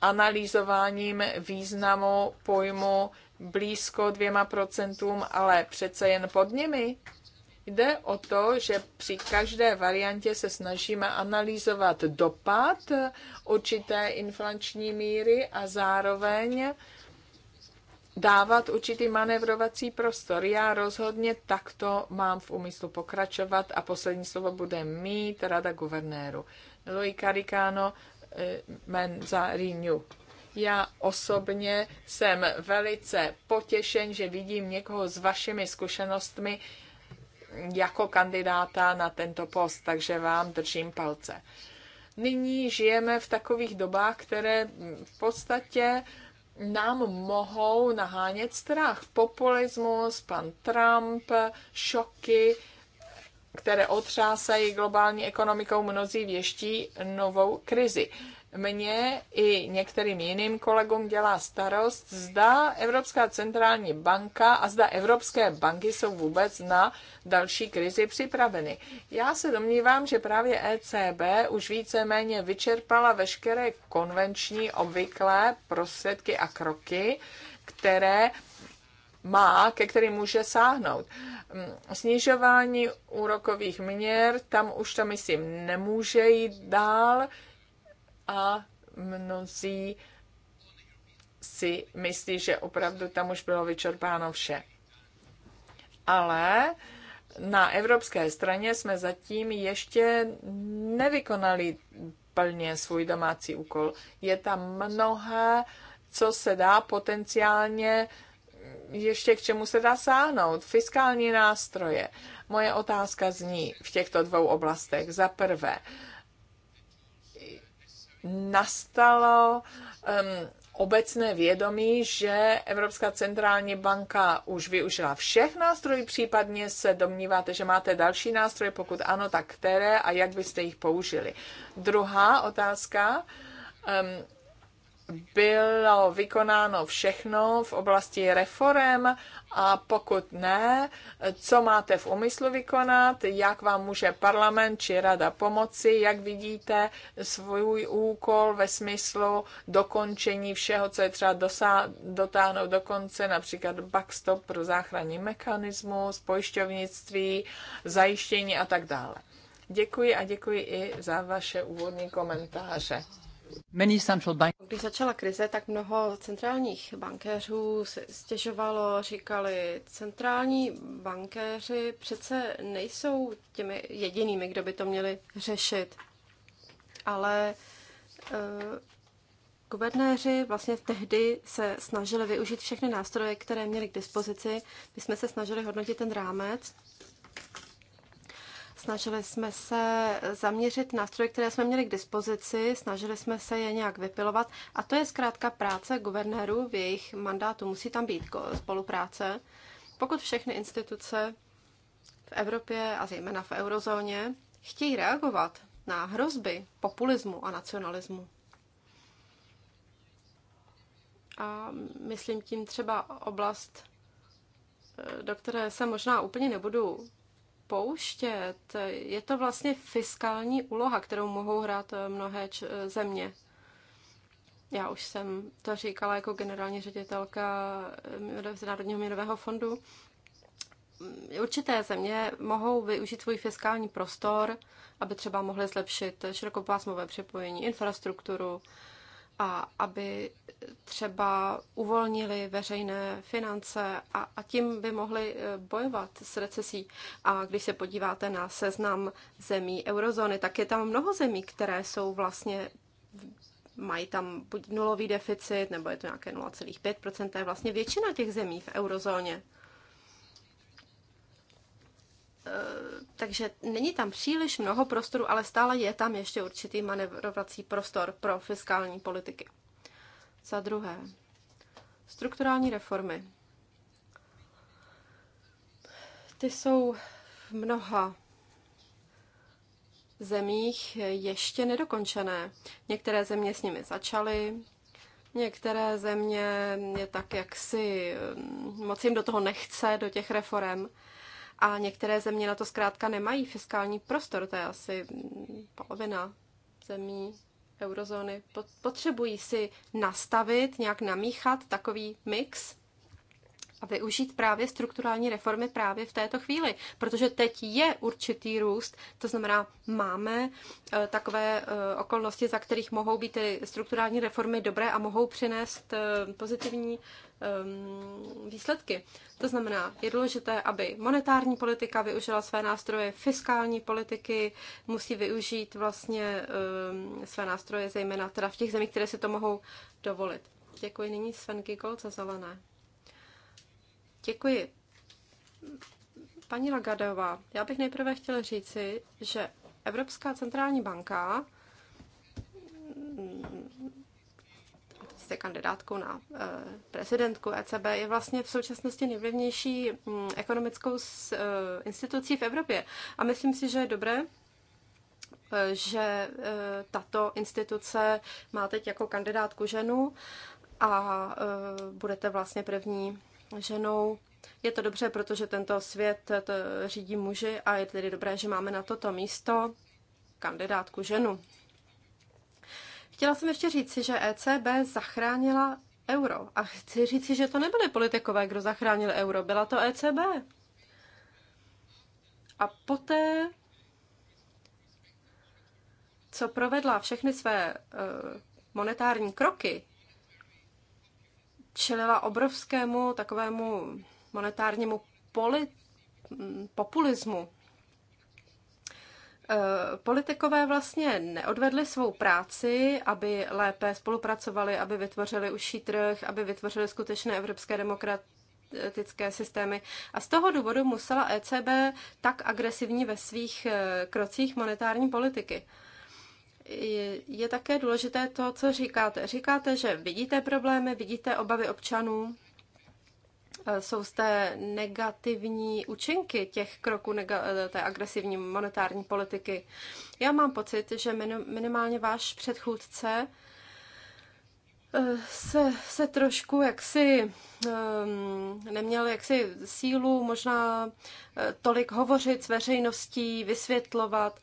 analýzováním významu pojmu blízko dvěma procentům, ale přece jen pod nimi? Jde o to, že při každé variantě se snažíme analyzovat dopad určité inflační míry a zároveň dávat určitý manévrovací prostor. Já rozhodně takto mám v úmyslu pokračovat a poslední slovo bude mít rada guvernéru. Louis Caricano, eh, men za Renew. Já osobně jsem velice potěšen, že vidím někoho s vašimi zkušenostmi jako kandidáta na tento post, takže vám držím palce. Nyní žijeme v takových dobách, které v podstatě nám mohou nahánět strach. Populismus, pan Trump, šoky, které otřásají globální ekonomikou, mnozí věští novou krizi mně i některým jiným kolegům dělá starost, zda Evropská centrální banka a zda evropské banky jsou vůbec na další krizi připraveny. Já se domnívám, že právě ECB už víceméně vyčerpala veškeré konvenční obvyklé prostředky a kroky, které má, ke kterým může sáhnout. Mm, snižování úrokových měr, tam už to, myslím, nemůže jít dál a mnozí si myslí, že opravdu tam už bylo vyčerpáno vše. Ale na evropské straně jsme zatím ještě nevykonali plně svůj domácí úkol. Je tam mnohé, co se dá potenciálně ještě k čemu se dá sáhnout. Fiskální nástroje. Moje otázka zní v těchto dvou oblastech. Za prvé, uh, nastalo um, obecné vědomí, že Evropská centrální banka už využila všech nástrojů, případně se domníváte, že máte další nástroje, pokud ano, tak které a jak byste jich použili. Druhá otázka. Um, bylo vykonáno všechno v oblasti reform a pokud ne, co máte v úmyslu vykonat, jak vám může parlament či rada pomoci, jak vidíte svůj úkol ve smyslu dokončení všeho, co je třeba dosá- dotáhnout do konce, například backstop pro záchranný mechanismus, pojišťovnictví, zajištění a tak dále. Děkuji a děkuji i za vaše úvodní komentáře. Když začala krize, tak mnoho centrálních bankéřů se stěžovalo, říkali, centrální bankéři přece nejsou těmi jedinými, kdo by to měli řešit. Ale uh, guvernéři vlastně tehdy se snažili využít všechny nástroje, které měli k dispozici. My jsme se snažili hodnotit ten rámec Snažili jsme se zaměřit nástroje, které jsme měli k dispozici, snažili jsme se je nějak vypilovat a to je zkrátka práce guvernérů v jejich mandátu. Musí tam být spolupráce. Pokud všechny instituce v Evropě a zejména v eurozóně chtějí reagovat na hrozby populismu a nacionalismu. A myslím tím třeba oblast, do které se možná úplně nebudu pouštět. Je to vlastně fiskální úloha, kterou mohou hrát eh, mnohé eh, země. Já už jsem to říkala jako generální ředitelka Mezinárodního eh, měnového fondu. Určité země mohou využít svůj fiskální prostor, aby třeba mohly zlepšit širokopásmové připojení, infrastrukturu, a aby třeba uvolnili veřejné finance a, a tím by mohli eh, bojovat s recesí. A když se podíváte na seznam zemí eurozóny, tak je tam mnoho zemí, které jsou vlastně mají tam buď nulový deficit, nebo je to nějaké 0,5%, to je vlastně většina těch zemí v eurozóně. Eh, takže není tam příliš mnoho prostoru, ale stále je tam ještě určitý manevrovací prostor pro fiskální politiky. Za druhé, strukturální reformy. Ty jsou v mnoha zemích ještě nedokončené. Některé země s nimi začaly, některé země je tak, jak si hm, moc jim do toho nechce, do těch reform. A některé země na to zkrátka nemají fiskální prostor, to je asi polovina zemí eurozóny. Potřebují si nastavit, nějak namíchat takový mix a využít právě strukturální reformy právě v této chvíli, protože teď je určitý růst, to znamená, máme e, takové e, okolnosti, za kterých mohou být ty strukturální reformy dobré a mohou přinést e, pozitivní um, výsledky. To znamená, je důležité, aby monetární politika využila své nástroje, fiskální politiky musí využít vlastně um, své nástroje, zejména teda v těch zemích, které si to mohou dovolit. Děkuji nyní Sven Gigol za zelené. Děkuji. Paní Lagadová, já bych nejprve chtěla říci, že Evropská centrální banka jste kandidátkou na eh, prezidentku ECB, je vlastně v současnosti nejvlivnější mm, ekonomickou eh, institucí v Evropě. A myslím si, že je dobré, eh, že tato instituce má teď jako kandidátku ženu a budete vlastně první ženou. Je to dobře, protože tento svět řídí muži a je tedy dobré, že máme na toto místo kandidátku ženu. Chtěla jsem ještě říci, že ECB zachránila euro. A chci říci, že to nebyly politikové, kdo zachránil euro, byla to ECB. A poté, co provedla všechny své eh, monetární kroky, čelila obrovskému takovému monetárnímu poli, mm, populismu. Eh, politikové vlastně neodvedli svou práci, aby lépe spolupracovali, aby vytvořili užší trh, aby vytvořili skutečné evropské demokratické systémy. A z toho důvodu musela ECB tak agresivní ve svých eh, krocích monetární politiky. Je také důležité to, co říkáte. Říkáte, že vidíte problémy, vidíte obavy občanů, Eh, jsou zde negativní účinky těch kroků eh, té agresivní monetární politiky. Já mám pocit, že minimálně váš předchůdce eh, se, se trošku jaksi um, neměl jaksi sílu možná tolik hovořit s veřejností, vysvětlovat.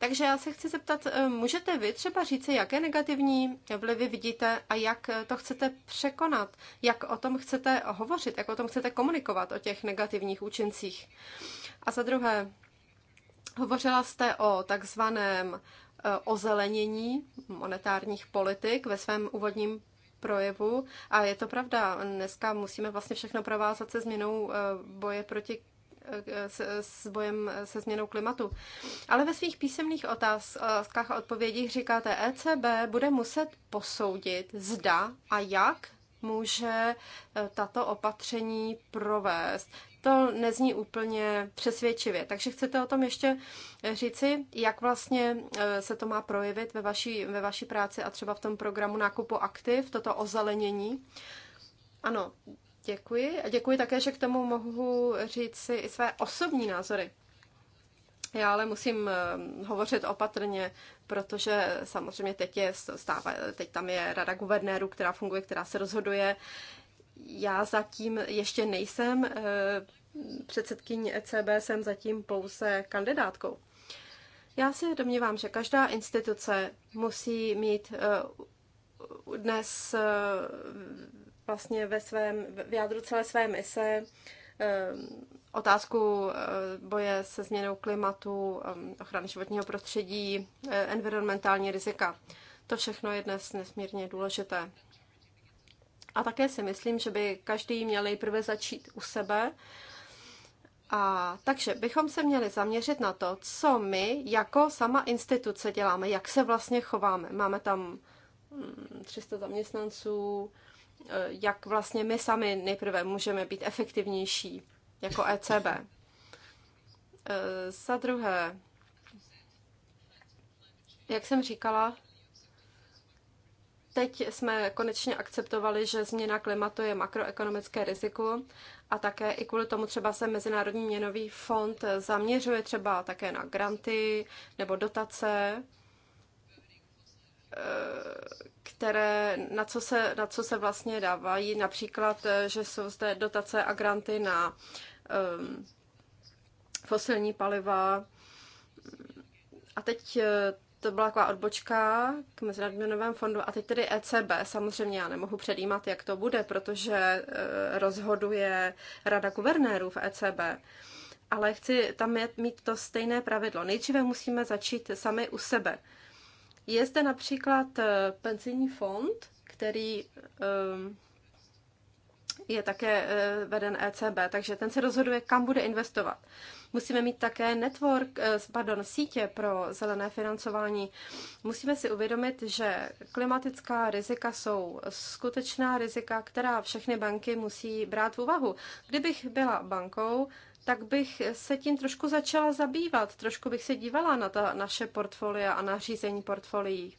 Takže já se chci zeptat, eh, můžete vy třeba říct, jaké negativní vlivy vidíte a jak eh, to chcete překonat? Jak o tom chcete hovořit? Jak o tom chcete komunikovat, o těch negativních účincích? A za druhé, hovořila jste o takzvaném eh, ozelenění monetárních politik ve svém úvodním projevu. A je to pravda, dneska musíme vlastně všechno provázat se změnou boje proti Eh, s, s bojem eh, se změnou klimatu. Ale ve svých písemných otázkách a odpovědích říkáte, ECB bude muset posoudit, zda a jak může eh, tato opatření provést. To nezní úplně přesvědčivě. Takže chcete o tom ještě říci, jak vlastně se to má projevit ve vaší, ve vaší práci a třeba v tom programu nákupu aktiv, toto ozelenění? Ano, Děkuji a děkuji také, že k tomu mohu říct si i své osobní názory. Já ale musím eh, hovořit opatrně, protože samozřejmě teď, je stává, teď tam je rada guvernérů, která funguje, která se rozhoduje. Já zatím ještě nejsem eh, předsedkyní ECB, jsem zatím pouze kandidátkou. Já si domnívám, že každá instituce musí mít eh, dnes vlastně ve svém, v jádru celé své mise ehm, otázku eh, boje se změnou klimatu, ehm, ochrany životního prostředí, eh, environmentální rizika. To všechno je dnes nesmírně důležité. A také si myslím, že by každý měl nejprve začít u sebe. A takže bychom se měli zaměřit na to, co my jako sama instituce děláme, jak se vlastně chováme. Máme tam 300 mm, zaměstnanců, Eh, jak vlastně my sami nejprve můžeme být efektivnější jako ECB. Eh, za druhé, jak jsem říkala, teď jsme konečně akceptovali, že změna klimatu je makroekonomické riziko a také i kvůli tomu třeba se Mezinárodní měnový fond zaměřuje třeba také na granty nebo dotace Eh, které, na, co se, na co se vlastně dávají, například, eh, že jsou zde dotace a granty na um, fosilní paliva. A teď to byla taková odbočka k Mezinárodnímu fondu. A teď tedy ECB, samozřejmě já nemohu předjímat, jak to bude, protože rozhoduje Rada guvernérů v ECB. Ale chci tam mít to stejné pravidlo. Nejdříve musíme začít sami u sebe. Je zde například eh, penzijní fond, který ehm, je také eh, veden ECB, takže ten se rozhoduje, kam bude investovat. Musíme mít také network, eh, pardon, sítě pro zelené financování. Musíme si uvědomit, že klimatická rizika jsou skutečná rizika, která všechny banky musí brát v úvahu. Kdybych byla bankou, tak bych se tím trošku začala zabývat, trošku bych se dívala na ta naše portfolia a na řízení portfolií.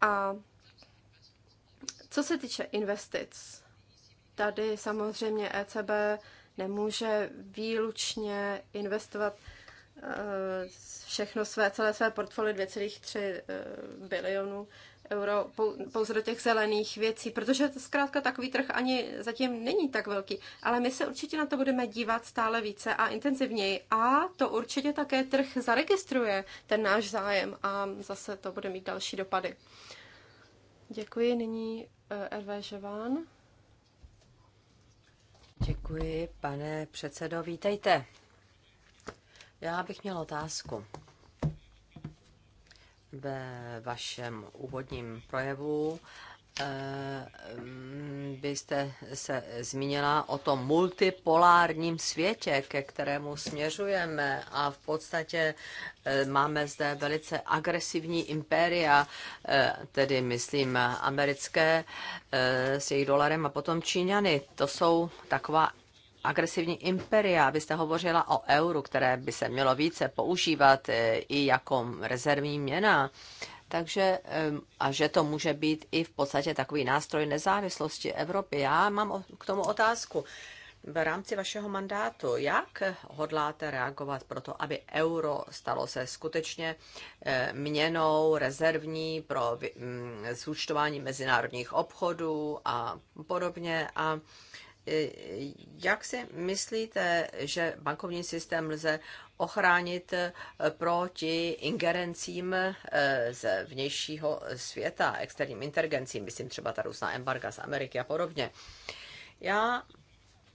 A co se týče investic, tady samozřejmě ECB nemůže výlučně investovat eh, všechno své, celé své portfolio 2,3 eh, bilionů euro pouze do těch zelených věcí, protože to zkrátka takový trh ani zatím není tak velký. Ale my se určitě na to budeme dívat stále více a intenzivněji. A to určitě také trh zaregistruje ten náš zájem a zase to bude mít další dopady. Děkuji. Nyní eh, RV Ževán. Děkuji, pane předsedo. Vítejte. Já bych měla otázku ve vašem úvodním projevu byste eh, mm, se zmínila o tom multipolárním světě, ke kterému směřujeme a v podstatě eh, máme zde velice agresivní impéria, eh, tedy myslím americké s jejich dolarem a potom Číňany. To jsou taková agresivní imperia. Vy jste hovořila o euru, které by se mělo více používat e, i jako rezervní měna. Takže a že to může být i v podstatě takový nástroj nezávislosti Evropy. Já mám k tomu otázku. V rámci vašeho mandátu, jak hodláte reagovat pro to, aby euro stalo se skutečně e, měnou rezervní pro zúčtování mezinárodních obchodů a podobně? A jak si myslíte, že bankovní systém lze ochránit eh, proti ingerencím eh, z vnějšího světa, externím intergencím, myslím třeba ta různá embarga z Ameriky a podobně? Já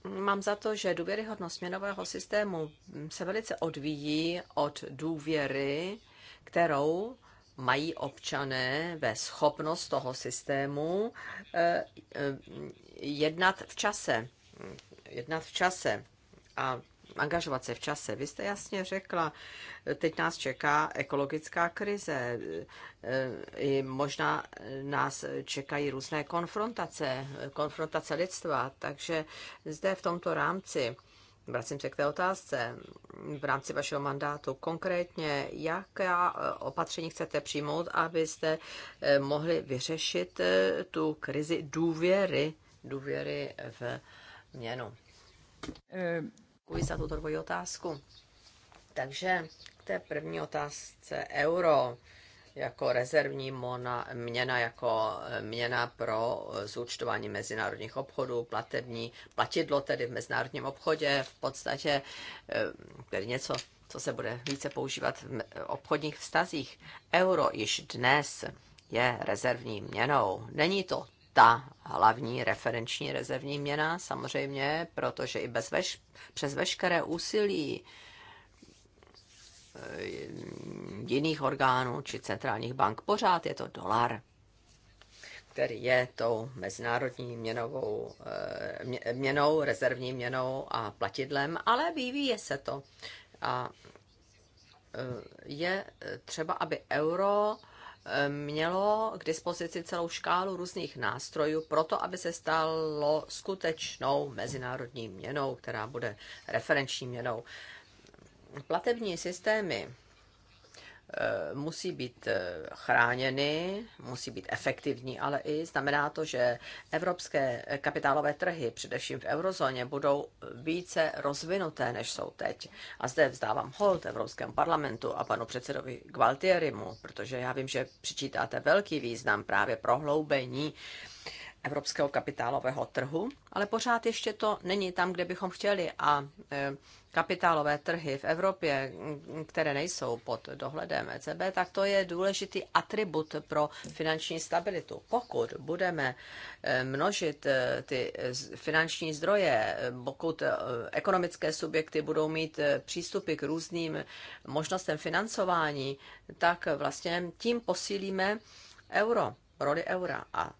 mám za to, že důvěryhodnost měnového systému se velice odvíjí od důvěry, kterou mají občané ve schopnost toho systému eh, jednat v čase. Jednat v čase a angažovat se v čase. Vy jste jasně řekla, teď nás čeká ekologická krize, i možná nás čekají různé konfrontace, konfrontace lidstva, takže zde v tomto rámci Vracím se k té otázce. V rámci vašeho mandátu konkrétně, jaká opatření chcete přijmout, abyste mohli vyřešit tu krizi důvěry důvěry v měnu. Děkuji za tuto dvojí otázku. Takže k té první otázce euro jako rezervní mona, měna, jako eh, měna pro zúčtování mezinárodních obchodů, platební platidlo tedy v mezinárodním obchodě, v podstatě eh, tedy něco, co se bude více používat v obchodních vztazích. Euro již dnes je rezervní měnou. Není to ta hlavní referenční rezervní měna, samozřejmě, protože i bez veš- přes veškeré úsilí eh, jiných orgánů či centrálních bank pořád je to dolar, který je tou mezinárodní měnovou, eh, měnou, rezervní měnou a platidlem, ale vyvíje se to. A eh, je třeba, aby euro mělo k dispozici celou škálu různých nástrojů pro to, aby se stalo skutečnou mezinárodní měnou, která bude referenční měnou. Platební systémy Eh, musí být eh, chráněny, musí být efektivní, ale i znamená to, že evropské kapitálové trhy, především v eurozóně, budou více rozvinuté, než jsou teď. A zde vzdávám hold Evropskému parlamentu a panu předsedovi Gualtierimu, protože já vím, že přičítáte velký význam právě prohloubení hloubení evropského kapitálového trhu, ale pořád ještě to není tam, kde bychom chtěli. A e, kapitálové trhy v Evropě, které nejsou pod dohledem ECB, tak to je důležitý atribut pro finanční stabilitu. Pokud budeme e, množit e, ty finanční zdroje, pokud ekonomické subjekty budou mít přístupy k různým možnostem financování, tak vlastně tím posílíme euro, roli eura. A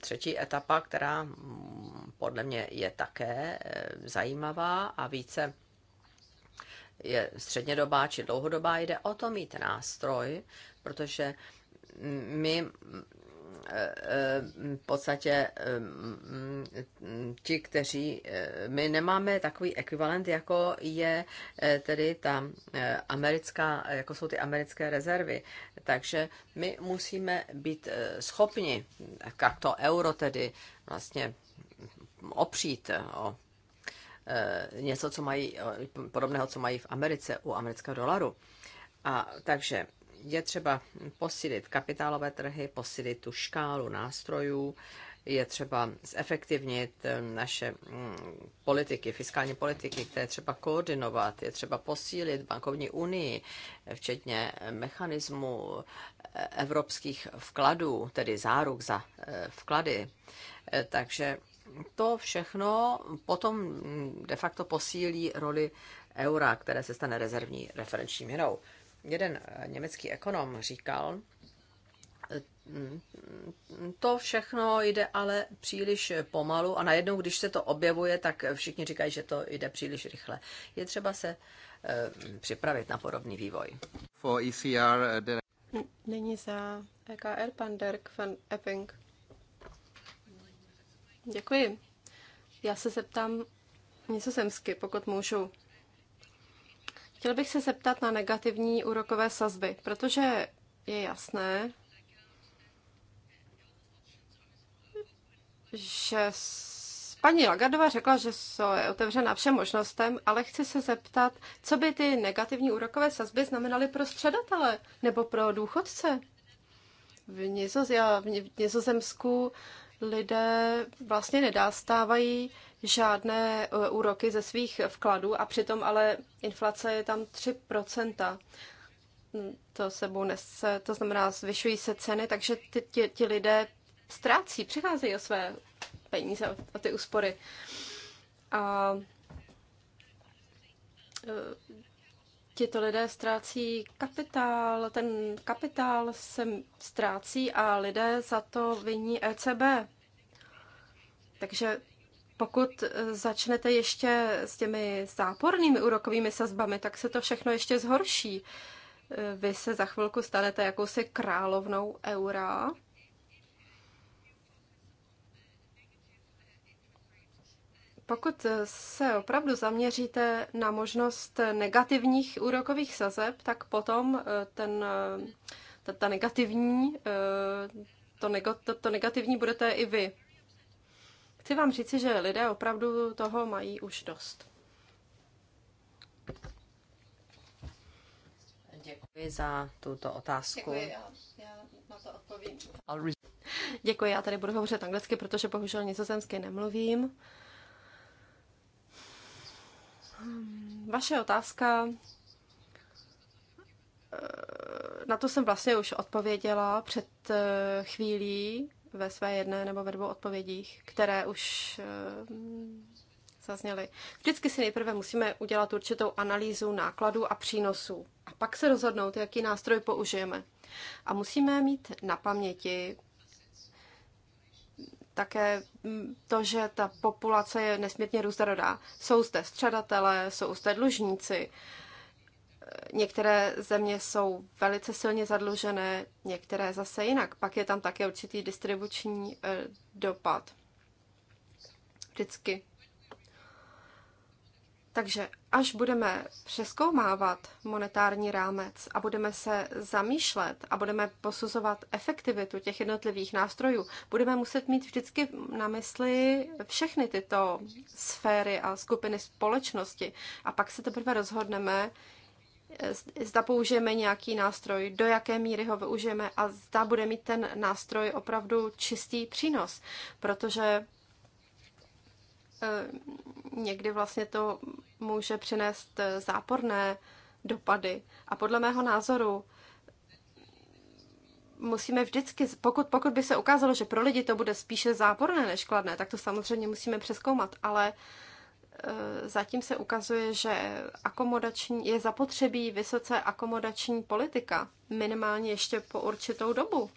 třetí etapa, která mm, podle mě je také e, zajímavá a více je střednědobá či dlouhodobá, jde o to mít nástroj, protože my Eh, v podstatě eh, ti, kteří, eh, my nemáme takový ekvivalent, jako je tedy ta americká, jako jsou ty americké rezervy. Takže my musíme být schopni, jak to euro tedy vlastně opřít o něco, co mají, podobného, co mají v Americe u amerického dolaru. A takže je třeba posílit kapitálové trhy, posílit tu škálu nástrojů, je třeba zefektivnit eh, naše mm, politiky, fiskální politiky, které třeba koordinovat, je třeba posílit bankovní unii, včetně eh, mechanismu eh, evropských vkladů, tedy záruk za vklady. Takže to všechno potom mm, de facto posílí roli eura, které se stane rezervní referenční měnou jeden eh, německý ekonom říkal, mm, to všechno jde ale příliš pomalu a najednou, když se to objevuje, tak všichni říkají, že to jde příliš rychle. Je třeba se eh, připravit na podobný vývoj. For ECR, eh, Není za EKR pan Dirk van Epping. Děkuji. Já se zeptám nizozemsky, pokud můžu. Chtěl bych se zeptat na negativní úrokové sazby, protože je jasné, že paní Lagardová řekla, že je otevřena všem možnostem, ale chci se zeptat, co by ty negativní úrokové sazby znamenaly pro středatele nebo pro důchodce? V, Nizoz, v Nizozemsku lidé vlastně nedostávají žádné e, úroky ze svých vkladů a přitom ale inflace je tam 3%. Hm, to sebou nese, to znamená, zvyšují se ceny, takže ti, ti, ti lidé ztrácí, přicházejí o své peníze, o, o ty úspory. A e, tito lidé ztrácí kapitál, ten kapitál se ztrácí a lidé za to viní ECB. Takže pokud e, začnete ještě s těmi zápornými úrokovými sazbami, tak se to všechno ještě zhorší. E, vy se za chvilku stanete jakousi královnou eura. Pokud e, se opravdu zaměříte na možnost negativních úrokových sazeb, tak potom ten, ta, ta negativní, to, to, to negativní budete i vy. Chci vám říci, že lidé opravdu toho mají už dost. Děkuji za tuto otázku. Děkuji, já, já na to odpovím. Děkuji, já tady budu hovořit anglicky, protože bohužel nizozemsky nemluvím. Vaše otázka, eh, na to jsem vlastně už odpověděla před eh, chvílí, ve své jedné nebo ve dvou odpovědích, které už eh, zazněly. Vždycky si nejprve musíme udělat určitou analýzu nákladů a přínosů a pak se rozhodnout, jaký nástroj použijeme. A musíme mít na paměti také mm, to, že ta populace je nesmírně různorodá. Jsou zde středatelé, jsou zde dlužníci, Některé země jsou velice silně zadlužené, některé zase jinak. Pak je tam také určitý distribuční eh, dopad. Vždycky. Takže až budeme přeskoumávat monetární rámec a budeme se zamýšlet a budeme posuzovat efektivitu těch jednotlivých nástrojů, budeme muset mít vždycky na mysli všechny tyto sféry a skupiny společnosti. A pak se teprve rozhodneme, Eh, zda použijeme nějaký nástroj, do jaké míry ho využijeme a zda bude mít ten nástroj opravdu čistý přínos, protože eh, někdy vlastně to může přinést eh, záporné dopady. A podle mého názoru musíme vždycky, pokud, pokud by se ukázalo, že pro lidi to bude spíše záporné než kladné, tak to samozřejmě musíme přeskoumat, ale uh, Eh, zatím se ukazuje, že akomodační, je zapotřebí vysoce akomodační politika, minimálně ještě po určitou dobu.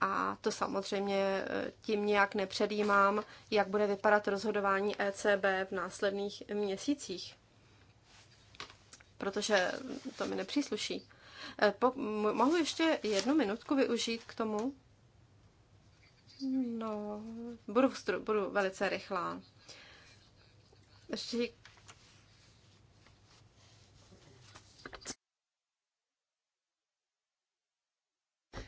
A to samozřejmě eh, tím nějak nepředjímám, jak bude vypadat rozhodování ECB v následných měsících, protože to mi nepřísluší. Eh, po, mohu ještě jednu minutku využít k tomu? No, budu, budu velice rychlá řík,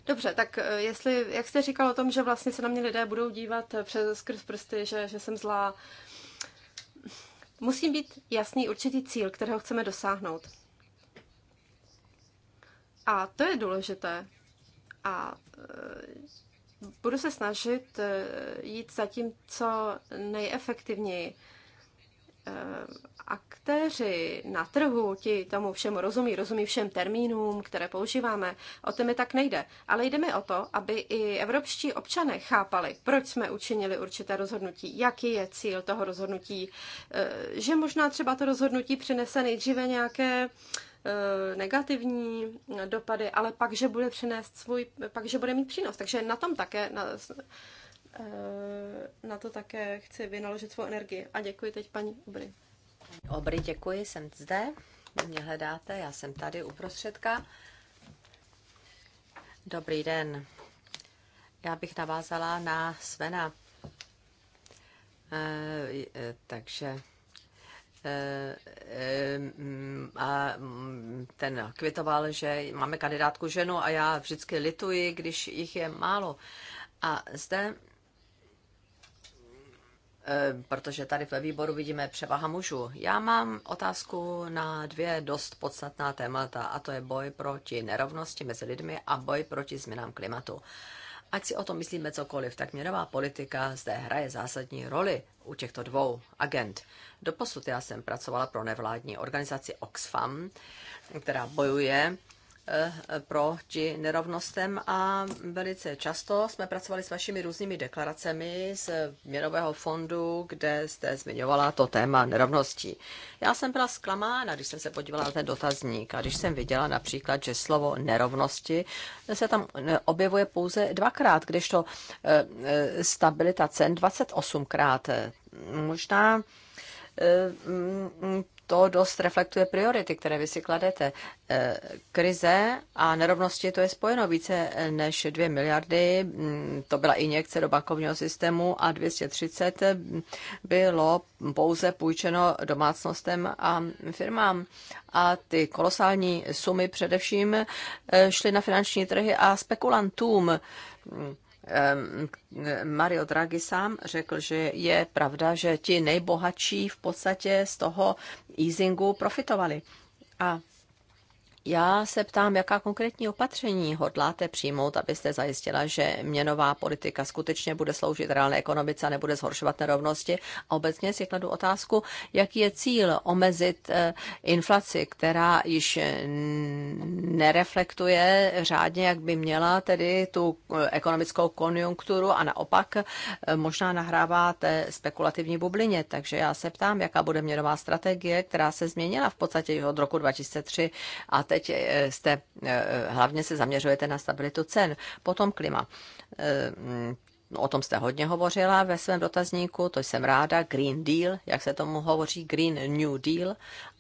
Dobře, tak eh, jestli, jak jste říkal o tom, že vlastně se na mě lidé budou dívat eh, přes skrz prsty, že, že jsem zlá, musí být jasný určitý cíl, kterého chceme dosáhnout. A to je důležité. A eh, budu se snažit jít za tím, co nejefektivněji. Eh, aktéři na trhu, ti tomu všemu rozumí, rozumí všem termínům, které používáme, o to mi tak nejde. Ale jde mi o to, aby i evropští občané chápali, proč jsme učinili určité rozhodnutí, jaký je cíl toho rozhodnutí, eh, že možná třeba to rozhodnutí přinese nejdříve nějaké eh, negativní dopady, ale pak, že bude přinést svůj, pak, že bude mít přínos. Takže na tom také, na, Eh, na to také chci vynaložit svou energii. A děkuji teď paní Obry. Obry, děkuji, jsem zde. Mě hledáte, já jsem tady uprostředka. Dobrý den. Já bych navázala na Svena. E, takže a mm, ten kvitoval, že máme kandidátku ženu a já vždycky lituji, když jich je málo. A zde Eh, protože tady ve výboru vidíme převaha mužů. Já mám otázku na dvě dost podstatná témata, a to je boj proti nerovnosti mezi lidmi a boj proti změnám klimatu. Ať si o tom myslíme cokoliv, tak měnová politika zde hraje zásadní roli u těchto dvou agent. Doposud já jsem pracovala pro nevládní organizaci Oxfam, která bojuje Eh, proti nerovnostem a velice často jsme pracovali s vašimi různými deklaracemi z Měnového fondu, kde jste zmiňovala to téma nerovností. Já jsem byla zklamána, když jsem se podívala na ten dotazník a když jsem viděla například, že slovo nerovnosti se tam eh, objevuje pouze dvakrát, kdežto eh, stabilita cen 28krát. Možná to dost reflektuje priority, které vy si kladete. Eh, krize a nerovnosti, to je spojeno více eh, než 2 miliardy, mm, to byla injekce do bankovního systému a 230 eh, bylo pouze půjčeno domácnostem a firmám. A ty kolosální sumy především šly na finanční trhy a spekulantům. Mm. Mario Draghi sám řekl, že je pravda, že ti nejbohatší v podstatě z toho easingu profitovali. A já se ptám, jaká konkrétní opatření hodláte přijmout, abyste zajistila, že měnová politika skutečně bude sloužit reálné ekonomice a nebude zhoršovat nerovnosti. A obecně si kladu otázku, jaký je cíl omezit eh, inflaci, která již nereflektuje řádně, jak by měla tedy tu eh, ekonomickou konjunkturu a naopak eh, možná nahrává té spekulativní bublině. Takže já se ptám, jaká bude měnová strategie, která se změnila v podstatě od roku 2003 a teď eh, jste, eh, eh, hlavně se zaměřujete na stabilitu cen. Potom klima. Mm, o tom jste hodně hovořila ve svém dotazníku, to jsem ráda, Green Deal, jak se tomu hovoří, Green New Deal,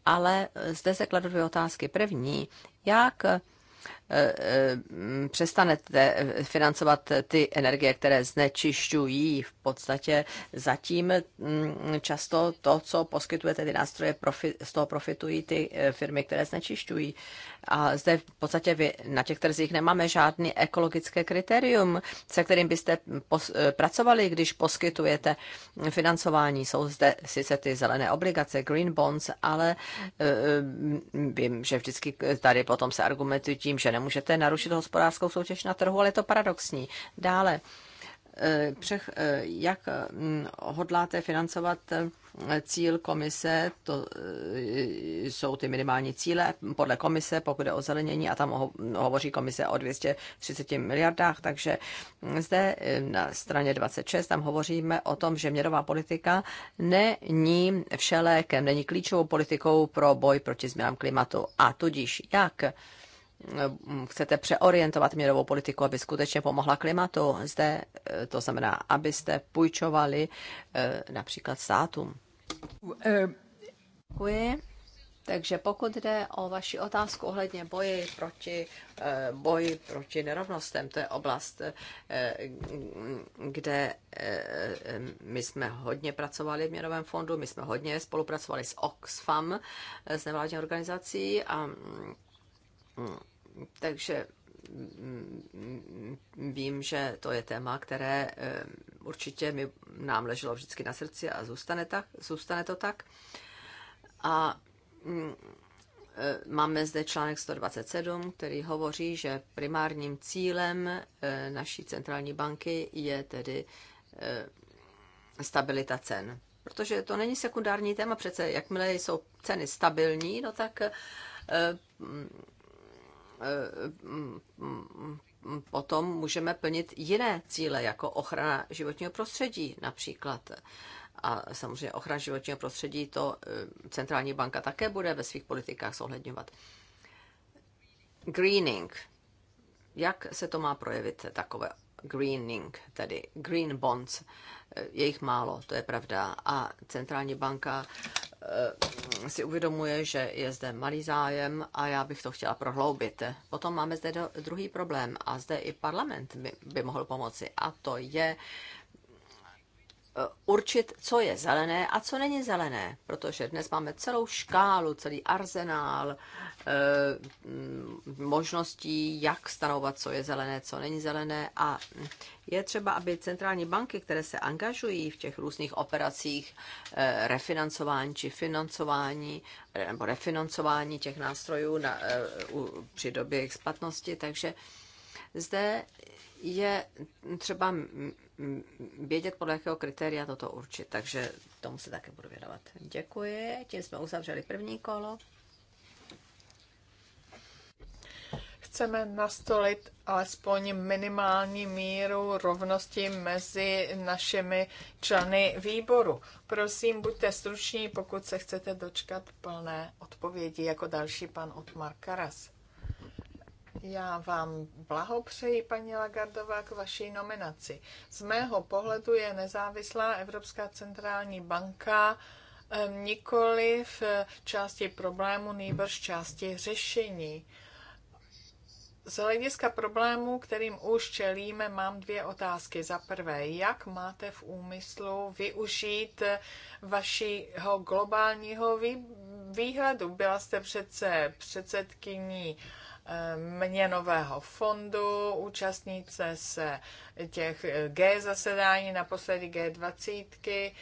ale zde se kladu dvě otázky. První, jak E, e, přestanete financovat ty energie, které znečišťují v podstatě zatím mm, často to, co poskytujete ty nástroje, z toho profitují ty e, firmy, které znečišťují. A zde v podstatě vy, na těch trzích nemáme žádný ekologické kritérium, se kterým byste pos, pracovali, když poskytujete financování. Jsou zde sice ty zelené obligace, green bonds, ale vím, že vždycky tady potom se argumentují tím, že nemůžete narušit hospodářskou soutěž na trhu, ale je to paradoxní. Dále, eh, Přech, eh, jak mm, hodláte financovat eh, cíl komise, to jsou ty minimální cíle podle komise, pokud je o zelenění a tam hovoří komise o 230 miliardách, takže mm, zde na straně 26 tam hovoříme o tom, že měrová politika není všelékem, není klíčovou politikou pro boj proti změnám klimatu a tudíž jak Ehm, chcete přeorientovat měrovou politiku, aby skutečně pomohla klimatu. Zde eh, to znamená, abyste půjčovali eh, například státům. Ehm. Děkuji. Takže pokud jde o vaši otázku ohledně boji proti, eh, boji proti nerovnostem, to je oblast, kde my jsme hodně pracovali v Měrovém fondu, my jsme hodně spolupracovali s Oxfam, s nevládní organizací a mm, takže mm, vím, že to je téma, které eh, určitě mi, nám leželo vždycky na srdci a zůstane, tak, zůstane to tak. A mm, eh, máme zde článek 127, který hovoří, že primárním cílem eh, naší centrální banky je tedy stabilita cen. Protože to není sekundární téma, přece jakmile jsou ceny stabilní, no tak Eh, potom můžeme plnit jiné cíle, jako ochrana životního prostředí například. A samozřejmě ochrana životního prostředí to eh, centrální banka také bude ve svých politikách zohledňovat. Greening. Jak se to má projevit, takové greening, tedy green bonds? Eh, je jich málo, to je pravda. A centrální banka Eh, si uvědomuje, že je zde malý zájem a já bych to chtěla prohloubit. Potom máme zde druhý problém a zde i parlament by, by mohl pomoci a to je Eh, určit, co je zelené a co není zelené, protože dnes máme celou škálu, celý arzenál eh, možností, jak stanovat, co je zelené, co není zelené a je třeba, aby centrální banky, které se angažují v těch různých operacích eh, refinancování či financování nebo refinancování těch nástrojů na, při době jejich splatnosti, takže zde je třeba vědět, podle jakého kritéria toto určit. Takže tomu se také budu věnovat. Děkuji, tím jsme uzavřeli první kolo. chceme nastolit alespoň minimální míru rovnosti mezi našimi členy výboru. Prosím, buďte struční, pokud se chcete dočkat plné odpovědi. Jako další pan Otmar Karas. Já vám blahopřeji, paní Lagardová, k vaší nominaci. Z mého pohledu je nezávislá Evropská centrální banka nikoli v části problému, nejbrž části řešení. Z hlediska problémů, kterým už čelíme, mám dvě otázky. Za prvé, jak máte v úmyslu využít vašeho globálního výhledu? Byla jste přece předsedkyní měnového fondu, účastnice se těch eh, G zasedání, naposledy G20,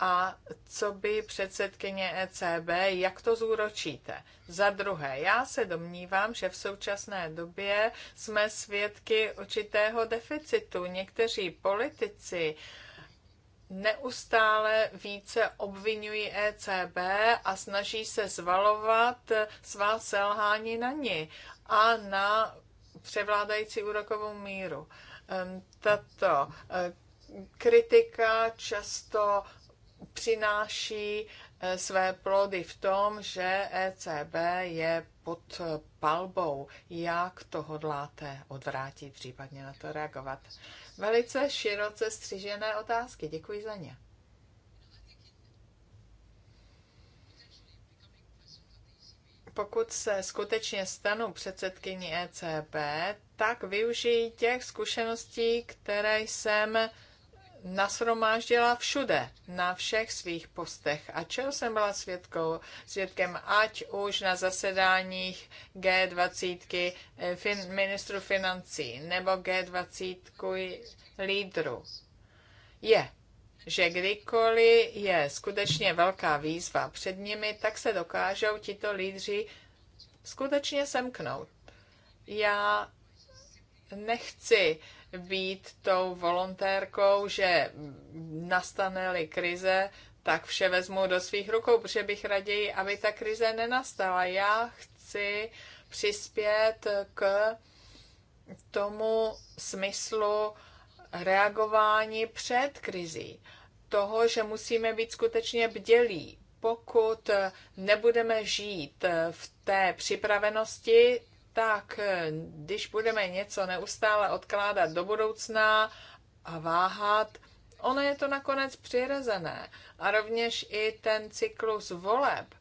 a co by předsedkyně ECB, jak to zúročíte? Za druhé, já se domnívám, že v současné době jsme svědky určitého deficitu. Někteří politici uh, neustále více obvinují ECB a snaží se zvalovat svá selhání na ní a na převládající úrokovou míru. Tato eh, kritika často přináší eh, své plody v tom, že ECB je pod palbou. Jak to hodláte odvrátit, případně na to reagovat? velice široce střižené otázky. Děkuji za ně. Pokud se skutečně stanu předsedkyní ECB, tak využiji těch zkušeností, které jsem nasromáždila všude, na všech svých postech. A čeho jsem byla svědkou? Svědkem ať už na zasedáních G20 eh, fin, ministru financí nebo G20 lídru. Je, že kdykoliv je skutečně velká výzva před nimi, tak se dokážou tito lídři skutečně semknout. Já nechci uh, být tou volontérkou, že nastane-li krize, tak vše vezmu do svých rukou, protože bych raději, aby ta krize nenastala. Já chci přispět k tomu smyslu reagování před krizí. Toho, že musíme být skutečně bdělí. Pokud nebudeme žít v té připravenosti, tak eh, když budeme něco neustále odkládat do budoucna a váhat, ono je to nakonec přirozené. A rovněž i ten cyklus voleb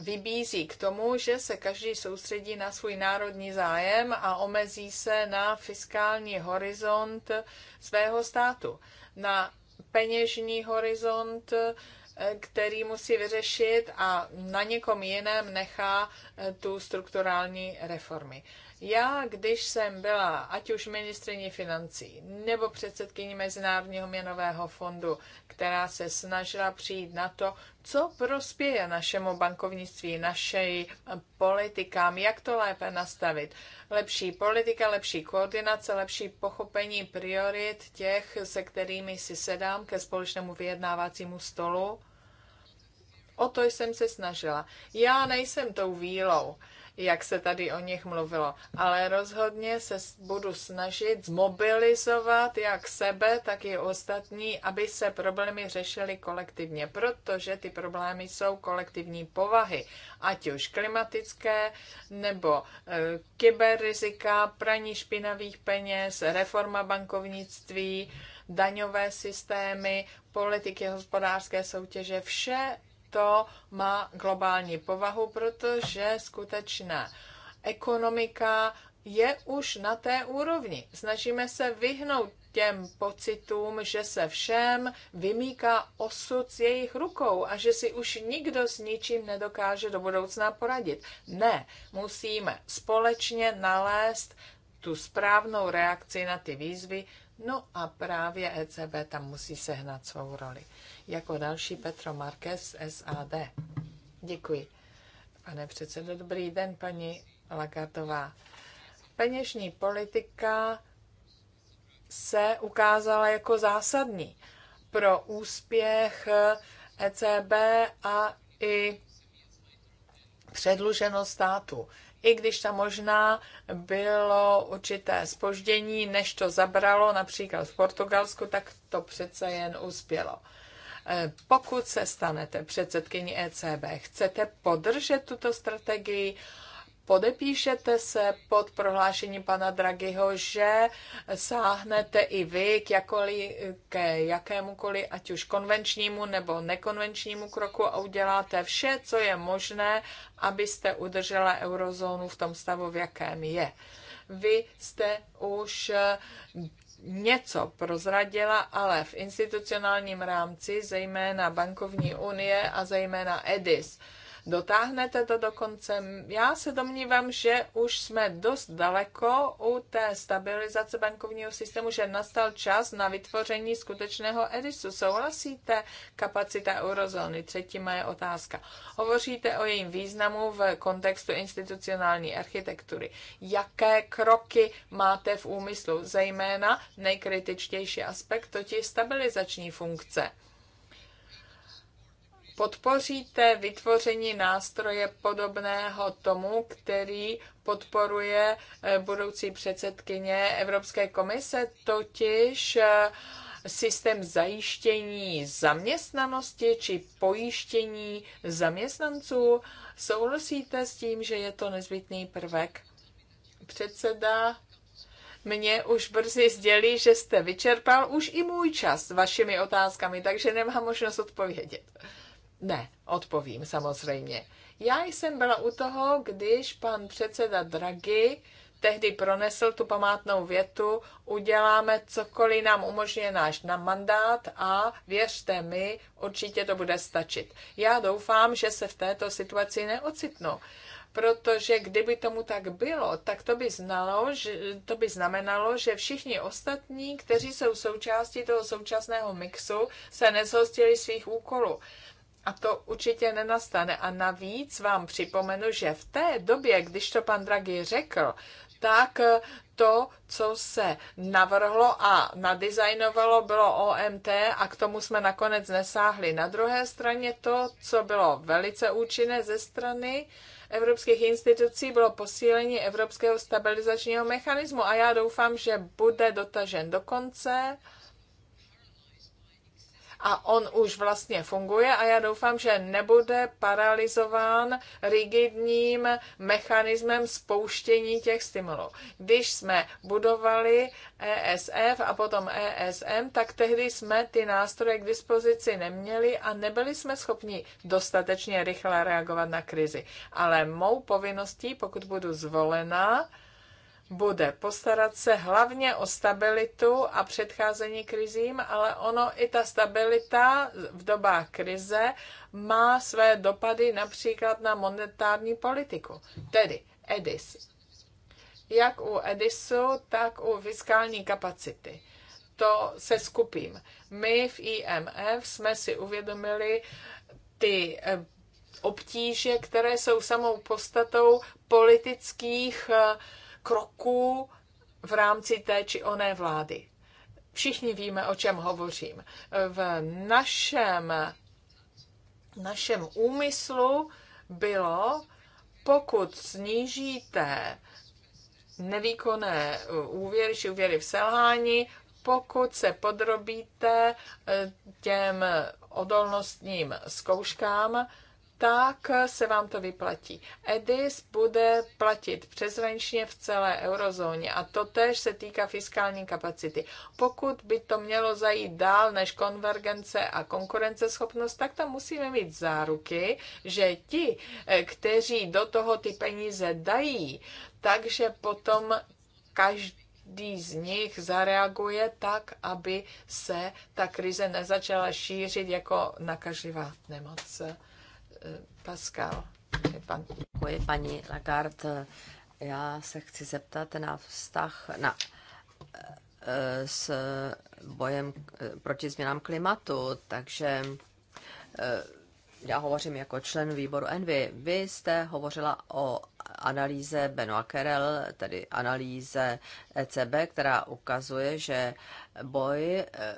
vybízí k tomu, že se každý soustředí na svůj národní zájem a omezí se na fiskální horizont svého státu, na peněžní horizont který musí vyřešit a na někom jiném nechá eh, tu strukturální reformy. Já, když jsem byla, ať už ministrině financí nebo předsedkyní Mezinárodního měnového fondu, která se snažila přijít na to, co prospěje našemu bankovnictví, našej eh, politikám, jak to lépe nastavit. Lepší politika, lepší koordinace, lepší pochopení priorit těch, se kterými si sedám ke společnému vyjednávacímu stolu O to jsem se snažila. Já nejsem tou vílou, jak se tady o nich mluvilo, ale rozhodně se budu snažit zmobilizovat jak sebe, tak i ostatní, aby se problémy řešily kolektivně, protože ty problémy jsou kolektivní povahy, ať už klimatické nebo eh, kyberrizika, praní špinavých peněz, reforma bankovnictví, daňové systémy, politiky hospodářské soutěže, vše to má globální povahu, protože skutečná ekonomika je už na té úrovni. Snažíme se vyhnout těm pocitům, že se všem vymýká osud s jejich rukou a že si už nikdo s ničím nedokáže do budoucna poradit. Ne, musíme společně nalézt tu správnou reakci na ty výzvy, No a právě ECB tam musí sehnat svou roli. Jako další Petro Marquez SAD. Děkuji. Pane předsedo, dobrý den, paní Lagartová. Peněžní politika se ukázala jako zásadní pro úspěch ECB a i předluženo státu. I když tam možná bylo určité spoždění, než to zabralo, například v Portugalsku, tak to přece jen uspělo. E, pokud se stanete předsedkyní ECB, chcete podržet tuto strategii? Podepíšete se pod prohlášením pana Dragiho, že sáhnete i vy k, jakoli, k jakémukoliv, ať už konvenčnímu nebo nekonvenčnímu kroku a uděláte vše, co je možné, abyste udržela eurozónu v tom stavu, v jakém je. Vy jste už eh, něco prozradila, ale v institucionálním rámci, zejména bankovní unie a zejména EDIS dotáhnete to do konce. Já se domnívám, že už jsme dost daleko u té stabilizace bankovního systému, že nastal čas na vytvoření skutečného Edisu. Souhlasíte kapacita eurozóny? Třetí moje otázka. Hovoříte o jejím významu v kontextu institucionální architektury. Jaké kroky máte v úmyslu? Zejména nejkritičtější aspekt, totiž stabilizační funkce podpoříte vytvoření nástroje podobného tomu, který podporuje eh, budoucí předsedkyně Evropské komise, totiž eh, systém zajištění zaměstnanosti či pojištění zaměstnanců. Souhlasíte s tím, že je to nezbytný prvek? Předseda mě už brzy sdělí, že jste vyčerpal už i můj čas vašimi otázkami, takže nemám možnost odpovědět. Ne, odpovím samozřejmě. Já jsem byla u toho, když pan předseda Draghi tehdy pronesl tu památnou větu, uděláme cokoliv nám umožňuje náš na mandát a věřte mi, určitě to bude stačit. Já doufám, že se v této situaci neocitnu protože kdyby tomu tak bylo, tak to by, znalo, že, to by znamenalo, že všichni ostatní, kteří jsou součástí toho současného mixu, se nezhostili svých úkolů. A to určitě nenastane. A navíc vám připomenu, že v té době, když to pan Draghi řekl, tak eh, to, co se navrhlo a nadizajnovalo, bylo OMT a k tomu jsme nakonec nesáhli. Na druhé straně to, co bylo velice účinné ze strany evropských institucí, bylo posílení Evropského stabilizačního mechanismu a já doufám, že bude dotažen do konce a on už vlastně funguje a já doufám, že nebude paralizován rigidním mechanismem spouštění těch stimulů. Když jsme budovali ESF a potom ESM, tak tehdy jsme ty nástroje k dispozici neměli a nebyli jsme schopni dostatečně rychle reagovat na krizi. Ale mou povinností, pokud budu zvolena, bude postarat se hlavně o stabilitu a předcházení krizím, ale ono i ta stabilita v dobách krize má své dopady například na monetární politiku, tedy EDIS. Jak u EDISu, tak u fiskální kapacity. To se skupím. My v IMF jsme si uvědomili ty eh, obtíže, které jsou samou postatou politických uh, kroků v rámci té či oné vlády. Všichni víme, o čem hovořím. V našem, našem úmyslu bylo, pokud snížíte nevýkonné uh, úvěry či úvěry v selhání, pokud se podrobíte eh, těm odolnostním zkouškám, tak se vám to vyplatí. EDIS bude platit přeshraničně v celé eurozóně a to tež se týká fiskální kapacity. Pokud by to mělo zajít dál než konvergence a konkurenceschopnost, tak tam musíme mít záruky, že ti, eh, kteří do toho ty peníze dají, takže potom každý každý z nich zareaguje tak, aby se ta krize nezačala šířit jako nakažlivá nemoc Eh, Pascal. Pan. Děkuji, paní Lagarde. Já se chci zeptat na vztah na, eh, s bojem eh, proti změnám klimatu, takže já hovořím jako člen výboru Envy. Vy jste hovořila o analýze Benoit Kerel, tedy analýze ECB, která ukazuje, že boj e, e,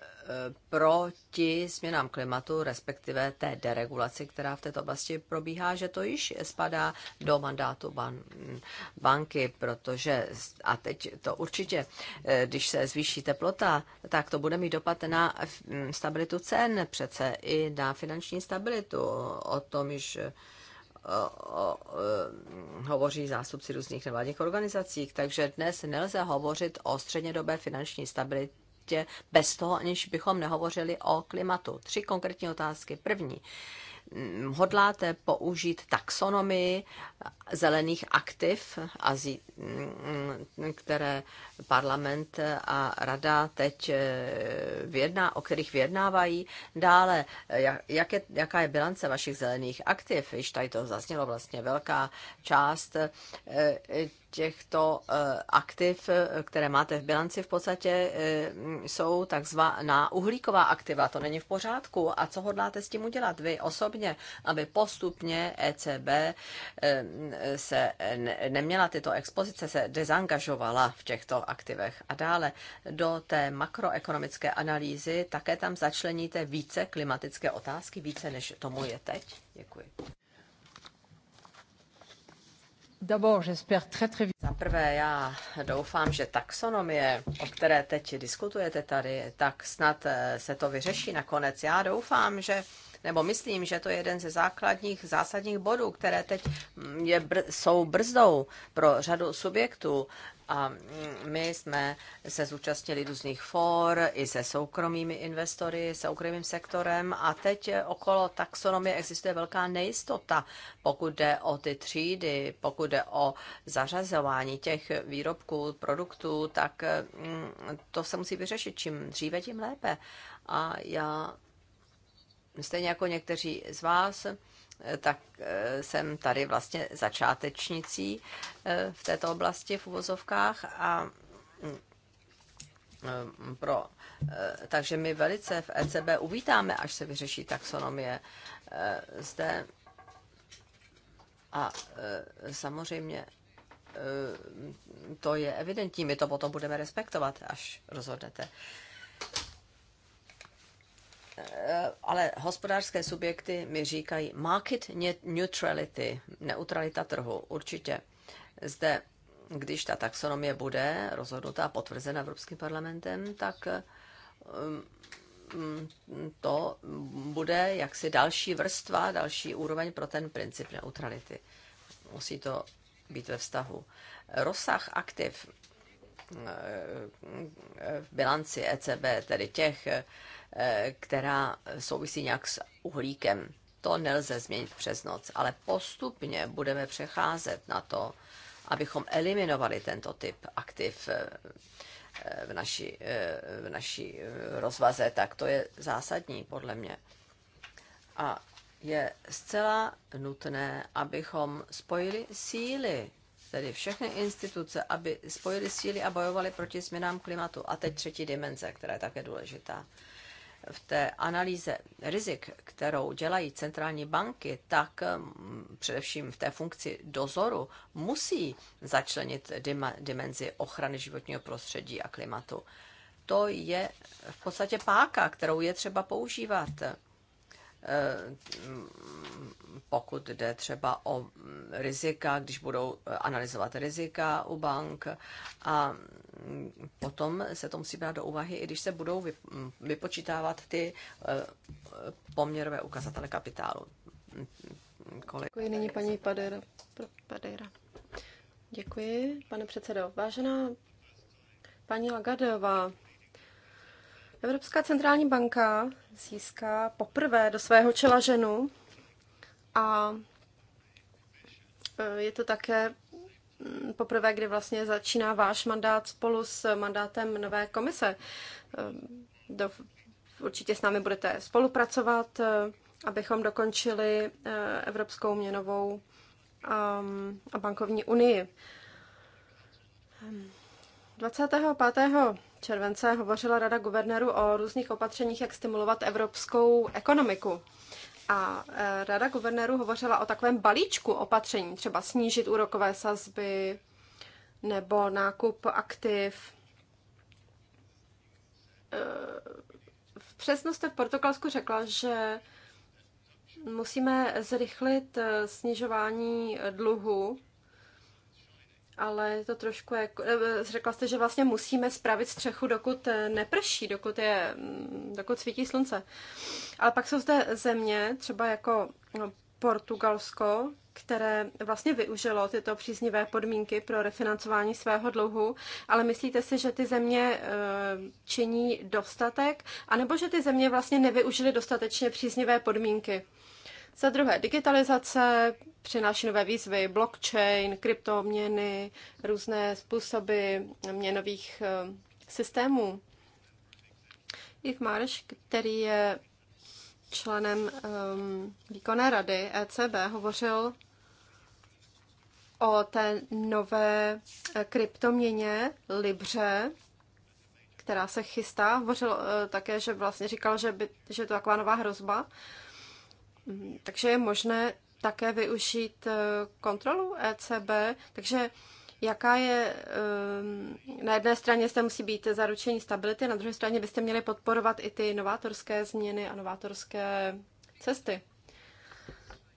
proti změnám klimatu, respektive té deregulaci, která v této oblasti probíhá, že to již spadá do mandátu ban- banky, protože, a teď to určitě, e, když se zvýší teplota, tak to bude mít dopad na stabilitu cen přece i na finanční stabilitu. O tom již hovoří zástupci různých nevládních organizací, takže dnes nelze hovořit o střednědobé finanční stabilitě bez toho, aniž bychom nehovořili o klimatu. Tři konkrétní otázky. První hodláte použít taxonomii zelených aktiv, které parlament a rada teď eh, vědná, o kterých vyjednávají. Dále, jak je, jaká je bilance vašich zelených aktiv? Již tady to zaznělo vlastně velká část eh, těchto eh, aktiv, eh, které máte v bilanci v podstatě, eh, jsou takzvaná uhlíková aktiva. To není v pořádku. A co hodláte s tím udělat vy osobně, aby postupně ECB se neměla tyto expozice, se dezangažovala v těchto aktivech. A dále do té makroekonomické analýzy také tam začleníte více klimatické otázky, více než tomu je teď. Děkuji. Za prvé, já doufám, že taxonomie, o které teď diskutujete tady, tak snad eh, se to vyřeší nakonec. Já doufám, že nebo myslím, že to je jeden ze základních zásadních bodů, které teď mm, je, br- jsou brzdou pro řadu subjektů a my jsme se zúčastnili různých for i se soukromými investory, soukromým sektorem a teď okolo taxonomie existuje velká nejistota, pokud jde o ty třídy, pokud jde o zařazování těch výrobků, produktů, tak mm, to se musí vyřešit. Čím dříve, tím lépe. A já, stejně jako někteří z vás, tak eh, jsem tady vlastně začátečnicí eh, v této oblasti v uvozovkách a mm, eh, pro, takže my velice v ECB uvítáme, až se vyřeší taxonomie zde a samozřejmě to je evidentní, my to potom budeme respektovat, až rozhodnete. Eh, ale hospodářské subjekty mi říkají market neutrality, neutralita trhu, určitě. Zde, když ta taxonomie bude rozhodnutá a potvrzena Evropským parlamentem, tak ehm, mm, to bude jaksi další vrstva, další úroveň pro ten princip neutrality. Musí to být ve vztahu. Rozsah aktiv v bilanci ECB, tedy těch, eh, která souvisí nějak s uhlíkem. To nelze změnit přes noc, ale postupně budeme přecházet na to, abychom eliminovali tento typ aktiv eh, eh, v naší, v naší rozvaze, tak to je zásadní podle mě. A je zcela nutné, abychom spojili síly tedy všechny instituce, aby spojili síly a bojovali proti změnám klimatu. A teď třetí dimenze, která je také důležitá. V té analýze rizik, kterou dělají centrální banky, tak mm, především v té funkci dozoru musí začlenit dimenzi ochrany životního prostředí a klimatu. To je v podstatě páka, kterou je třeba používat pokud jde třeba o rizika, když budou analyzovat rizika u bank a potom se to musí brát do úvahy, i když se budou vypočítávat ty eh, poměrové ukazatele kapitálu. Kolik... Děkuji nyní paní Padera. Padera. Děkuji, pane předsedo. Vážená paní Lagardová, Evropská centrální banka získá poprvé do svého čela ženu a e, je to také mm, poprvé, kdy vlastně začíná váš mandát spolu s mandátem nové komise. E, do, určitě s námi budete spolupracovat, e, abychom dokončili Evropskou měnovou a, a bankovní unii. 25 července hovořila Rada guvernérů o různých opatřeních, jak stimulovat evropskou ekonomiku. A e, Rada guvernérů hovořila o takovém balíčku opatření, třeba snížit úrokové sazby nebo nákup aktiv. E, v přesnosti v Portugalsku řekla, že musíme zrychlit e, snižování dluhu ale je to trošku jako, eh, řekla jste, že vlastně musíme spravit střechu, dokud eh, neprší, dokud, je, mm, dokud svítí slunce. Ale pak jsou zde země, třeba jako no, Portugalsko, které vlastně využilo tyto příznivé podmínky pro refinancování svého dluhu, ale myslíte si, že ty země eh, činí dostatek, anebo že ty země vlastně nevyužily dostatečně příznivé podmínky? Za druhé, digitalizace přináší nové výzvy, blockchain, kryptoměny, různé způsoby měnových eh, systémů. Jich Marš, který je členem um, výkonné rady ECB, hovořil o té nové eh, kryptoměně Libře, která se chystá. Hovořil uh, také, že vlastně říkal, že, by, že je to taková nová hrozba. Uh, Mhm. Takže je možné také využít eh, kontrolu ECB. Takže jaká je, ehm, na jedné straně se musí být zaručení stability, na druhé straně byste měli podporovat i ty novátorské změny a novátorské cesty.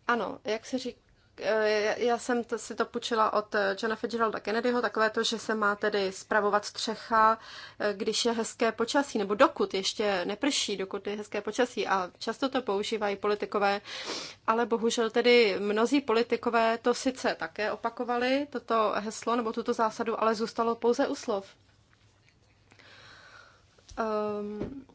Ano, jak se říká, Eh, já jsem to, si to půjčila od eh, Johna Fitzgeralda Kennedyho, takové to, že se má tedy spravovat střecha, eh, když je hezké počasí, nebo dokud ještě neprší, dokud je hezké počasí a často to používají politikové, ale bohužel tedy mnozí politikové to sice také opakovali, toto heslo nebo tuto zásadu, ale zůstalo pouze u slov. Um,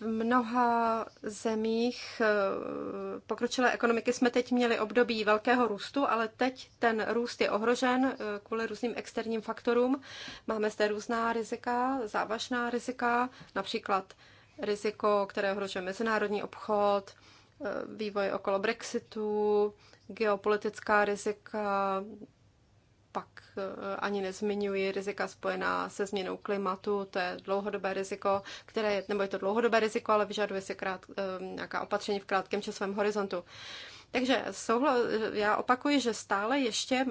v mnoha zemích eh, pokročilé ekonomiky jsme teď měli období velkého růstu, ale teď ten růst je ohrožen eh, kvůli různým externím faktorům. Máme zde různá rizika, závažná rizika, například riziko, které ohrožuje mezinárodní obchod, eh, vývoj okolo Brexitu, geopolitická rizika, pak eh, ani nezmiňuji rizika spojená se změnou klimatu, to je dlouhodobé riziko, které je, nebo je to dlouhodobé riziko, ale vyžaduje se krát, eh, nějaká opatření v krátkém časovém horizontu. Takže souhlo, já opakuji, že stále ještě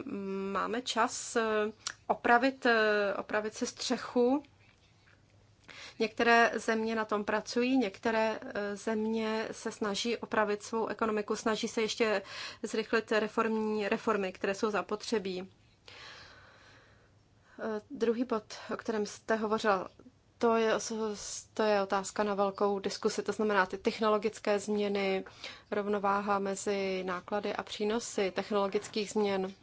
máme čas eh, opravit, opravit si střechu. Některé země na tom pracují, některé země se snaží opravit svou ekonomiku, snaží se ještě zrychlit reformní reformy, které jsou zapotřebí. Eh, druhý bod, o kterém jste hovořil, to je, to je otázka na velkou diskusi, to znamená ty technologické změny, rovnováha mezi náklady a přínosy technologických změn.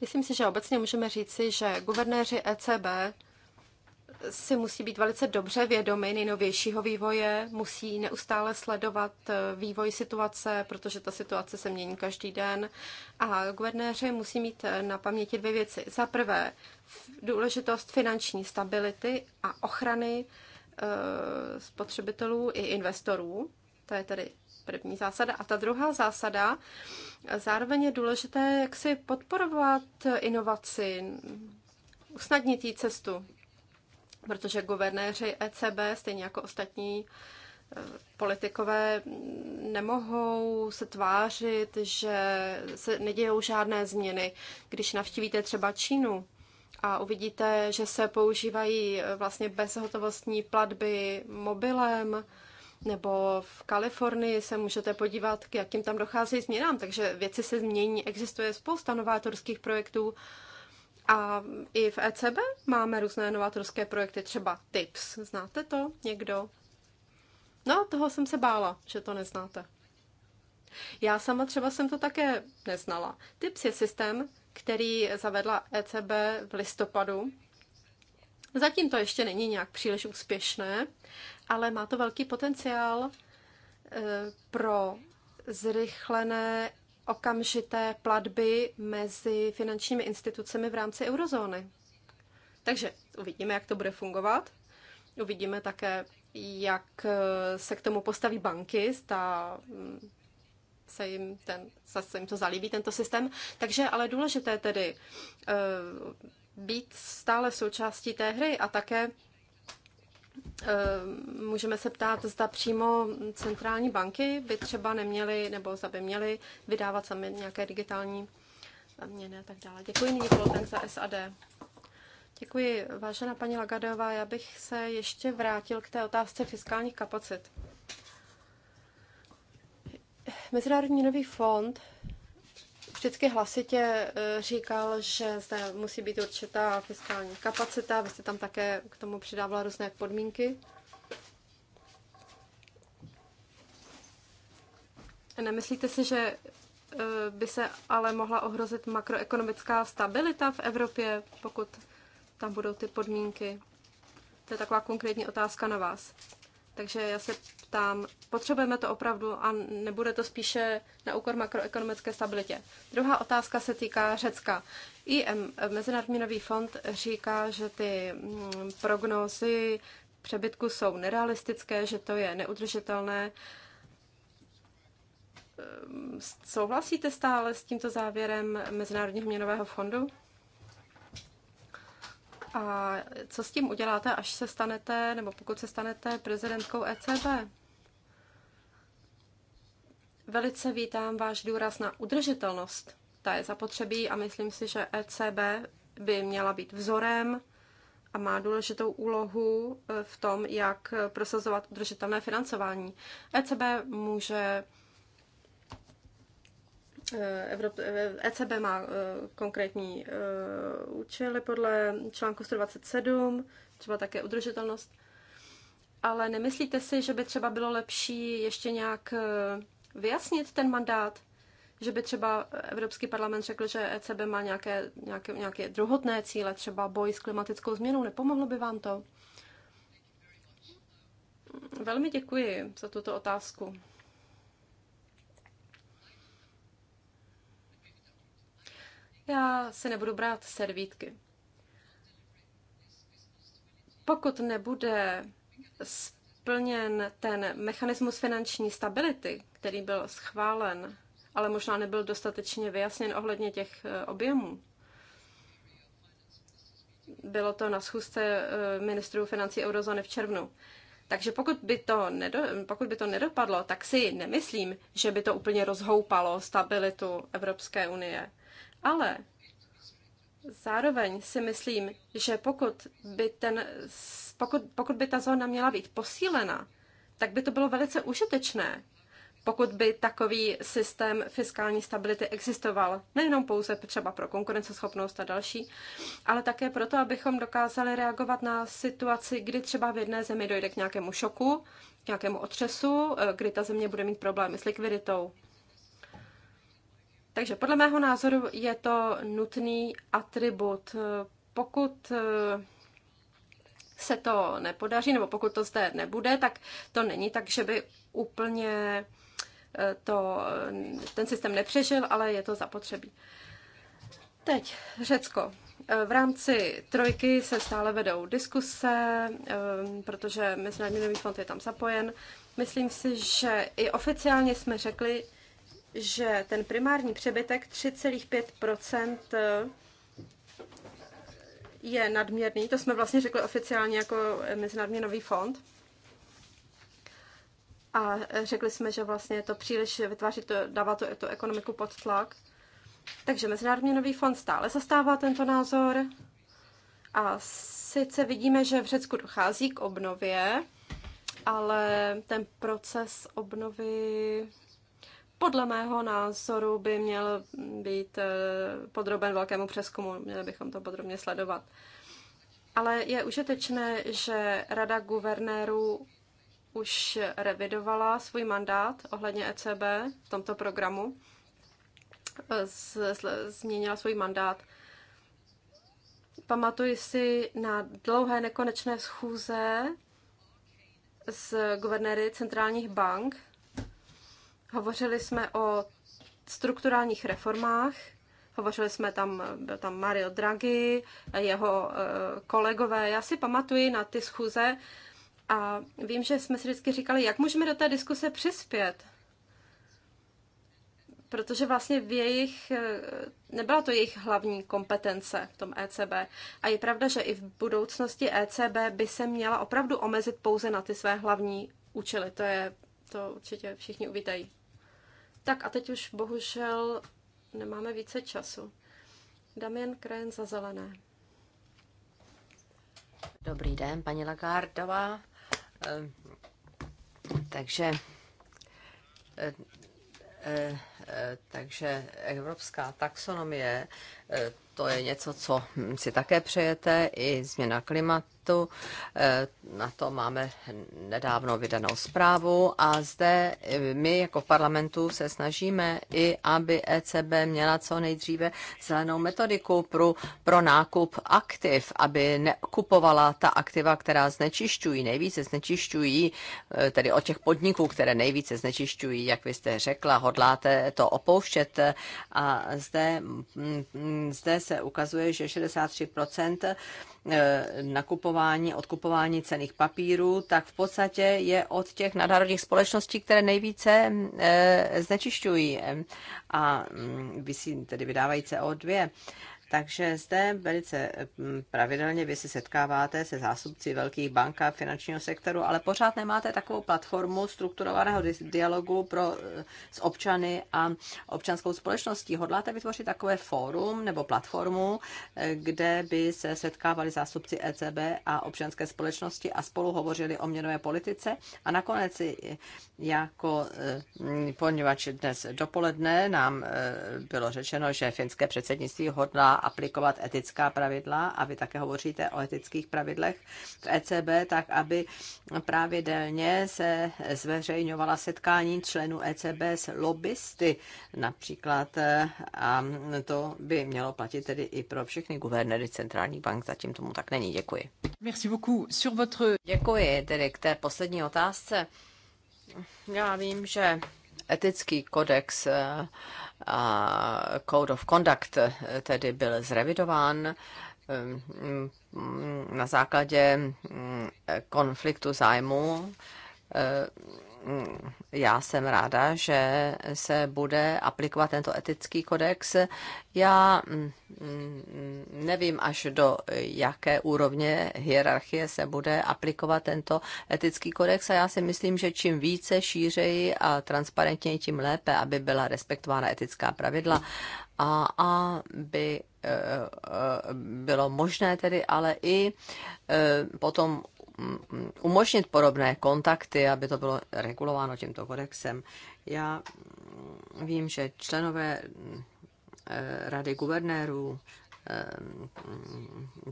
Myslím si, že obecně můžeme říci, že guvernéři ECB si musí být velice dobře vědomy nejnovějšího vývoje, musí neustále sledovat eh, vývoj situace, protože ta situace se mění každý den. A guvernéři musí mít eh, na paměti dvě věci. Za prvé, důležitost finanční stability a ochrany eh, spotřebitelů i investorů. To je tedy první zásada. A ta druhá zásada, zároveň je důležité, jak si podporovat inovaci, usnadnit jí cestu protože guvernéři ECB, stejně jako ostatní eh, politikové, nemohou se tvářit, že se nedějou žádné změny. Když navštívíte třeba Čínu, a uvidíte, že se používají eh, vlastně bezhotovostní platby mobilem, nebo v Kalifornii se můžete podívat, k jakým tam dochází změnám, takže věci se změní, existuje spousta novátorských projektů a i v ECB máme různé novátorské projekty, třeba TIPS. Znáte to někdo? No, toho jsem se bála, že to neznáte. Já sama třeba jsem to také neznala. TIPS je systém, který zavedla ECB v listopadu. Zatím to ještě není nějak příliš úspěšné, ale má to velký potenciál eh, pro zrychlené okamžité platby mezi finančními institucemi v rámci eurozóny. Takže uvidíme, jak to bude fungovat. Uvidíme také, jak eh, se k tomu postaví banky, zda hm, se jim, ten, se jim to zalíbí, tento systém. Takže ale důležité tedy eh, být stále součástí té hry a také Eh, můžeme se ptát, zda přímo centrální banky by třeba neměly, nebo zda by měly vydávat sami nějaké digitální měny a tak dále. Děkuji nyní Poltenk za SAD. Děkuji, vážená paní Lagadová. Já bych se ještě vrátil k té otázce fiskálních kapacit. Mezinárodní nový fond vždycky hlasitě e, říkal, že zde musí být určitá fiskální kapacita, vy jste tam také k tomu přidávala různé podmínky. Nemyslíte si, že e, by se ale mohla ohrozit makroekonomická stabilita v Evropě, pokud tam budou ty podmínky? To je taková konkrétní otázka na vás. Takže já se ptám, potřebujeme to opravdu a nebude to spíše na úkor makroekonomické stabilitě. Druhá otázka se týká Řecka. IM, Mezinárodní nový fond, říká, že ty mm, prognózy přebytku jsou nerealistické, že to je neudržitelné. Ehm, souhlasíte stále s tímto závěrem Mezinárodního měnového fondu? A co s tím uděláte, až se stanete, nebo pokud se stanete prezidentkou ECB? Velice vítám váš důraz na udržitelnost. Ta je zapotřebí a myslím si, že ECB by měla být vzorem a má důležitou úlohu eh, v tom, jak prosazovat udržitelné financování. ECB může Eh, Evrop, ECB eh, e má eh, konkrétní účely podle článku 127, třeba také udržitelnost. Ale nemyslíte si, že by třeba bylo lepší ještě nějak vyjasnit ten mandát? Že by třeba Evropský parlament řekl, že ECB má nějaké, nějaké, nějaké druhotné cíle, třeba boj s klimatickou změnou, nepomohlo by vám to? Velmi děkuji za tuto otázku. Já si nebudu brát servítky. Pokud nebude splněn ten mechanismus finanční stability, který byl schválen, ale možná nebyl dostatečně vyjasněn ohledně těch eh, objemů, bylo to na schůzce eh, ministrů financí eurozóny v červnu. Takže pokud by, to nedo, pokud by to nedopadlo, tak si nemyslím, že by to úplně rozhoupalo stabilitu Evropské unie. Ale zároveň si myslím, že pokud by, ten, pokud, pokud by ta zóna měla být posílena, tak by to bylo velice užitečné, pokud by takový systém fiskální stability existoval, nejenom pouze třeba pro konkurenceschopnost a další, ale také proto, abychom dokázali reagovat na situaci, kdy třeba v jedné zemi dojde k nějakému šoku, k nějakému otřesu, eh, kdy ta země bude mít problémy s likviditou takže podle mého názoru je to nutný atribut. Pokud eh, se to nepodaří, nebo pokud to zde nebude, tak to není tak, že by úplně eh, to, eh, ten systém nepřežil, ale je to zapotřebí. Teď Řecko. V rámci trojky se stále vedou diskuse, protože Mezinárodní fond je tam zapojen. Myslím si, že i oficiálně jsme řekli, že ten primární přebytek 3,5 eh, je nadměrný. To jsme vlastně řekli oficiálně jako eh, Mezinárodní nový fond. A eh, řekli jsme, že vlastně je to příliš vytváří to, dává to tu ekonomiku pod tlak. Takže Mezinárodní nový fond stále zastává tento názor. A sice vidíme, že v Řecku dochází k obnově, ale ten proces obnovy podle mého názoru by měl být eh, podroben velkému přeskumu, měli bychom to podrobně sledovat. Ale je užitečné, že Rada guvernérů už revidovala svůj mandát ohledně ECB v tomto programu. Eh, z, z, změnila svůj mandát. Pamatuji si na dlouhé nekonečné schůze s guvernéry centrálních bank, Hovořili jsme o strukturálních reformách, hovořili jsme tam, byl tam Mario Draghi, jeho eh, kolegové. Já si pamatuji na ty schůze a vím, že jsme si vždycky říkali, jak můžeme do té diskuse přispět. Protože vlastně v jejich, eh, nebyla to jejich hlavní kompetence v tom ECB. A je pravda, že i v budoucnosti ECB by se měla opravdu omezit pouze na ty své hlavní účely. To je, to určitě všichni uvítají. Tak a teď už bohužel nemáme více času. Damien Krén za zelené. Dobrý den, paní Lagardová. Eh, takže eh, eh, takže evropská taxonomie, to je něco, co si také přejete, i změna klimatu parlamentu. Eh, na to máme nedávno vydanou zprávu a zde eh, my jako v parlamentu se snažíme i, aby ECB měla co nejdříve zelenou metodiku pro, pro nákup aktiv, aby nekupovala ta aktiva, která znečišťují, nejvíce znečišťují, eh, tedy od těch podniků, které nejvíce znečišťují, jak vy jste řekla, hodláte to opouštět a zde, mm, mm, zde se ukazuje, že 63% E, nakupování, odkupování cených papírů, tak v podstatě je od těch nadárodních společností, které nejvíce e, znečišťují a vysí, tedy vydávají CO2. Takže zde velice mm, pravidelně vy se setkáváte se zástupci velkých bank a finančního sektoru, ale pořád nemáte takovou platformu strukturovaného dialogu pro, e, s občany a občanskou společností. Hodláte vytvořit takové fórum nebo platformu, e, kde by se setkávali zástupci ECB a občanské společnosti a spolu hovořili o měnové politice. A nakonec, e, jako poněvadž dnes dopoledne nám bylo řečeno, že finské předsednictví hodlá aplikovat etická pravidla a vy také hovoříte o etických pravidlech v ECB, tak aby pravidelně se zveřejňovala setkání členů ECB s lobbysty například eh, a to by mělo platit tedy i pro všechny guvernéry centrálních bank, zatím tomu tak není. Děkuji. Merci beaucoup. Sur votre... Děkuji tedy k té poslední otázce. Já vím, že etický kodex eh, a Code of Conduct tedy byl zrevidován ehm, na základě ehm, konfliktu zájmu ehm, já jsem ráda, že se bude aplikovat tento etický kodex. Já mm, mm, nevím až do jaké úrovně hierarchie se bude aplikovat tento etický kodex a já si myslím, že čím více šířeji a transparentněji, tím lépe, aby byla respektována etická pravidla a aby eh, eh, bylo možné tedy ale i eh, potom umožnit podobné kontakty, aby to bylo regulováno tímto kodexem. Já vím, že členové eh, rady guvernérů eh,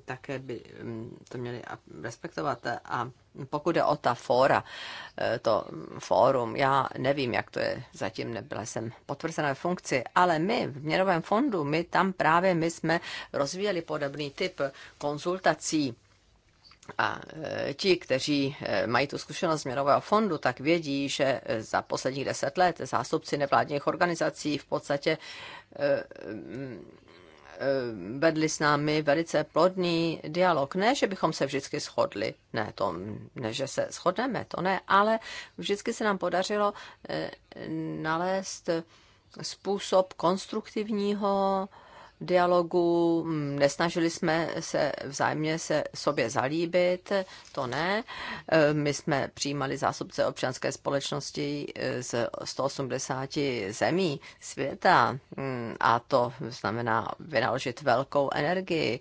také by mm, to měli respektovat. A pokud je o ta fóra, eh, to fórum, já nevím, jak to je, zatím nebyla jsem potvrzena ve funkci, ale my v Měnovém fondu, my tam právě my jsme rozvíjeli podobný typ konzultací a e, ti, kteří e, mají tu zkušenost změnového fondu, tak vědí, že e, za posledních deset let zástupci nevládních organizací v podstatě vedli s námi velice plodný dialog. Ne, že bychom se vždycky shodli, ne, to, ne, že se shodneme, to ne, ale vždycky se nám podařilo nalézt způsob konstruktivního dialogu, mm, nesnažili jsme se vzájemně se sobě zalíbit, to ne. Eh, my jsme přijímali zásobce občanské společnosti eh, z 180 zemí světa mm, a to znamená vynaložit velkou energii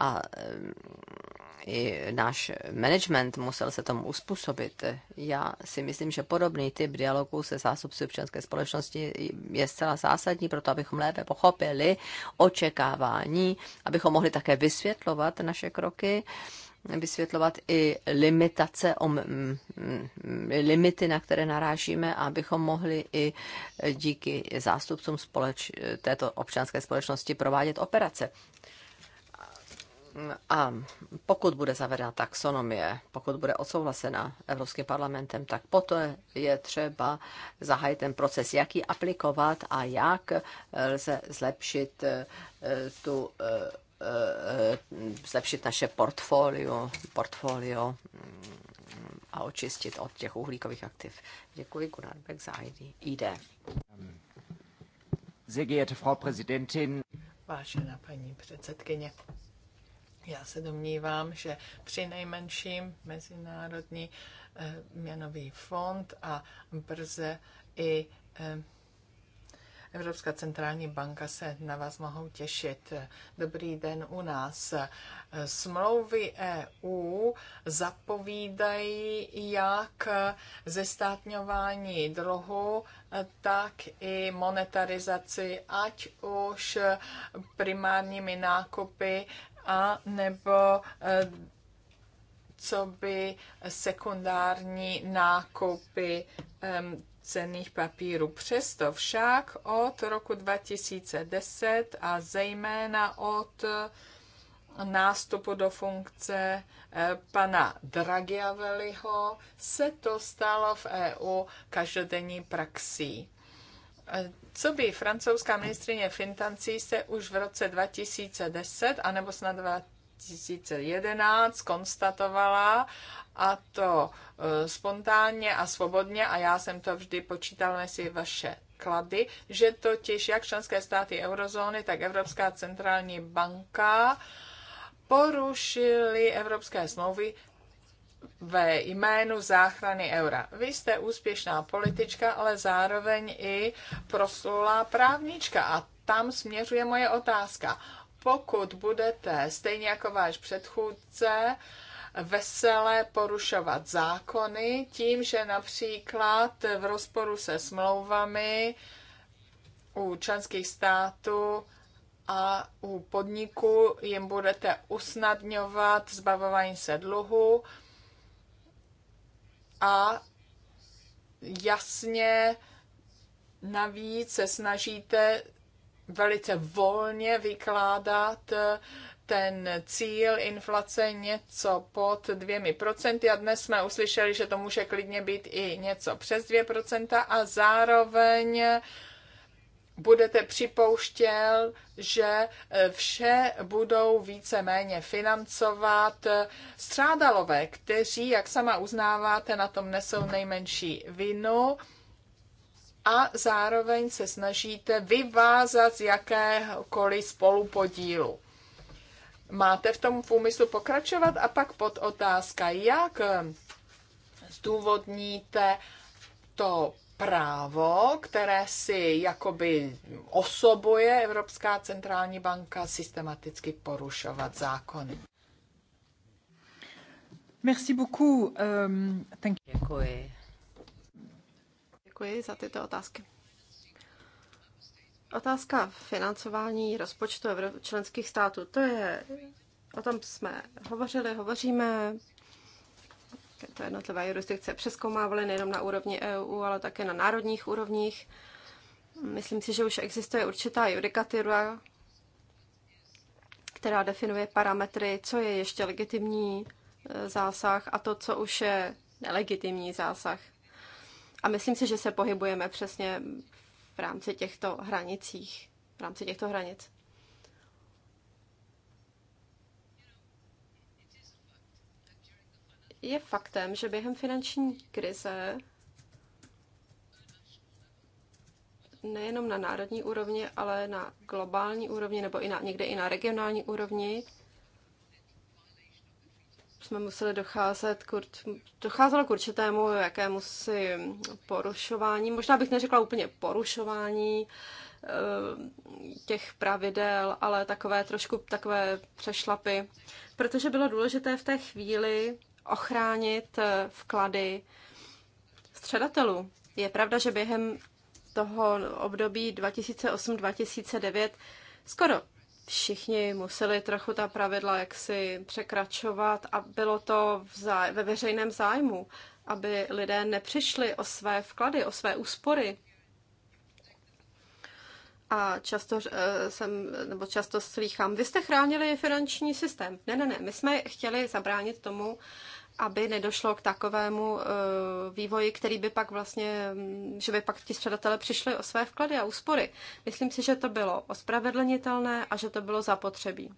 a mm, i náš management musel se tomu uspůsobit. Já si myslím, že podobný typ dialogu se zástupci občanské společnosti je zcela zásadní pro to, abychom lépe pochopili očekávání, abychom mohli také vysvětlovat naše kroky vysvětlovat i limitace, o mm, limity, na které narážíme, abychom mohli i díky zástupcům společ, této občanské společnosti provádět operace. A pokud bude zavedena taxonomie, pokud bude odsouhlasena Evropským parlamentem, tak poté je třeba zahájit ten proces, jak ji aplikovat a jak lze zlepšit eh, tu eh, eh, zlepšit naše portfolio, portfolio mm, a očistit od těch uhlíkových aktiv. Děkuji, Gunnar Beck, za ID. Sehr geehrte Frau Präsidentin. Vážená paní předsedkyně, já se domnívám, že při nejmenším Mezinárodní eh, měnový fond a brze i eh, Evropská centrální banka se na vás mohou těšit. Dobrý den u nás. Smlouvy EU zapovídají jak zestátňování dluhu, tak i monetarizaci, ať už primárními nákupy a nebo eh, co by sekundární nákupy ehm, cených papírů. Přesto však od roku 2010 a zejména od eh, nástupu do funkce eh, pana Dragiaveliho se to stalo v EU každodenní praxí. Co by francouzská ministrině financí se už v roce 2010 anebo snad 2011 konstatovala a to e, spontánně a svobodně a já jsem to vždy počítal mezi vaše klady, že totiž jak členské státy eurozóny, tak Evropská centrální banka porušili evropské smlouvy ve jménu záchrany eura. Vy jste úspěšná politička, ale zároveň i proslulá právnička a tam směřuje moje otázka. Pokud budete, stejně jako váš předchůdce, vesele porušovat zákony tím, že například v rozporu se smlouvami u členských států a u podniku jim budete usnadňovat zbavování se dluhu, a jasně navíc se snažíte velice volně vykládat eh, ten cíl inflace něco pod dvěmi procenty a dnes jsme uslyšeli, že to může klidně být i něco přes dvě procenta a zároveň budete připouštěl, že eh, vše budou více-méně financovat eh, strádalové, kteří, jak sama uznáváte, na tom nesou nejmenší vinu a zároveň se snažíte vyvázat z jakéhokoliv spolupodílu. Máte v tom v úmyslu pokračovat a pak pod otázka, jak eh, zdůvodníte to právo, které si jakoby osobuje Evropská centrální banka systematicky porušovat zákony. Merci beaucoup. Um, thank you. Děkuji. Děkuji za tyto otázky. Otázka financování rozpočtu členských států, to je, o tom jsme hovořili, hovoříme, to jednotlivé jurisdikce přeskoumávaly nejenom na úrovni EU, ale také na národních úrovních. Myslím si, že už existuje určitá judikatura, která definuje parametry, co je ještě legitimní e, zásah a to, co už je nelegitimní zásah. A myslím si, že se pohybujeme přesně v rámci těchto hranicích, v rámci těchto hranic. je faktem, že během finanční krize nejenom na národní úrovni, ale na globální úrovni nebo i na, někde i na regionální úrovni jsme museli docházet k, docházelo k určitému jakému si porušování, možná bych neřekla úplně porušování eh, těch pravidel, ale takové trošku takové přešlapy, protože bylo důležité v té chvíli ochránit eh, vklady středatelů. Je pravda, že během toho období 2008-2009 skoro všichni museli trochu ta pravidla jaksi překračovat a bylo to záj- ve veřejném zájmu, aby lidé nepřišli o své vklady, o své úspory. A často eh, jsem, nebo často slýchám, vy jste chránili finanční systém. Ne, ne, ne, my jsme chtěli zabránit tomu, aby nedošlo k takovému eh, vývoji, který by pak vlastně, mm, že by pak ti střadatelé přišli o své vklady a úspory. Myslím si, že to bylo ospravedlnitelné a že to bylo zapotřebí.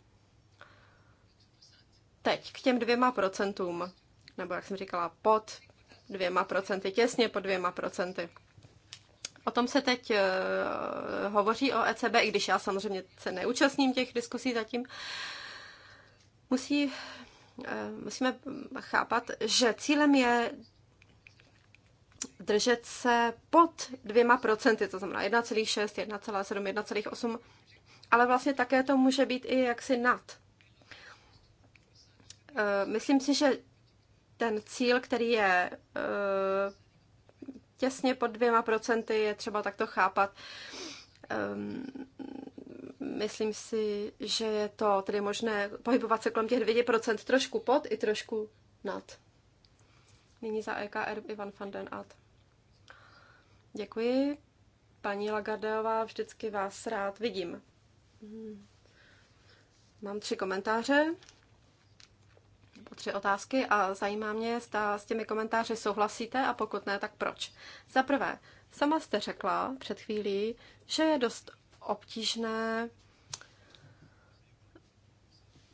Teď k těm dvěma procentům, nebo jak jsem říkala, pod dvěma procenty, těsně pod dvěma procenty. O tom se teď eh, hovoří o ECB, i když já samozřejmě se neúčastním těch diskusí zatím. Musí Eh, musíme chápat, že cílem je držet se pod dvěma procenty, to znamená 1,6, 1,7, 1,8, ale vlastně také to může být i jaksi nad. Eh, myslím si, že ten cíl, který je eh, těsně pod dvěma procenty, je třeba takto chápat. Ehm, Myslím si, že je to tedy možné pohybovat se kolem těch 2%, trošku pod i trošku nad. Nyní za EKR Ivan van den Ad. Děkuji. Paní Lagardeová, vždycky vás rád vidím. Hmm. Mám tři komentáře, tři otázky a zajímá mě, zda s těmi komentáři souhlasíte a pokud ne, tak proč. Za prvé, sama jste řekla před chvílí, že je dost obtížné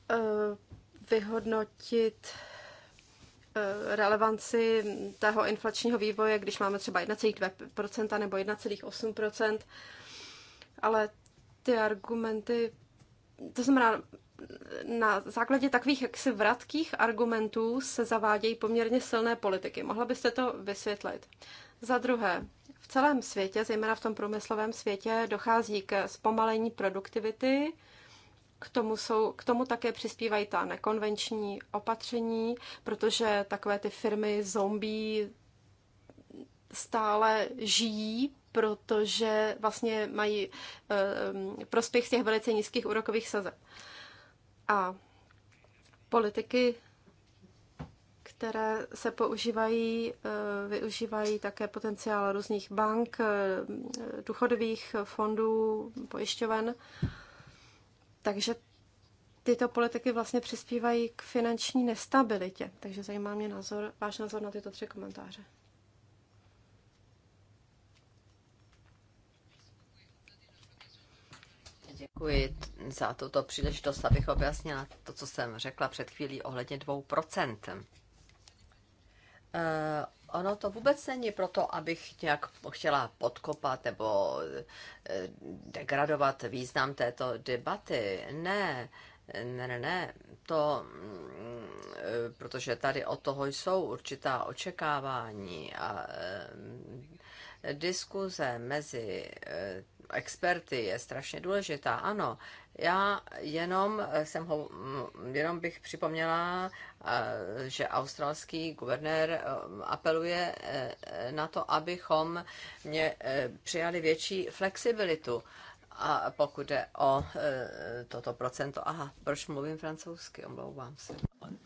Eh, vyhodnotit eh, relevanci toho inflačního vývoje, když máme třeba 1,2% nebo 1,8%, ale ty argumenty, to znamená, na základě takových jaksi vratkých argumentů se zavádějí poměrně silné politiky. Mohla byste to vysvětlit? Za druhé, v celém světě, zejména v tom průmyslovém světě, dochází k zpomalení produktivity, k tomu, jsou, k tomu také přispívají ta nekonvenční opatření, protože takové ty firmy zombie stále žijí, protože vlastně mají ehm, prospěch z těch velice nízkých úrokových sazeb. A politiky, které se používají, eh, využívají také potenciál různých bank, eh, důchodových fondů, pojišťoven. Takže tyto politiky vlastně přispívají k finanční nestabilitě. Takže zajímá mě názor, váš názor na tyto tři komentáře. Děkuji za tuto příležitost, abych objasnila to, co jsem řekla před chvílí ohledně 2%. Ono to vůbec není proto, abych nějak chtěla podkopat nebo eh, degradovat význam této debaty. Ne, ne, ne, ne. To, mm, eh, protože tady od toho jsou určitá očekávání a eh, diskuze mezi experty je strašně důležitá, ano. Já jenom, jsem ho, mm, jenom bych připomněla, že australský guvernér e, apeluje e, na to, abychom mě e, přijali větší flexibilitu. A pokud jde o toto procento, aha, proč mluvím francouzsky, omlouvám se.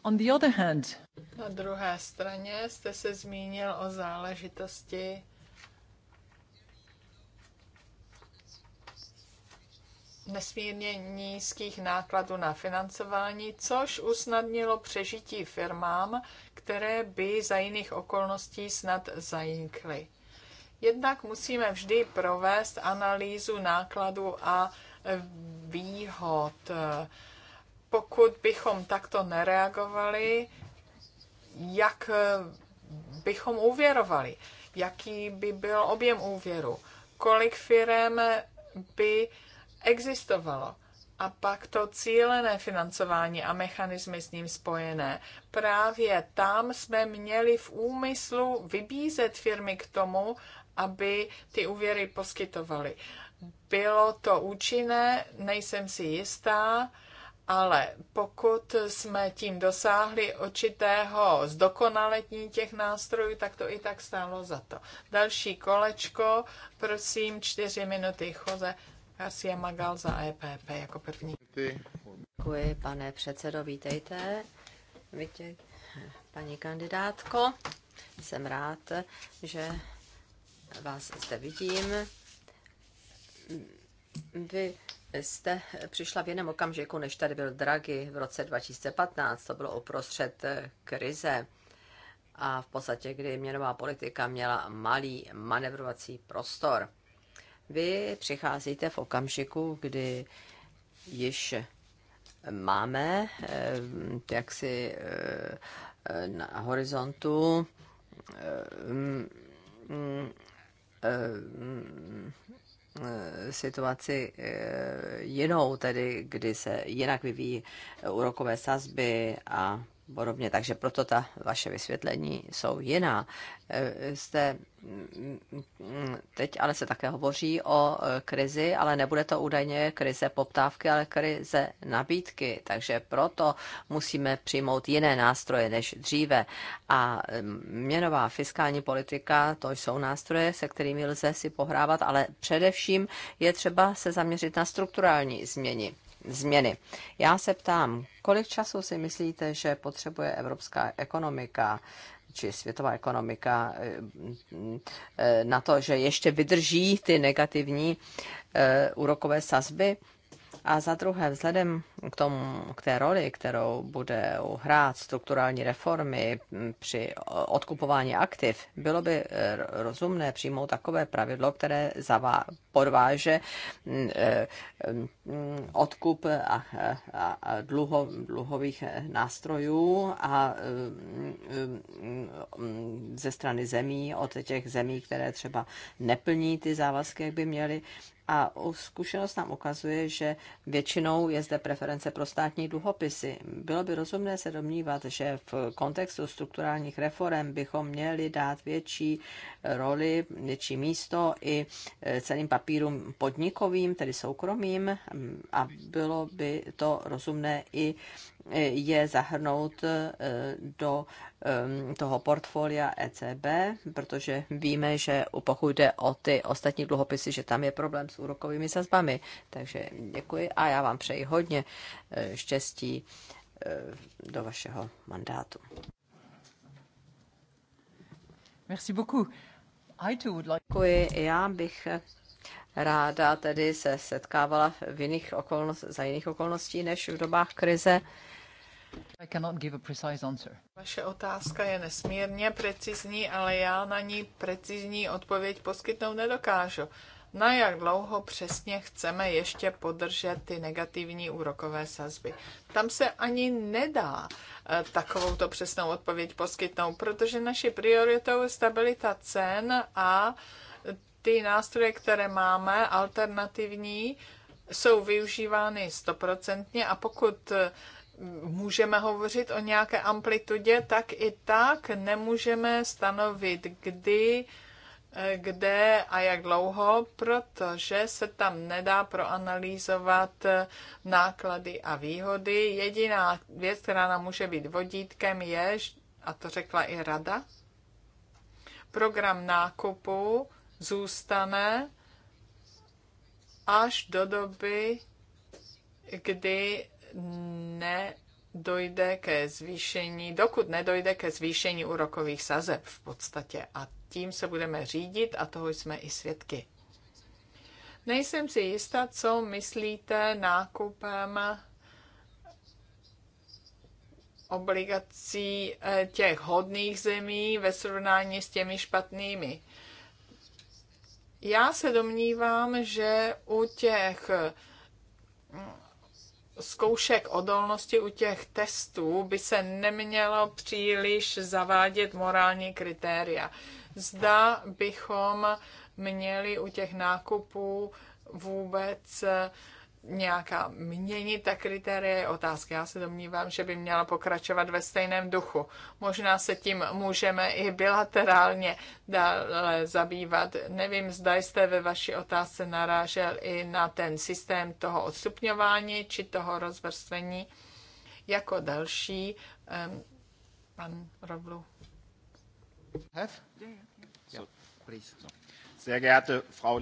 On the other hand. Na druhé straně jste se zmínil o záležitosti nesmírně nízkých nákladů na financování, což usnadnilo přežití firmám, které by za jiných okolností snad zanikly. Jednak musíme vždy provést analýzu nákladů a výhod. Pokud bychom takto nereagovali, jak bychom uvěrovali? Jaký by byl objem úvěru? Kolik firm by existovalo. A pak to cílené financování a mechanismy s ním spojené. Právě tam jsme měli v úmyslu vybízet firmy k tomu, aby ty úvěry poskytovaly. Bylo to účinné, nejsem si jistá, ale pokud jsme tím dosáhli očitého zdokonaletní těch nástrojů, tak to i tak stálo za to. Další kolečko, prosím, čtyři minuty, Choze. Garcia Magal za EPP jako první. Děkuji, pane předsedo, vítejte. Vítej, paní kandidátko. Jsem rád, že vás zde vidím. Vy jste přišla v jiném okamžiku, než tady byl Draghi v roce 2015. To bylo uprostřed krize a v podstatě, kdy měnová politika měla malý manevrovací prostor vy přicházíte v okamžiku, kdy již máme eh, jaksi eh, na horizontu eh, mm, situaci jinou, tedy kdy se jinak vyvíjí úrokové sazby a podobně, takže proto ta vaše vysvětlení jsou jiná. Eh, jste, mm, mm, teď ale se také hovoří o eh, krizi, ale nebude to údajně krize poptávky, ale krize nabídky, takže proto musíme přijmout jiné nástroje než dříve. A mm, měnová fiskální politika, to jsou nástroje, se kterými lze si pohrávat, ale především je třeba se zaměřit na strukturální změny změny. Já se ptám, kolik času si myslíte, že potřebuje evropská ekonomika či světová ekonomika eh, eh, na to, že ještě vydrží ty negativní eh, úrokové sazby? A za druhé, vzhledem k, tomu, k té roli, kterou bude hrát strukturální reformy při odkupování aktiv, bylo by eh, rozumné přijmout takové pravidlo, které zavá, podváže mm, eh, mm, odkup a, a, a dluho, dluhových nástrojů a eh, mm, ze strany zemí, od těch zemí, které třeba neplní ty závazky, jak by měly. A zkušenost nám ukazuje, že většinou je zde preference preference pro státní dluhopisy. Bylo by rozumné se domnívat, že v kontextu strukturálních reform bychom měli dát větší roli, větší místo i eh, celým papírům podnikovým, tedy soukromým a bylo by to rozumné i je zahrnout e, do e, toho portfolia ECB, protože víme, že pokud jde o ty ostatní dluhopisy, že tam je problém s úrokovými sazbami. Takže děkuji a já vám přeji hodně e, štěstí do vašeho mandátu. Merci beaucoup. Děkuji. Já bych ráda tedy se setkávala v jiných okolnost, za jiných okolností než v dobách krize. I cannot give a precise answer. Vaše otázka je nesmírně precizní, ale já na ní precizní odpověď poskytnout nedokážu. Na jak dlouho přesně chceme ještě podržet ty negativní úrokové sazby? Tam se ani nedá eh, takovou to přesnou odpověď poskytnout, protože naší prioritou je stabilita cen a uh, ty nástroje, které máme, alternativní, jsou využívány stoprocentně a pokud eh, můžeme hovořit o nějaké amplitudě, tak i tak nemůžeme stanovit, kdy, eh, kde a jak dlouho, protože se tam nedá proanalýzovat eh, náklady a výhody. Jediná věc, která nám může být vodítkem, je, a to řekla i rada, program nákupu zůstane až do doby, kdy ne dojde ke zvýšení, dokud nedojde ke zvýšení úrokových sazeb v podstatě. A tím se budeme řídit a toho jsme i svědky. Nejsem si jistá, co myslíte nákupem obligací eh, těch hodných zemí ve srovnání s těmi špatnými. Já se domnívám, že u těch mm, zkoušek odolnosti, u těch testů by se nemělo příliš zavádět morální kritéria. Zda bychom měli u těch nákupů vůbec uh, nějaká měnit ta kritéria je otázka. Já se domnívám, že by měla pokračovat ve stejném duchu. Možná se tím můžeme i bilaterálně dále zabývat. Nevím, zda jste ve vaší otázce narážel i na ten systém toho odstupňování či toho rozvrstvení. Jako další, um, pan Roblu. Have? Yeah, yeah. So, please. Sehr geehrte Frau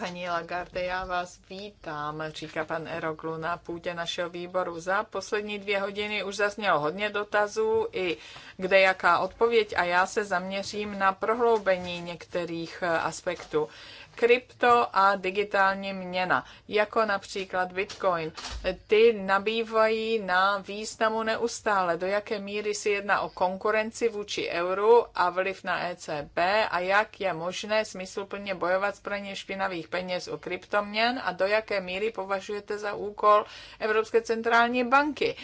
Paní Lagarde, já vás vítám, říká pan Eroglu na půdě našeho výboru. Za poslední dvě hodiny už zaznělo hodně dotazů i kde jaká odpověď a já se zaměřím na prohloubení některých eh, aspektů krypto a digitální měna, jako například Bitcoin. Ty nabývají na významu neustále, do jaké míry se jedná o konkurenci vůči euru a vliv na ECB a jak je možné smysluplně bojovat s praní špinavých peněz u kryptoměn a do jaké míry považujete za úkol Evropské centrální banky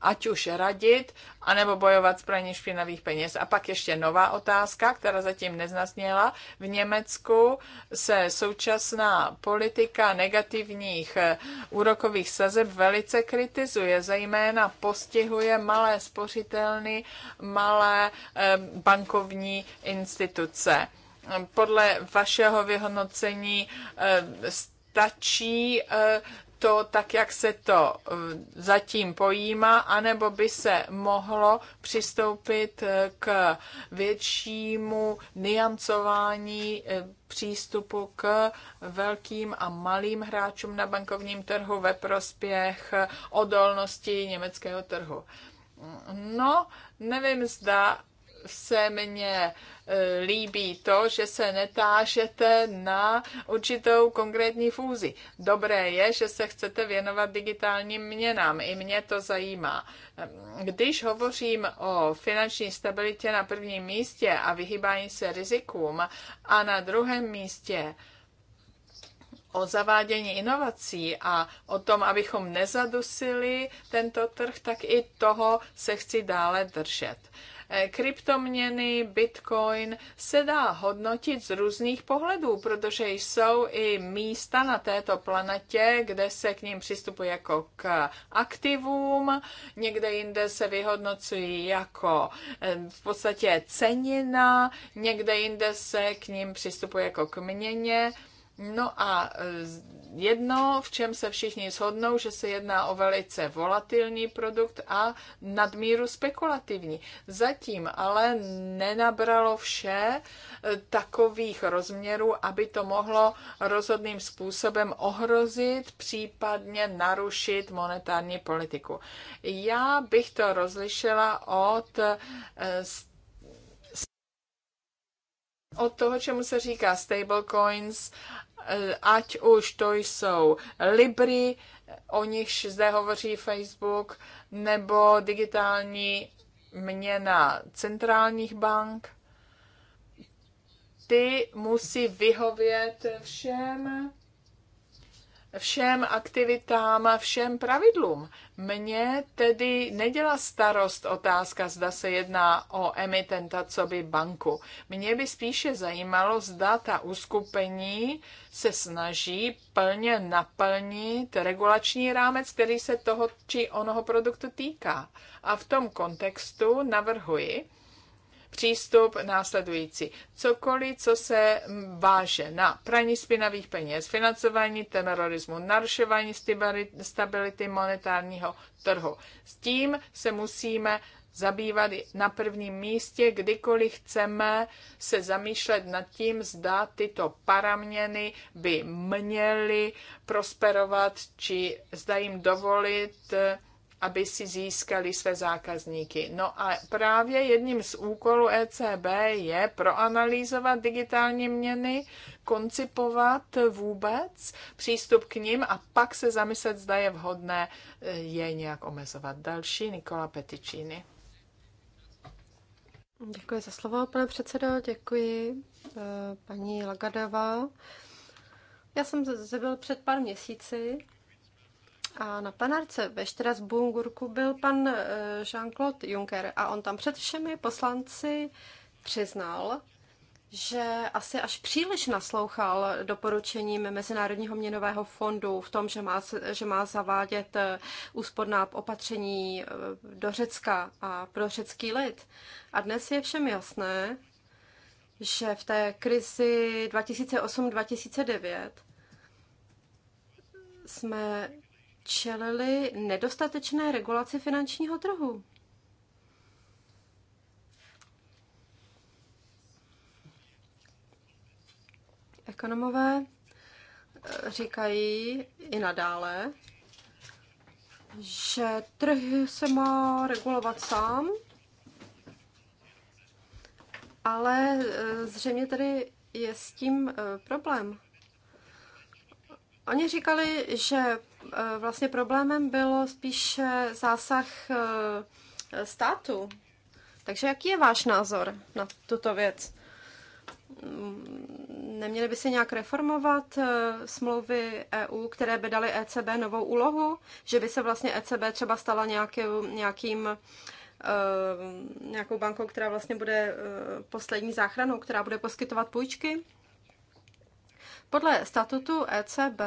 ať už radit, anebo bojovat s praní špinavých peněz. A pak ještě nová otázka, která zatím neznasněla. V Německu se současná politika negativních eh, úrokových sazeb velice kritizuje, zejména postihuje malé spořitelny, malé eh, bankovní instituce. Podle vašeho vyhodnocení eh, stačí to tak, jak se to eh, zatím pojímá, anebo by se mohlo přistoupit eh, k většímu niancování eh, přístupu k velkým a malým hráčům na bankovním trhu ve prospěch odolnosti německého trhu. No, nevím, zda se mě E, líbí to, že se netážete na určitou konkrétní fúzi. Dobré je, že se chcete věnovat digitálním měnám. I mě to zajímá. Když hovořím o finanční stabilitě na prvním místě a vyhýbání se rizikům a na druhém místě o zavádění inovací a o tom, abychom nezadusili tento trh, tak i toho se chci dále držet. Eh, kryptoměny, bitcoin se dá hodnotit z různých pohledů, protože jsou i místa na této planetě, kde se k ním přistupuje jako k aktivům, někde jinde se vyhodnocují jako eh, v podstatě cenina, někde jinde se k ním přistupuje jako k měně No a e, jedno, v čem se všichni shodnou, že se jedná o velice volatilní produkt a nadmíru spekulativní. Zatím ale nenabralo vše e, takových rozměrů, aby to mohlo rozhodným způsobem ohrozit, případně narušit monetární politiku. Já bych to rozlišila od e, od toho, čemu se říká stablecoins Eh, ať už to jsou Libry, o nichž zde hovoří Facebook, nebo digitální měna centrálních bank, ty musí vyhovět všem všem aktivitám, všem pravidlům. Mně tedy nedělá starost otázka, zda se jedná o emitenta, co by banku. Mě by spíše zajímalo, zda ta uskupení se snaží plně naplnit regulační rámec, který se toho či onoho produktu týká. A v tom kontextu navrhuji, přístup následující. Cokoliv, co se váže na praní spinavých peněz, financování terorismu, narušování stability monetárního trhu. S tím se musíme zabývat na prvním místě, kdykoliv chceme se zamýšlet nad tím, zda tyto paraměny by měly prosperovat, či zda jim dovolit aby si získali své zákazníky. No a právě jedním z úkolů ECB je proanalýzovat digitální měny, koncipovat vůbec přístup k ním a pak se zamyslet, zda je vhodné eh, je nějak omezovat. Další Nikola Peticini. Děkuji za slovo, pane předsedo, děkuji eh, paní Lagadeva. Já jsem zde byl před pár měsíci a na panarce ve Štrasburku byl pan eh, Jean-Claude Juncker a on tam před všemi poslanci přiznal, že asi až příliš naslouchal doporučením Mezinárodního měnového fondu v tom, že má, že má zavádět eh, úsporná opatření eh, do Řecka a pro řecký lid. A dnes je všem jasné, že v té krizi 2008-2009 jsme čelili nedostatečné regulaci finančního trhu. Ekonomové eh, říkají i nadále, že trh se má regulovat sám, ale eh, zřejmě tady je s tím eh, problém. Oni říkali, že Eh, vlastně problémem bylo spíš zásah eh, státu. Takže jaký je váš názor na tuto věc? Mm, Neměly by se nějak reformovat eh, smlouvy EU, které by daly ECB novou úlohu? Že by se vlastně ECB třeba stala nějaký, nějakým nějakou bankou, která vlastně bude poslední záchranou, která bude poskytovat půjčky? Podle statutu ECB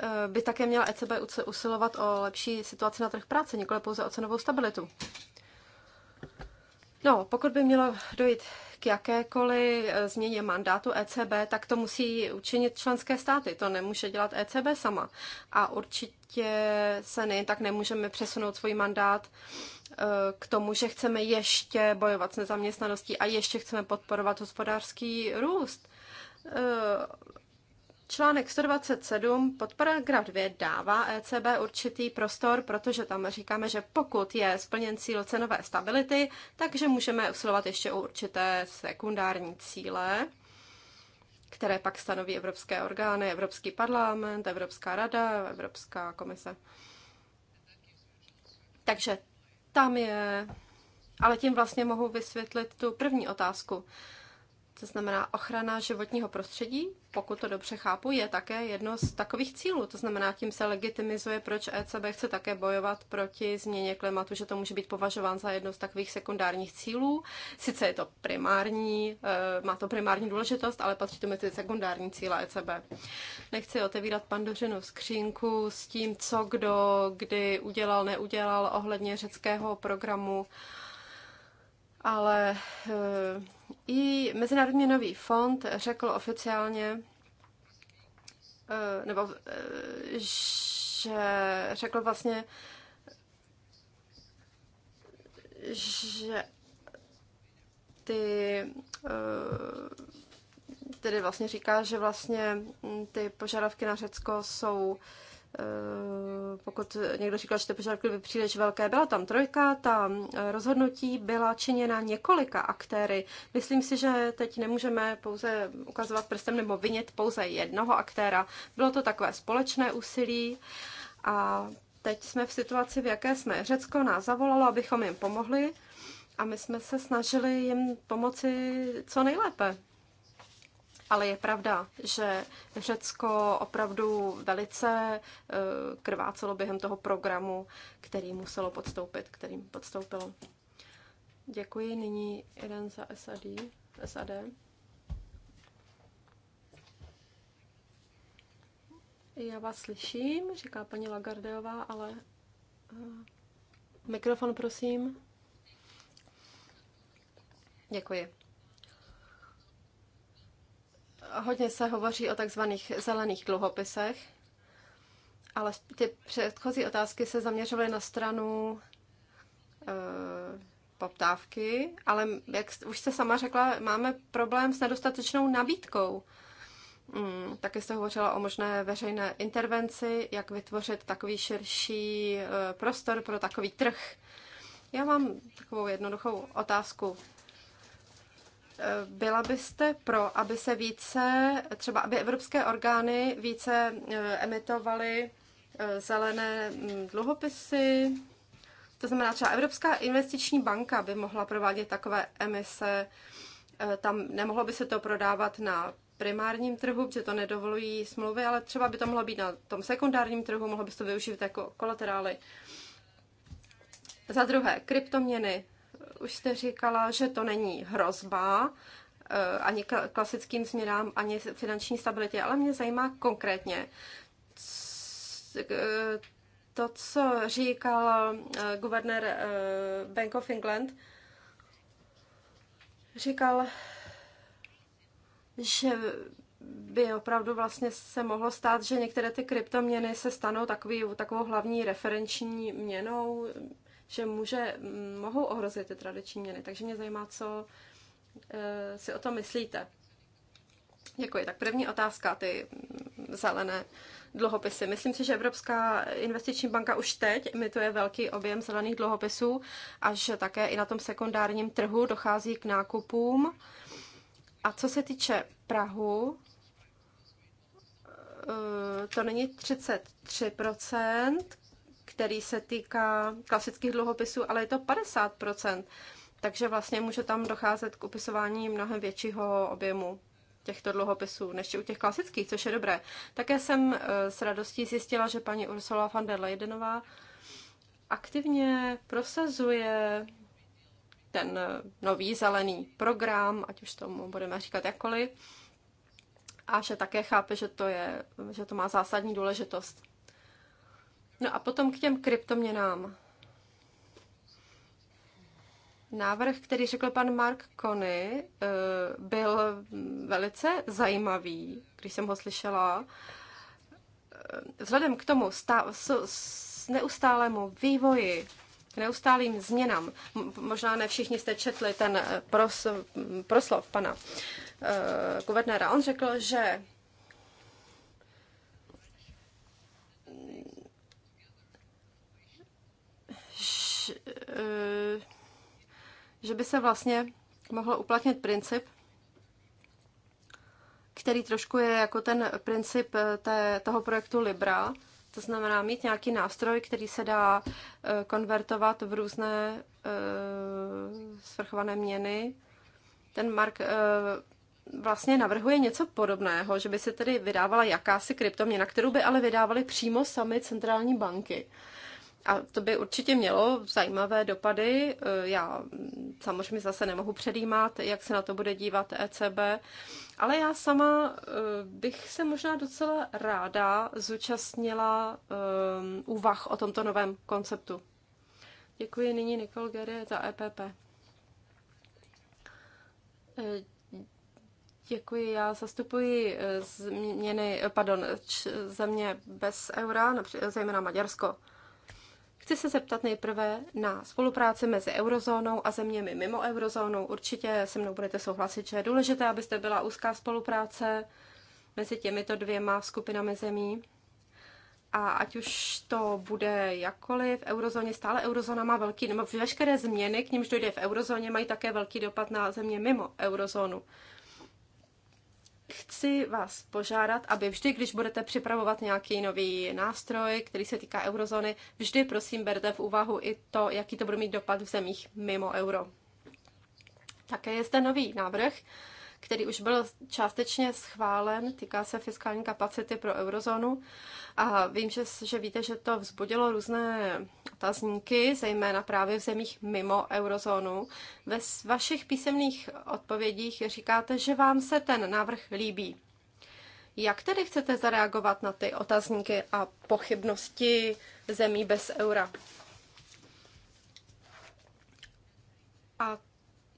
Eh, by také měla ECB usilovat o lepší situaci na trh práce, nikoli pouze o cenovou stabilitu. No, pokud by mělo dojít k jakékoliv eh, změně mandátu ECB, tak to musí učinit členské státy. To nemůže dělat ECB sama. A určitě se nejen tak nemůžeme přesunout svůj mandát eh, k tomu, že chceme ještě bojovat s nezaměstnaností a ještě chceme podporovat hospodářský růst Článek 127 pod paragraf 2 dává ECB určitý prostor, protože tam říkáme, že pokud je splněn cíl cenové stability, takže můžeme usilovat ještě o určité sekundární cíle, které pak stanoví evropské orgány, Evropský parlament, Evropská rada, Evropská komise. Takže tam je. Ale tím vlastně mohu vysvětlit tu první otázku. To znamená, ochrana životního prostředí, pokud to dobře chápu, je také jedno z takových cílů. To znamená, tím se legitimizuje, proč ECB chce také bojovat proti změně klimatu, že to může být považován za jedno z takových sekundárních cílů. Sice je to primární, eh, má to primární důležitost, ale patří to mezi sekundární cíle ECB. Nechci otevírat pandořinu skřínku s tím, co kdo kdy udělal, neudělal ohledně řeckého programu ale eh, i Mezinárodní nový fond řekl oficiálně, eh, nebo eh, že řekl vlastně, že ty tedy vlastně říká, že vlastně hm, ty požadavky na Řecko jsou Eh, pokud někdo říkal, že ty požadavky byly příliš velké, byla tam trojka, ta eh, rozhodnutí byla činěna několika aktéry. Myslím si, že teď nemůžeme pouze ukazovat prstem nebo vinit pouze jednoho aktéra. Bylo to takové společné úsilí a teď jsme v situaci, v jaké jsme. Řecko nás zavolalo, abychom jim pomohli a my jsme se snažili jim pomoci co nejlépe ale je pravda, že Řecko opravdu velice eh, krvácelo během toho programu, který muselo podstoupit, kterým podstoupilo. Děkuji. Nyní jeden za SAD. SAD. Já vás slyším, říká paní Lagardeová, ale eh, mikrofon prosím. Děkuji hodně se hovoří o takzvaných zelených dluhopisech, ale ty předchozí otázky se zaměřovaly na stranu e, poptávky, ale jak už jste sama řekla, máme problém s nedostatečnou nabídkou. Mm, taky jste hovořila o možné veřejné intervenci, jak vytvořit takový širší e, prostor pro takový trh. Já mám takovou jednoduchou otázku. Eh, byla byste pro, aby se více, třeba aby evropské orgány více eh, emitovaly eh, zelené hm, dluhopisy? To znamená, třeba Evropská investiční banka by mohla provádět takové emise, tam nemohlo by se to prodávat na primárním trhu, protože to nedovolují smlouvy, ale třeba by to mohlo být na tom sekundárním trhu, mohlo by se to využít jako kolaterály. Za druhé, kryptoměny už jste říkala, že to není hrozba eh, ani klasickým změnám, ani finanční stabilitě, ale mě zajímá konkrétně eh, to, co říkal eh, guvernér Bank of England, říkal, že by opravdu vlastně se mohlo stát, že některé ty kryptoměny se stanou takový, takovou hlavní referenční měnou že může, mm, mohou ohrozit ty tradiční měny. Takže mě zajímá, co eh, si o tom myslíte. Děkuji. Tak první otázka, ty mm, zelené dluhopisy. Myslím si, že Evropská investiční banka už teď emituje velký objem zelených dluhopisů a že také i na tom sekundárním trhu dochází k nákupům. A co se týče Prahu, eh, to není 33%, který se týká klasických dluhopisů, ale je to 50%. Takže vlastně může tam docházet k upisování mnohem většího objemu těchto dluhopisů než u těch klasických, což je dobré. Také jsem eh, s radostí zjistila, že paní Ursula von der Leidenová aktivně prosazuje ten eh, nový zelený program, ať už tomu budeme říkat jakkoliv, a že také chápe, že to, je, že to má zásadní důležitost. No a potom k těm kryptoměnám. Návrh, který řekl pan Mark Kony, eh, byl velice zajímavý, když jsem ho slyšela. Eh, vzhledem k tomu stá, s, s neustálému vývoji, k neustálým změnám, možná ne všichni jste četli ten eh, pros, proslov pana guvernéra, on řekl, že že by se vlastně mohl uplatnit princip, který trošku je jako ten princip eh, té, toho projektu Libra, to znamená mít nějaký nástroj, který se dá eh, konvertovat v různé eh, svrchované měny. Ten Mark vlastně navrhuje něco podobného, že by se tedy vydávala jakási kryptoměna, kterou by ale vydávaly přímo sami centrální banky. A to by určitě mělo zajímavé dopady. Eh, já mm, samozřejmě zase nemohu předjímat, jak se na to bude dívat ECB, ale já sama eh, bych se možná docela ráda zúčastnila eh, úvah o tomto novém konceptu. Děkuji nyní Nikol Gere za EPP. Děkuji, já zastupuji změny, pardon, č, země bez eura, zejména Maďarsko. Chci se zeptat nejprve na spolupráci mezi eurozónou a zeměmi mimo eurozónu. Určitě se mnou budete souhlasit, že je důležité, abyste byla úzká spolupráce mezi těmito dvěma skupinami zemí. A ať už to bude jakkoliv v eurozóně, stále eurozóna má velký, nebo veškeré změny, k nímž dojde v eurozóně, mají také velký dopad na země mimo eurozónu chci vás požádat, aby vždy, když budete připravovat nějaký nový nástroj, který se týká eurozóny, vždy prosím berte v úvahu i to, jaký to bude mít dopad v zemích mimo euro. Také je zde nový návrh, který už byl částečně schválen, týká se fiskální kapacity pro eurozónu. A vím, že, že víte, že to vzbudilo různé otazníky, zejména právě v zemích mimo eurozónu. Ve vašich písemných odpovědích říkáte, že vám se ten návrh líbí. Jak tedy chcete zareagovat na ty otazníky a pochybnosti zemí bez eura? A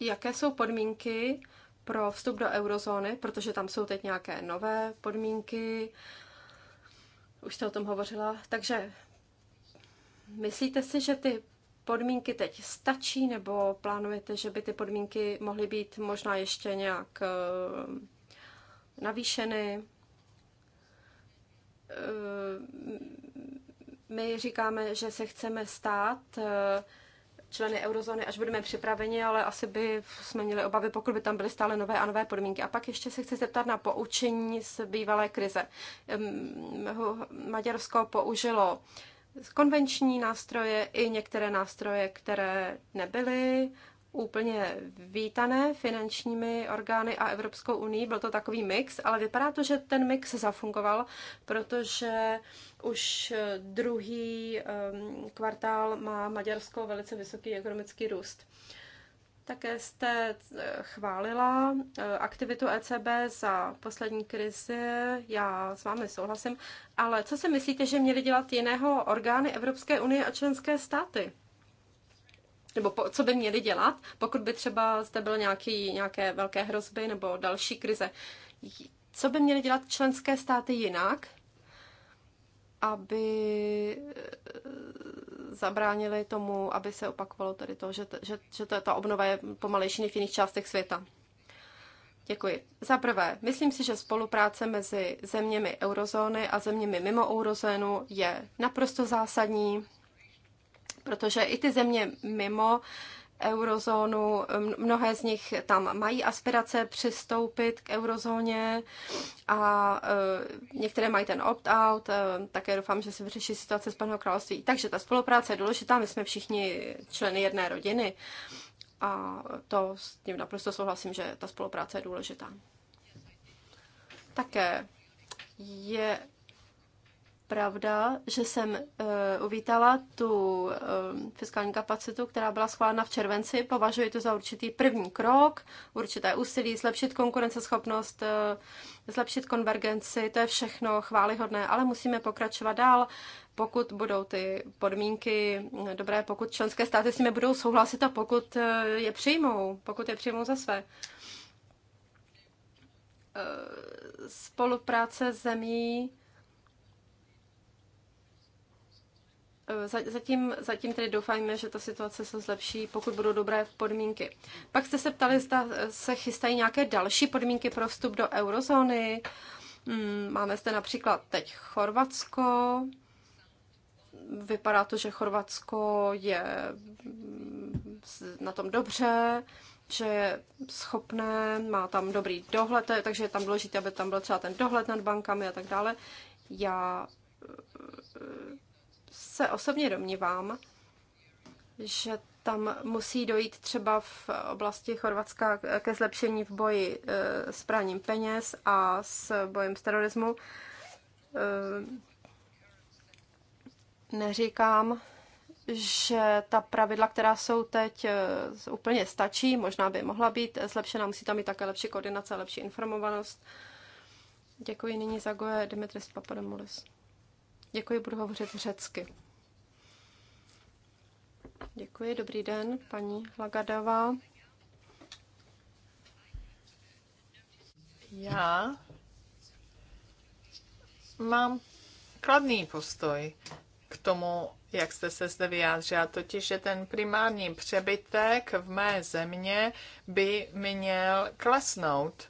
jaké jsou podmínky, pro vstup do eurozóny, protože tam jsou teď nějaké nové podmínky. Už jste o tom hovořila. Takže myslíte si, že ty podmínky teď stačí, nebo plánujete, že by ty podmínky mohly být možná ještě nějak eh, navýšeny? Eh, my říkáme, že se chceme stát eh, členy eurozóny, až budeme připraveni, ale asi by jsme měli obavy, pokud by tam byly stále nové a nové podmínky. A pak ještě se chci zeptat na poučení z bývalé krize. Maďarsko použilo konvenční nástroje i některé nástroje, které nebyly úplně vítané finančními orgány a Evropskou unii. Byl to takový mix, ale vypadá to, že ten mix zafungoval, protože už druhý ehm, kvartál má Maďarsko velice vysoký ekonomický růst. Také jste eh, chválila eh, aktivitu ECB za poslední krizi, já s vámi souhlasím, ale co si myslíte, že měly dělat jiného orgány Evropské unie a členské státy? nebo po, co by měli dělat, pokud by třeba zde byly nějaký, nějaké velké hrozby nebo další krize. Co by měly dělat členské státy jinak, aby eh, zabránili tomu, aby se opakovalo tady to, že, že, že to je ta obnova je pomalejší než v jiných částech světa. Děkuji. Za prvé, myslím si, že spolupráce mezi zeměmi eurozóny a zeměmi mimo eurozónu je naprosto zásadní protože i ty země mimo eurozónu, mnohé z nich tam mají aspirace přistoupit k eurozóně a e, některé mají ten opt-out, e, také doufám, že se vyřeší situace s panou království. Takže ta spolupráce je důležitá, my jsme všichni členy jedné rodiny a to s tím naprosto souhlasím, že ta spolupráce je důležitá. Také je pravda, že jsem uh, uvítala tu uh, fiskální kapacitu, která byla schválena v červenci. Považuji to za určitý první krok, určité úsilí zlepšit konkurenceschopnost, uh, zlepšit konvergenci, to je všechno chválihodné, ale musíme pokračovat dál. Pokud budou ty podmínky dobré, pokud členské státy s nimi budou souhlasit a pokud je přijmou, pokud je přijmou za své spolupráce zemí Eh, zatím, zatím tedy doufáme, že ta situace se zlepší, pokud budou dobré podmínky. Pak jste se ptali, zda eh, se chystají nějaké další podmínky pro vstup do eurozóny. Hmm, máme zde například teď Chorvatsko. Vypadá to, že Chorvatsko je mm, na tom dobře, že je schopné, má tam dobrý dohled, eh, takže je tam důležité, aby tam byl třeba ten dohled nad bankami a tak dále. Já se osobně domnívám, že tam musí dojít třeba v oblasti Chorvatska ke zlepšení v boji eh, s praním peněz a s bojem s terorismu. Eh, neříkám, že ta pravidla, která jsou teď, eh, úplně stačí, možná by mohla být zlepšena, musí tam být také lepší koordinace, lepší informovanost. Děkuji nyní za Goje Dimitris Papadomoulis. Děkuji, budu hovořit řecky. Děkuji, dobrý den, paní Lagadová. Já mám kladný postoj k tomu, jak jste se zde vyjádřila, totiž, že ten primární přebytek v mé země by měl klesnout.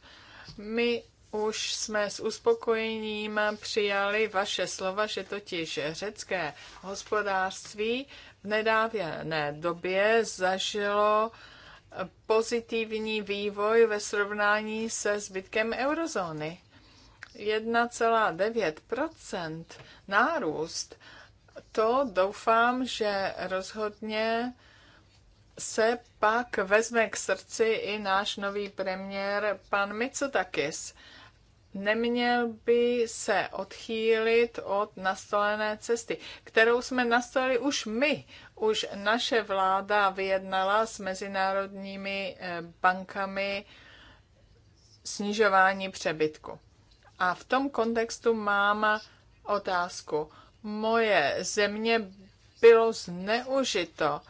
My už jsme s uspokojením přijali vaše slova, že totiž řecké hospodářství v nedávné době zažilo pozitivní vývoj ve srovnání se zbytkem eurozóny. 1,9 nárůst, to doufám, že rozhodně se pak vezme k srdci i náš nový premiér pan Mitsotakis neměl by se odchýlit od nastolené cesty, kterou jsme nastolili už my. Už naše vláda vyjednala s mezinárodními eh, bankami snižování přebytku. A v tom kontextu mám otázku. Moje země bylo zneužito,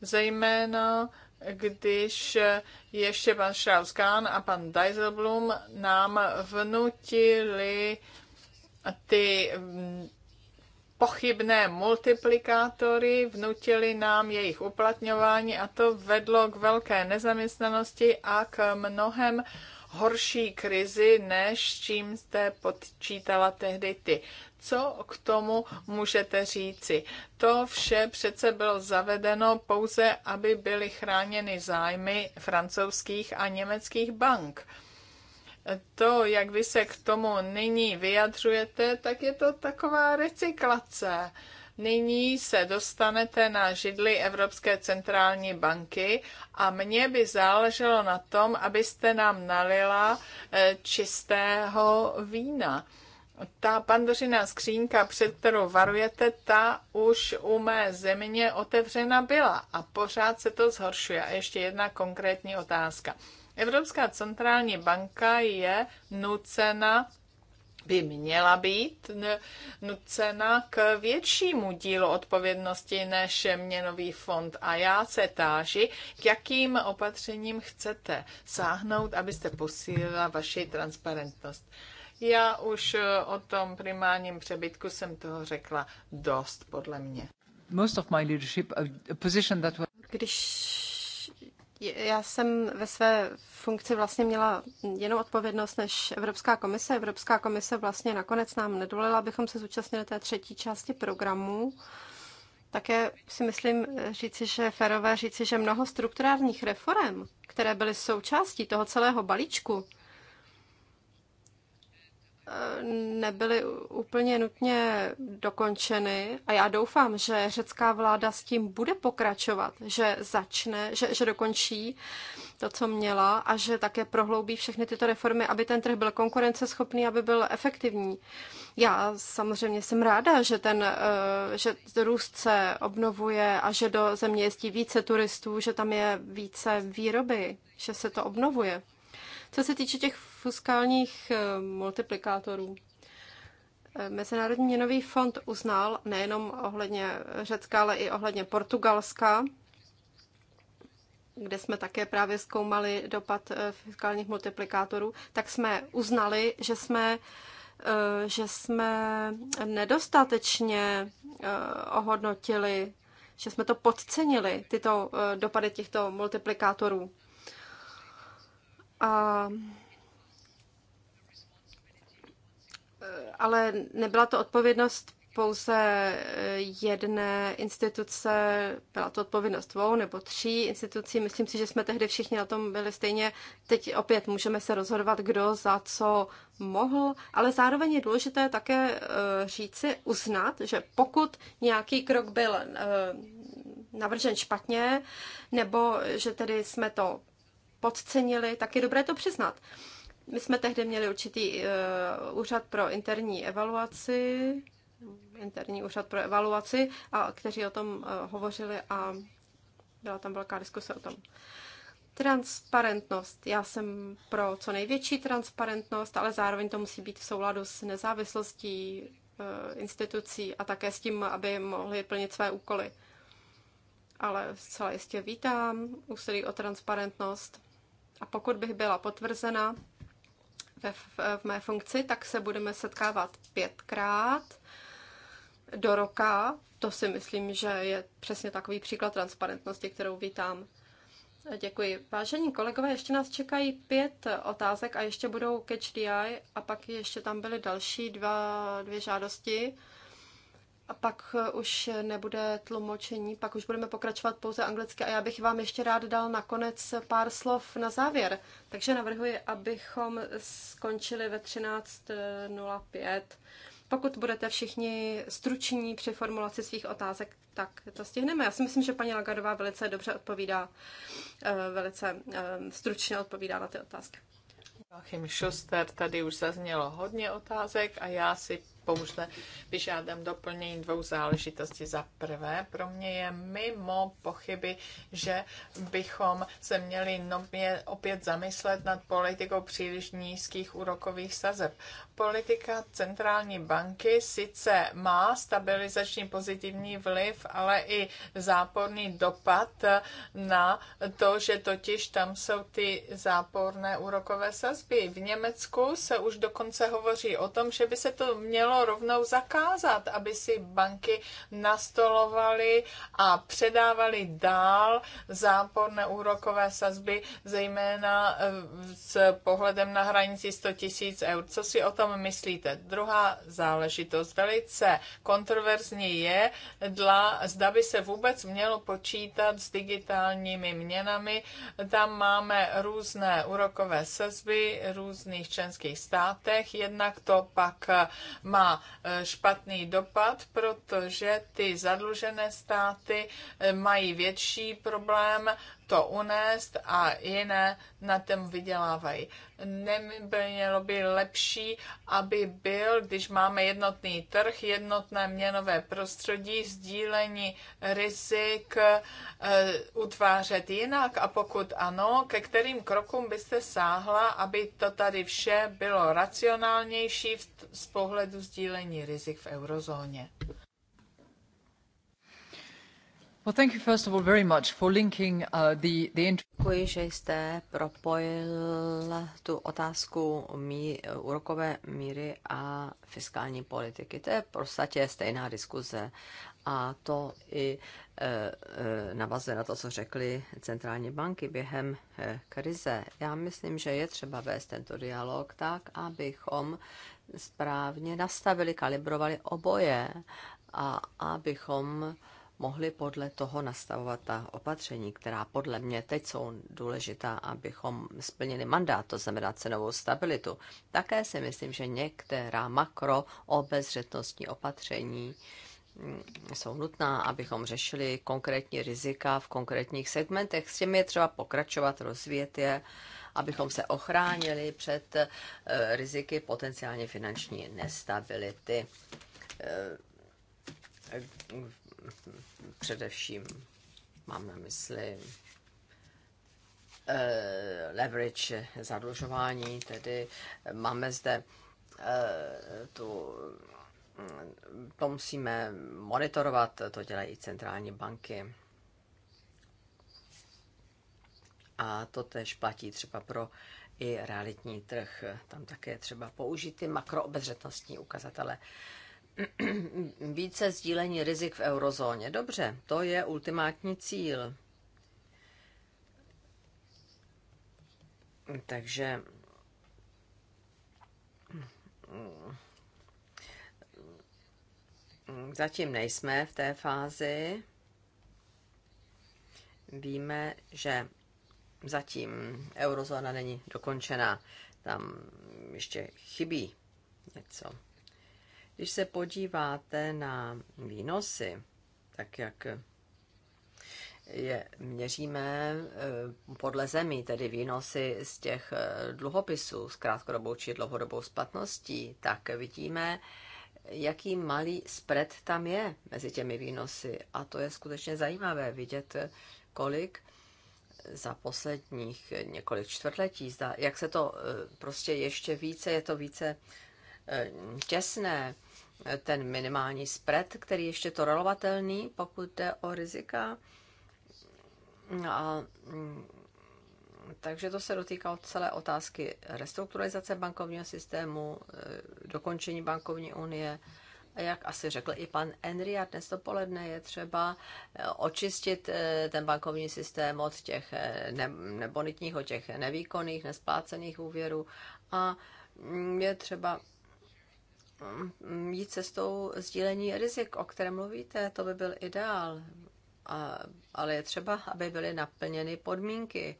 zejména když ještě pan strauss a pan Dijsselblum nám vnutili ty mm, pochybné multiplikátory, vnutili nám jejich uplatňování a to vedlo k velké nezaměstnanosti a k mnohem horší krizi, než čím jste podčítala tehdy ty. Co k tomu můžete říci? To vše přece bylo zavedeno pouze, aby byly chráněny zájmy francouzských a německých bank. To, jak vy se k tomu nyní vyjadřujete, tak je to taková recyklace. Nyní se dostanete na židli Evropské centrální banky a mně by záleželo na tom, abyste nám nalila eh, čistého vína ta pandořina skřínka, před kterou varujete, ta už u mé země otevřena byla a pořád se to zhoršuje. A ještě jedna konkrétní otázka. Evropská centrální banka je nucena by měla být nucena k většímu dílu odpovědnosti než měnový fond. A já se táži, k jakým opatřením chcete sáhnout, abyste posílila vaši transparentnost. Já už eh, o tom primárním přebytku jsem toho řekla dost, podle mě. Most of my leadership, position that was... Když já jsem ve své funkci vlastně měla jenom odpovědnost než Evropská komise. Evropská komise vlastně nakonec nám nedovolila, abychom se zúčastnili té třetí části programu. Také si myslím eh, říci, že férové říci, že mnoho strukturálních reform, které byly součástí toho celého balíčku, nebyly úplně nutně dokončeny a já doufám, že řecká vláda s tím bude pokračovat, že začne, že, že dokončí to, co měla a že také prohloubí všechny tyto reformy, aby ten trh byl konkurenceschopný, aby byl efektivní. Já samozřejmě jsem ráda, že ten eh, že růst se obnovuje a že do země jezdí více turistů, že tam je více výroby, že se to obnovuje. Co se týče těch fiskálních eh, multiplikátorů, eh, Mezinárodní měnový fond uznal nejenom ohledně Řecka, ale i ohledně Portugalska, kde jsme také právě zkoumali dopad eh, fiskálních multiplikátorů, tak jsme uznali, že jsme že jsme nedostatečně ohodnotili, že jsme to podcenili, tyto dopady těchto multiplikátorů. A eh, ale nebyla to odpovědnost pouze eh, jedné instituce, byla to odpovědnost dvou nebo tří institucí. Myslím si, že jsme tehdy všichni na tom byli stejně. Teď opět můžeme se rozhodovat, kdo za co mohl, ale zároveň je důležité také eh, říci, uznat, že pokud nějaký krok byl navržen špatně, nebo že tedy jsme to podcenili, tak je dobré to přiznat. My jsme tehdy měli určitý uh, úřad pro interní evaluaci, interní úřad pro evaluaci, a kteří o tom uh, hovořili a byla tam velká diskuse o tom. Transparentnost. Já jsem pro co největší transparentnost, ale zároveň to musí být v souladu s nezávislostí eh, institucí a také s tím, aby mohli plnit své úkoly. Ale zcela jistě vítám úsilí o transparentnost a pokud bych byla potvrzena ve, v, v mé funkci, tak se budeme setkávat pětkrát do roka. To si myslím, že je přesně takový příklad transparentnosti, kterou vítám. Děkuji. Vážení kolegové, ještě nás čekají pět otázek a ještě budou catch DI a pak ještě tam byly další dva, dvě žádosti a pak eh, už nebude tlumočení, pak už budeme pokračovat pouze anglicky a já bych vám ještě rád dal nakonec pár slov na závěr. Takže navrhuji, abychom skončili ve 13.05. Pokud budete všichni struční při formulaci svých otázek, tak to stihneme. Já si myslím, že paní Lagardová velice dobře odpovídá, eh, velice eh, stručně odpovídá na ty otázky. Joachim Schuster, tady už zaznělo hodně otázek a já si pouze vyžádám doplnění dvou záležitostí. Za prvé, pro mě je mimo pochyby, že bychom se měli nově opět zamyslet nad politikou příliš nízkých úrokových sazeb. Politika centrální banky sice má stabilizační pozitivní vliv, ale i záporný dopad na to, že totiž tam jsou ty záporné úrokové sazby. V Německu se už dokonce hovoří o tom, že by se to mělo mělo rovnou zakázat, aby si banky nastolovaly a předávaly dál záporné úrokové sazby, zejména eh, s pohledem na hranici 100 tisíc eur. Co si o tom myslíte? Druhá záležitost, velice kontroverzní je, dla, zda by se vůbec mělo počítat s digitálními měnami. Tam máme různé úrokové sazby v různých členských státech, jednak to pak má má e, špatný dopad, protože ty zadlužené státy e, mají větší problém to unést a jiné na tom vydělávají. Nemělo by lepší, aby byl, když máme jednotný trh, jednotné měnové prostředí, sdílení rizik e, utvářet jinak a pokud ano, ke kterým krokům byste sáhla, aby to tady vše bylo racionálnější z pohledu sdílení rizik v eurozóně? Děkuji, že jste propojil tu otázku mí, úrokové míry a fiskální politiky. To je v podstatě stejná diskuze a to i e, e, navazuje na to, co řekly centrální banky během e, krize. Já myslím, že je třeba vést tento dialog tak, abychom správně nastavili, kalibrovali oboje a abychom e, mohli podle toho nastavovat ta opatření, která podle mě teď jsou důležitá, abychom splnili mandát, to znamená cenovou stabilitu. Také si myslím, že některá makro obezřetnostní opatření mm, jsou nutná, abychom řešili konkrétní rizika v konkrétních segmentech. S těmi je třeba pokračovat, rozvíjet je, abychom se ochránili před eh, riziky potenciálně finanční nestability eh, především mám na mysli eh, leverage zadlužování, tedy máme zde eh, tu to musíme monitorovat, to dělají centrální banky. A to tež platí třeba pro i realitní trh. Tam také třeba použít ty makroobezřetnostní ukazatele. více sdílení rizik v eurozóně. Dobře, to je ultimátní cíl. Takže mm, zatím nejsme v té fázi. Víme, že zatím eurozóna není dokončená. Tam ještě chybí něco. Když se podíváte na výnosy, tak jak je měříme eh, podle zemí, tedy výnosy z těch eh, dluhopisů s krátkodobou či dlouhodobou splatností, tak vidíme, jaký malý spread tam je mezi těmi výnosy. A to je skutečně zajímavé vidět, kolik za posledních několik čtvrtletí, zda, jak se to eh, prostě ještě více, je to více těsné, ten minimální spread, který ještě to rolovatelný, pokud jde o rizika. A, mm, takže to se dotýká od celé otázky restrukturalizace bankovního systému, e, dokončení bankovní unie. jak asi řekl i pan Enria dnes dopoledne, je třeba e, očistit e, ten bankovní systém od těch nebonitních, od těch nevýkonných, nesplácených úvěrů a mm, je třeba Mm, jít cestou sdílení rizik, o kterém mluvíte, to by byl ideál. A, ale je třeba, aby byly naplněny podmínky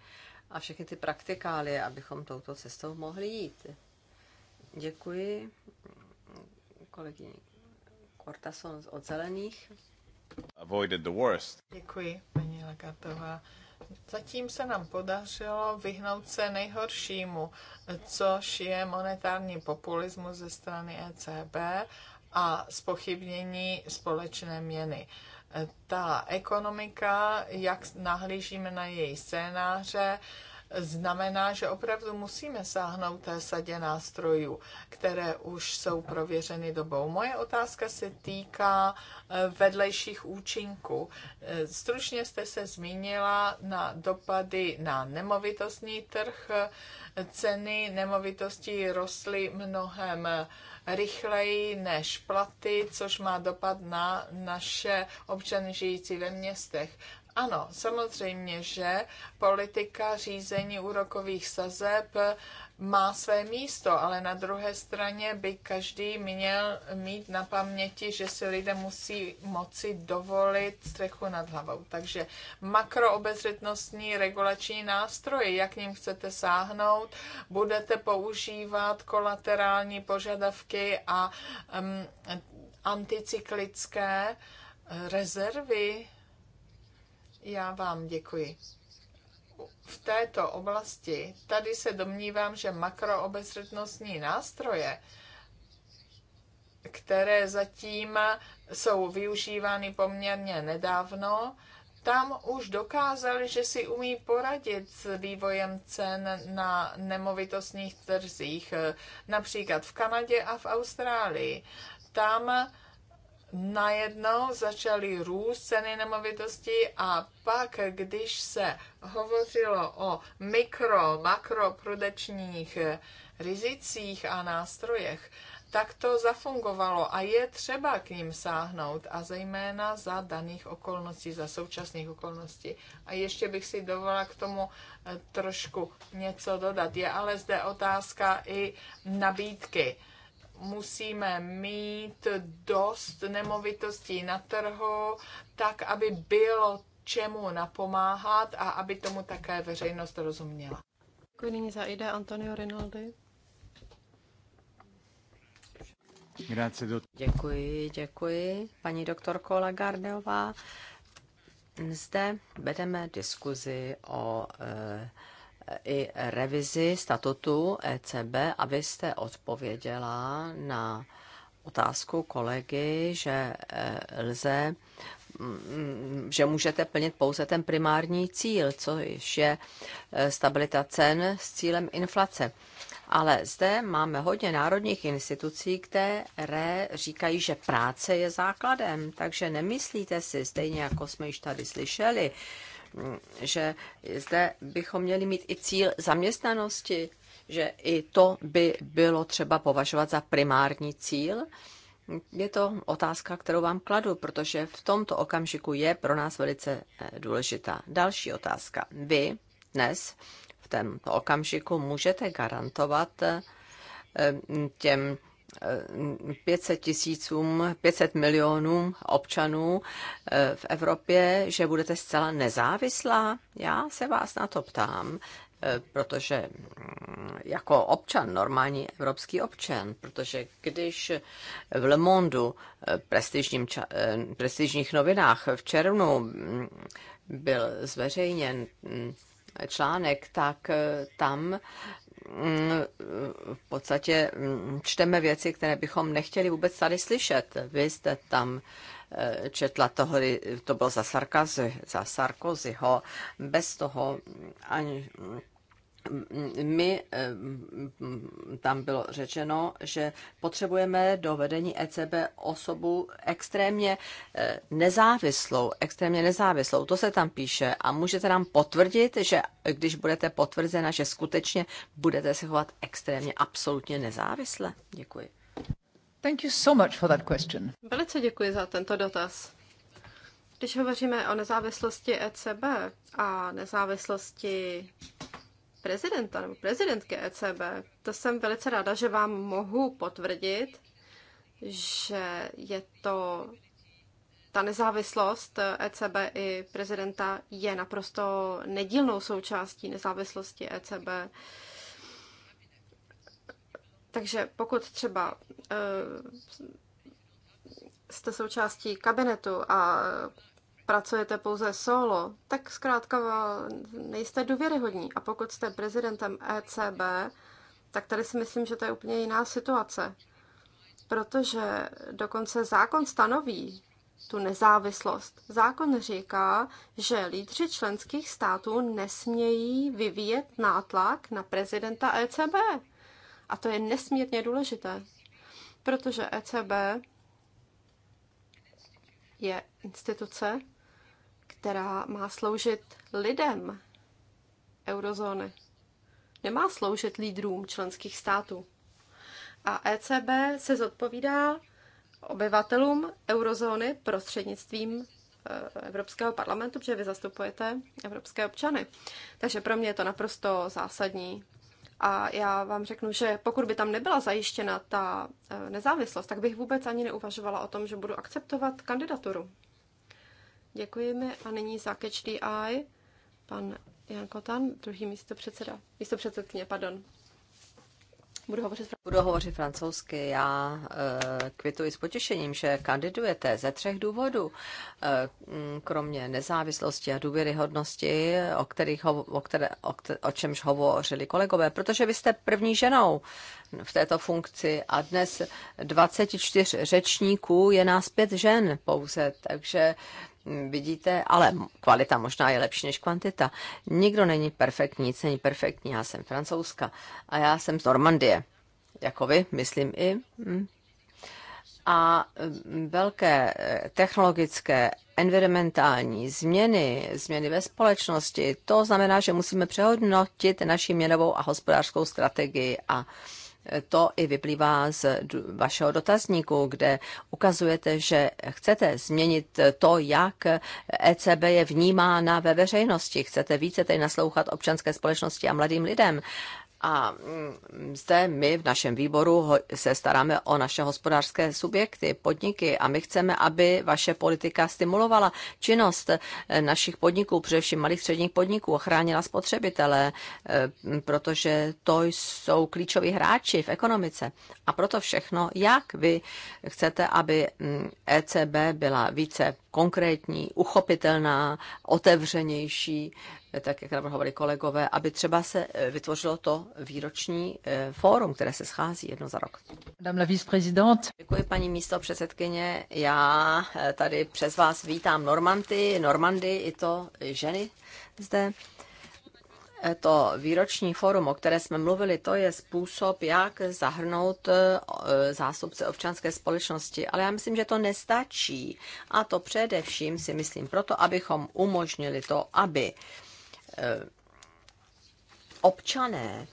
a všechny ty praktikály, abychom touto cestou mohli jít. Děkuji kolegyni Kortason od Zelených. Avoided the worst. Děkuji, paní Lagatová. Zatím se nám podařilo vyhnout se nejhoršímu, což je monetární populismus ze strany ECB a spochybnění společné měny. Ta ekonomika, jak nahlížíme na její scénáře, znamená, že opravdu musíme sáhnout té sadě nástrojů, které už jsou prověřeny dobou. Moje otázka se týká eh, vedlejších účinků. Eh, stručně jste se zmínila na dopady na nemovitostní trh. Ceny nemovitostí rostly mnohem eh, rychleji než platy, což má dopad na naše občany žijící ve městech. Ano, samozřejmě, že politika řízení úrokových sazeb má své místo, ale na druhé straně by každý měl mít na paměti, že si lidé musí moci dovolit střechu nad hlavou. Takže makroobezřetnostní regulační nástroje, jak ním chcete sáhnout, budete používat kolaterální požadavky a um, anticyklické rezervy já vám děkuji. V této oblasti tady se domnívám, že makroobezřetnostní nástroje, které zatím jsou využívány poměrně nedávno, tam už dokázali, že si umí poradit s vývojem cen na nemovitostních trzích, například v Kanadě a v Austrálii. Tam najednou začaly růst ceny nemovitosti a pak, když se hovořilo o mikro, prudečních rizicích a nástrojech, tak to zafungovalo a je třeba k ním sáhnout a zejména za daných okolností, za současných okolností. A ještě bych si dovolila k tomu eh, trošku něco dodat. Je ale zde otázka i nabídky musíme mít dost nemovitostí na trhu, tak, aby bylo čemu napomáhat a aby tomu také veřejnost rozuměla. Děkuji nyní za ide Antonio Rinaldi. Děkuji, děkuji. Paní doktorko Lagardeová, zde vedeme diskuzi o e, i revizi statutu ECB abyste odpověděla na otázku kolegy, že eh, lze mm, že můžete plnit pouze ten primární cíl, což je eh, stabilita cen s cílem inflace. Ale zde máme hodně národních institucí, které říkají, že práce je základem. Takže nemyslíte si, stejně jako jsme již tady slyšeli, že zde bychom měli mít i cíl zaměstnanosti, že i to by bylo třeba považovat za primární cíl. Je to otázka, kterou vám kladu, protože v tomto okamžiku je pro nás velice eh, důležitá. Další otázka. Vy dnes v tomto okamžiku můžete garantovat eh, těm 500 tisícům, 500 milionům občanů eh, v Evropě, že budete zcela nezávislá? Já se vás na to ptám, eh, protože mm, jako občan, normální evropský občan, protože když v Le Monde, eh, prestižním, prestižních novinách v červnu mm, byl zveřejněn mm, článek, tak tam Mm, v podstatě mm, čteme věci, které bychom nechtěli vůbec tady slyšet. Vy jste tam eh, četla toho, to bylo za, Sarkozy, za Sarkozyho, bez toho, ani, my eh, tam bylo řečeno, že potřebujeme do vedení ECB osobu extrémně eh, nezávislou, extrémně nezávislou, to se tam píše a můžete nám potvrdit, že když budete potvrzena, že skutečně budete se chovat extrémně absolutně nezávisle? Děkuji. Thank you so much for that question. Velice děkuji za tento dotaz. Když hovoříme o nezávislosti ECB a nezávislosti prezidenta nebo prezidentky ECB, to jsem velice ráda, že vám mohu potvrdit, že je to ta nezávislost ECB i prezidenta je naprosto nedílnou součástí nezávislosti ECB. Takže pokud třeba eh, jste součástí kabinetu a pracujete pouze solo, tak zkrátka nejste důvěryhodní. A pokud jste prezidentem ECB, tak tady si myslím, že to je úplně jiná situace. Protože dokonce zákon stanoví tu nezávislost. Zákon říká, že lídři členských států nesmějí vyvíjet nátlak na prezidenta ECB. A to je nesmírně důležité, protože ECB je instituce, která má sloužit lidem eurozóny. Nemá sloužit lídrům členských států. A ECB se zodpovídá obyvatelům eurozóny prostřednictvím e, Evropského parlamentu, protože vy zastupujete evropské občany. Takže pro mě je to naprosto zásadní. A já vám řeknu, že pokud by tam nebyla zajištěna ta e, nezávislost, tak bych vůbec ani neuvažovala o tom, že budu akceptovat kandidaturu. Děkujeme a nyní za Catch the Eye pan Jan Kotan, druhý místo předseda, místo předsedkyně, pardon. Budu hovořit, Budu hovořit francouzsky. Já eh, kvituji s potěšením, že kandidujete ze třech důvodů. Eh, mm, kromě nezávislosti a důvěryhodnosti, o, kterých, o, které, o, které, o čemž hovořili kolegové, protože vy jste první ženou v této funkci a dnes 24 řečníků je nás pět žen pouze, takže vidíte, ale kvalita možná je lepší než kvantita. Nikdo není perfektní, nic není perfektní. Já jsem francouzska a já jsem z Normandie. Jako vy, myslím i. Mm. A mm, velké eh, technologické, environmentální změny, změny ve společnosti, to znamená, že musíme přehodnotit naši měnovou a hospodářskou strategii a uh, to i vyplývá z vašeho dotazníku, kde ukazujete, že chcete změnit to, jak ECB je vnímána ve veřejnosti. Chcete více tady naslouchat občanské společnosti a mladým lidem. A mm, zde my v našem výboru se staráme o naše hospodářské subjekty, podniky a my chceme, aby vaše politika stimulovala činnost eh, našich podniků, především malých středních podniků, ochránila spotřebitele, eh, protože to jsou klíčoví hráči v ekonomice. A proto všechno, jak vy chcete, aby mm, ECB byla více konkrétní, uchopitelná, otevřenější, tak jak navrhovali kolegové, aby třeba se eh, vytvořilo to výroční eh, fórum, které se schází jedno za rok. Madame la vice-présidente. Děkuji, paní místo předsedkyně. Já eh, tady přes vás vítám Normandy, Normandy i to ženy zde. To výroční fórum, o které jsme mluvili, to je způsob, jak zahrnout zástupce občanské společnosti. Ale já myslím, že to nestačí. A to především si myslím proto, abychom umožnili to, aby Eh, občané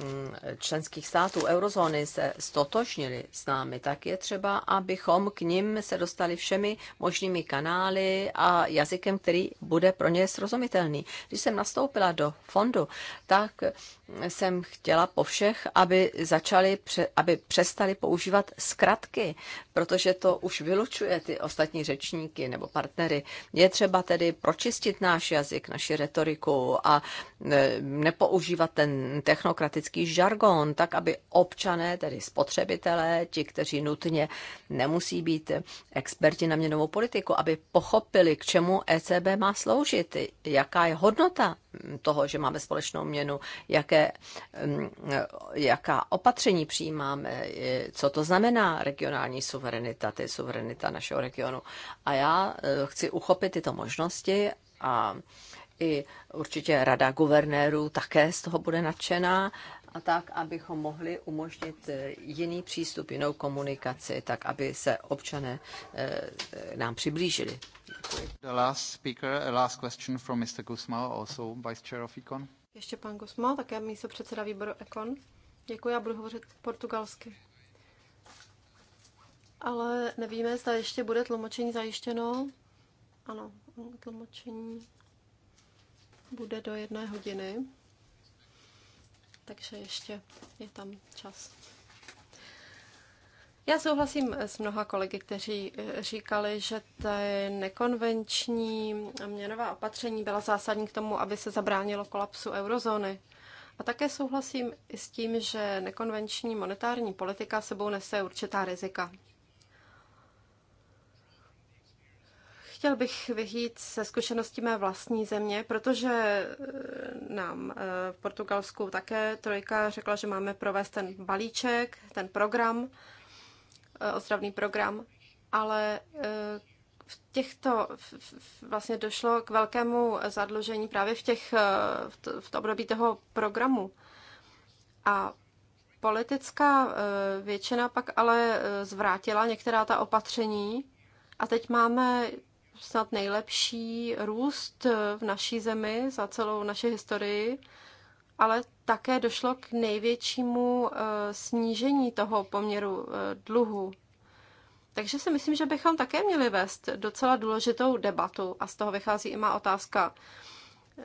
Mm, členských států eurozóny se stotožnili s námi, tak je třeba, abychom k ním se dostali všemi možnými kanály a jazykem, který bude pro ně srozumitelný. Když jsem nastoupila do fondu, tak jsem chtěla po všech, aby začali, aby přestali používat zkratky, protože to už vylučuje ty ostatní řečníky nebo partnery. Je třeba tedy pročistit náš jazyk, naši retoriku a e, nepoužívat ten technokratický politický žargon, tak aby občané, tedy spotřebitelé, ti, kteří nutně nemusí být experti na měnovou politiku, aby pochopili, k čemu ECB má sloužit, jaká je hodnota toho, že máme společnou měnu, jaké, mm, jaká opatření přijímáme, co to znamená regionální suverenita, tedy suverenita našeho regionu. A já eh, chci uchopit tyto možnosti a i určitě rada guvernérů také z toho bude nadšená a tak, abychom mohli umožnit eh, jiný přístup, jinou komunikaci, tak, aby se občané eh, eh, nám přiblížili. The last speaker, a last question from Mr. Gusmao, also vice chair of Econ. Ještě pan Gusmao, také místo předseda výboru Econ. Děkuji, já budu hovořit portugalsky. Ale nevíme, zda ještě bude tlumočení zajištěno. Ano, tlumočení bude do jedné hodiny takže ještě je tam čas. Já souhlasím s mnoha kolegy, kteří eh, říkali, že ty nekonvenční měnová opatření byla zásadní k tomu, aby se zabránilo kolapsu eurozóny. A také souhlasím i s tím, že nekonvenční monetární politika sebou nese určitá rizika. Chtěl bych vyhít se zkušeností mé vlastní země, protože eh, nám eh, v Portugalsku také trojka řekla, že máme provést ten balíček, ten program, eh, ozdravný program, ale v těchto vlastně došlo k velkému zadlužení právě v těch v to období toho programu. A politická většina pak ale zvrátila některá ta opatření a teď máme snad nejlepší růst v naší zemi za celou naši historii, ale také došlo k největšímu eh, snížení toho poměru eh, dluhu. Takže si myslím, že bychom také měli vést docela důležitou debatu a z toho vychází i má otázka. Eh,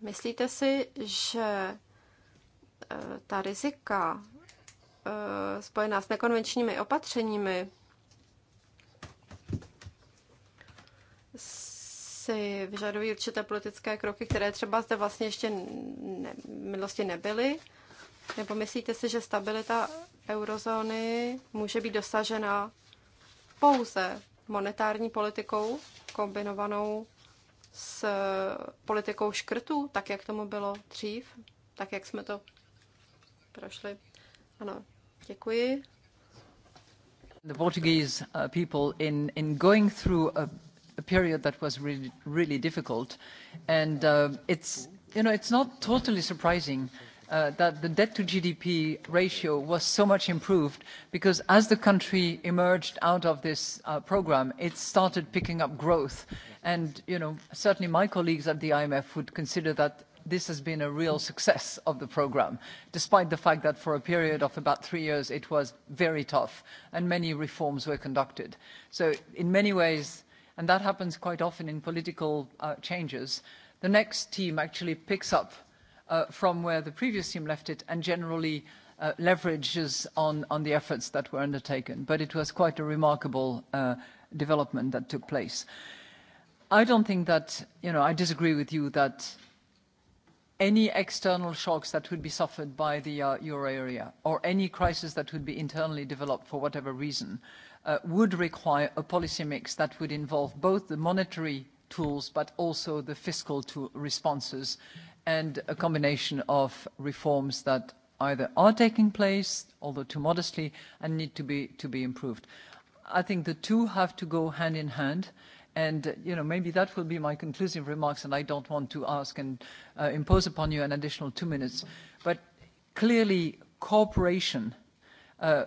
myslíte si, že ta rizika spojená s nekonvenčními opatřeními si vyžadují určité politické kroky, které třeba zde vlastně ještě ne, minulosti nebyly? Nebo myslíte si, že stabilita eurozóny může být dosažena pouze monetární politikou kombinovanou s politikou škrtů, tak jak tomu bylo dřív, tak jak jsme to prošli. Ano, děkuji. The Portuguese uh, people in, in going through a a period that was really, really difficult. And uh, it's, you know, it's not totally surprising uh, that the debt to GDP ratio was so much improved because as the country emerged out of this uh, program, it started picking up growth. And, you know, certainly my colleagues at the IMF would consider that this has been a real success of the program, despite the fact that for a period of about three years it was very tough and many reforms were conducted. So in many ways, and that happens quite often in political uh, changes, the next team actually picks up uh, from where the previous team left it and generally uh, leverages on, on the efforts that were undertaken. But it was quite a remarkable uh, development that took place. I don't think that, you know, I disagree with you that any external shocks that would be suffered by the uh, euro area or any crisis that would be internally developed for whatever reason Uh, would require a policy mix that would involve both the monetary tools but also the fiscal tool responses and a combination of reforms that either are taking place, although too modestly, and need to be, to be improved. I think the two have to go hand in hand. And, you know, maybe that will be my conclusive remarks, and I don't want to ask and uh, impose upon you an additional two minutes. But clearly, cooperation, uh,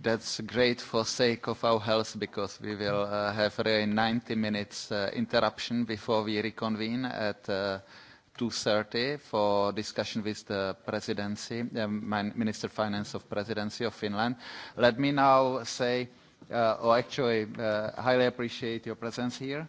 that's great for sake of our health because we will uh, have really 90 minutes uh, interruption before we reconvene at uh, 2.30 for discussion with the presidency, uh, Minister of Finance of Presidency of Finland. Let me now say, uh, or oh, actually uh, highly appreciate your presence here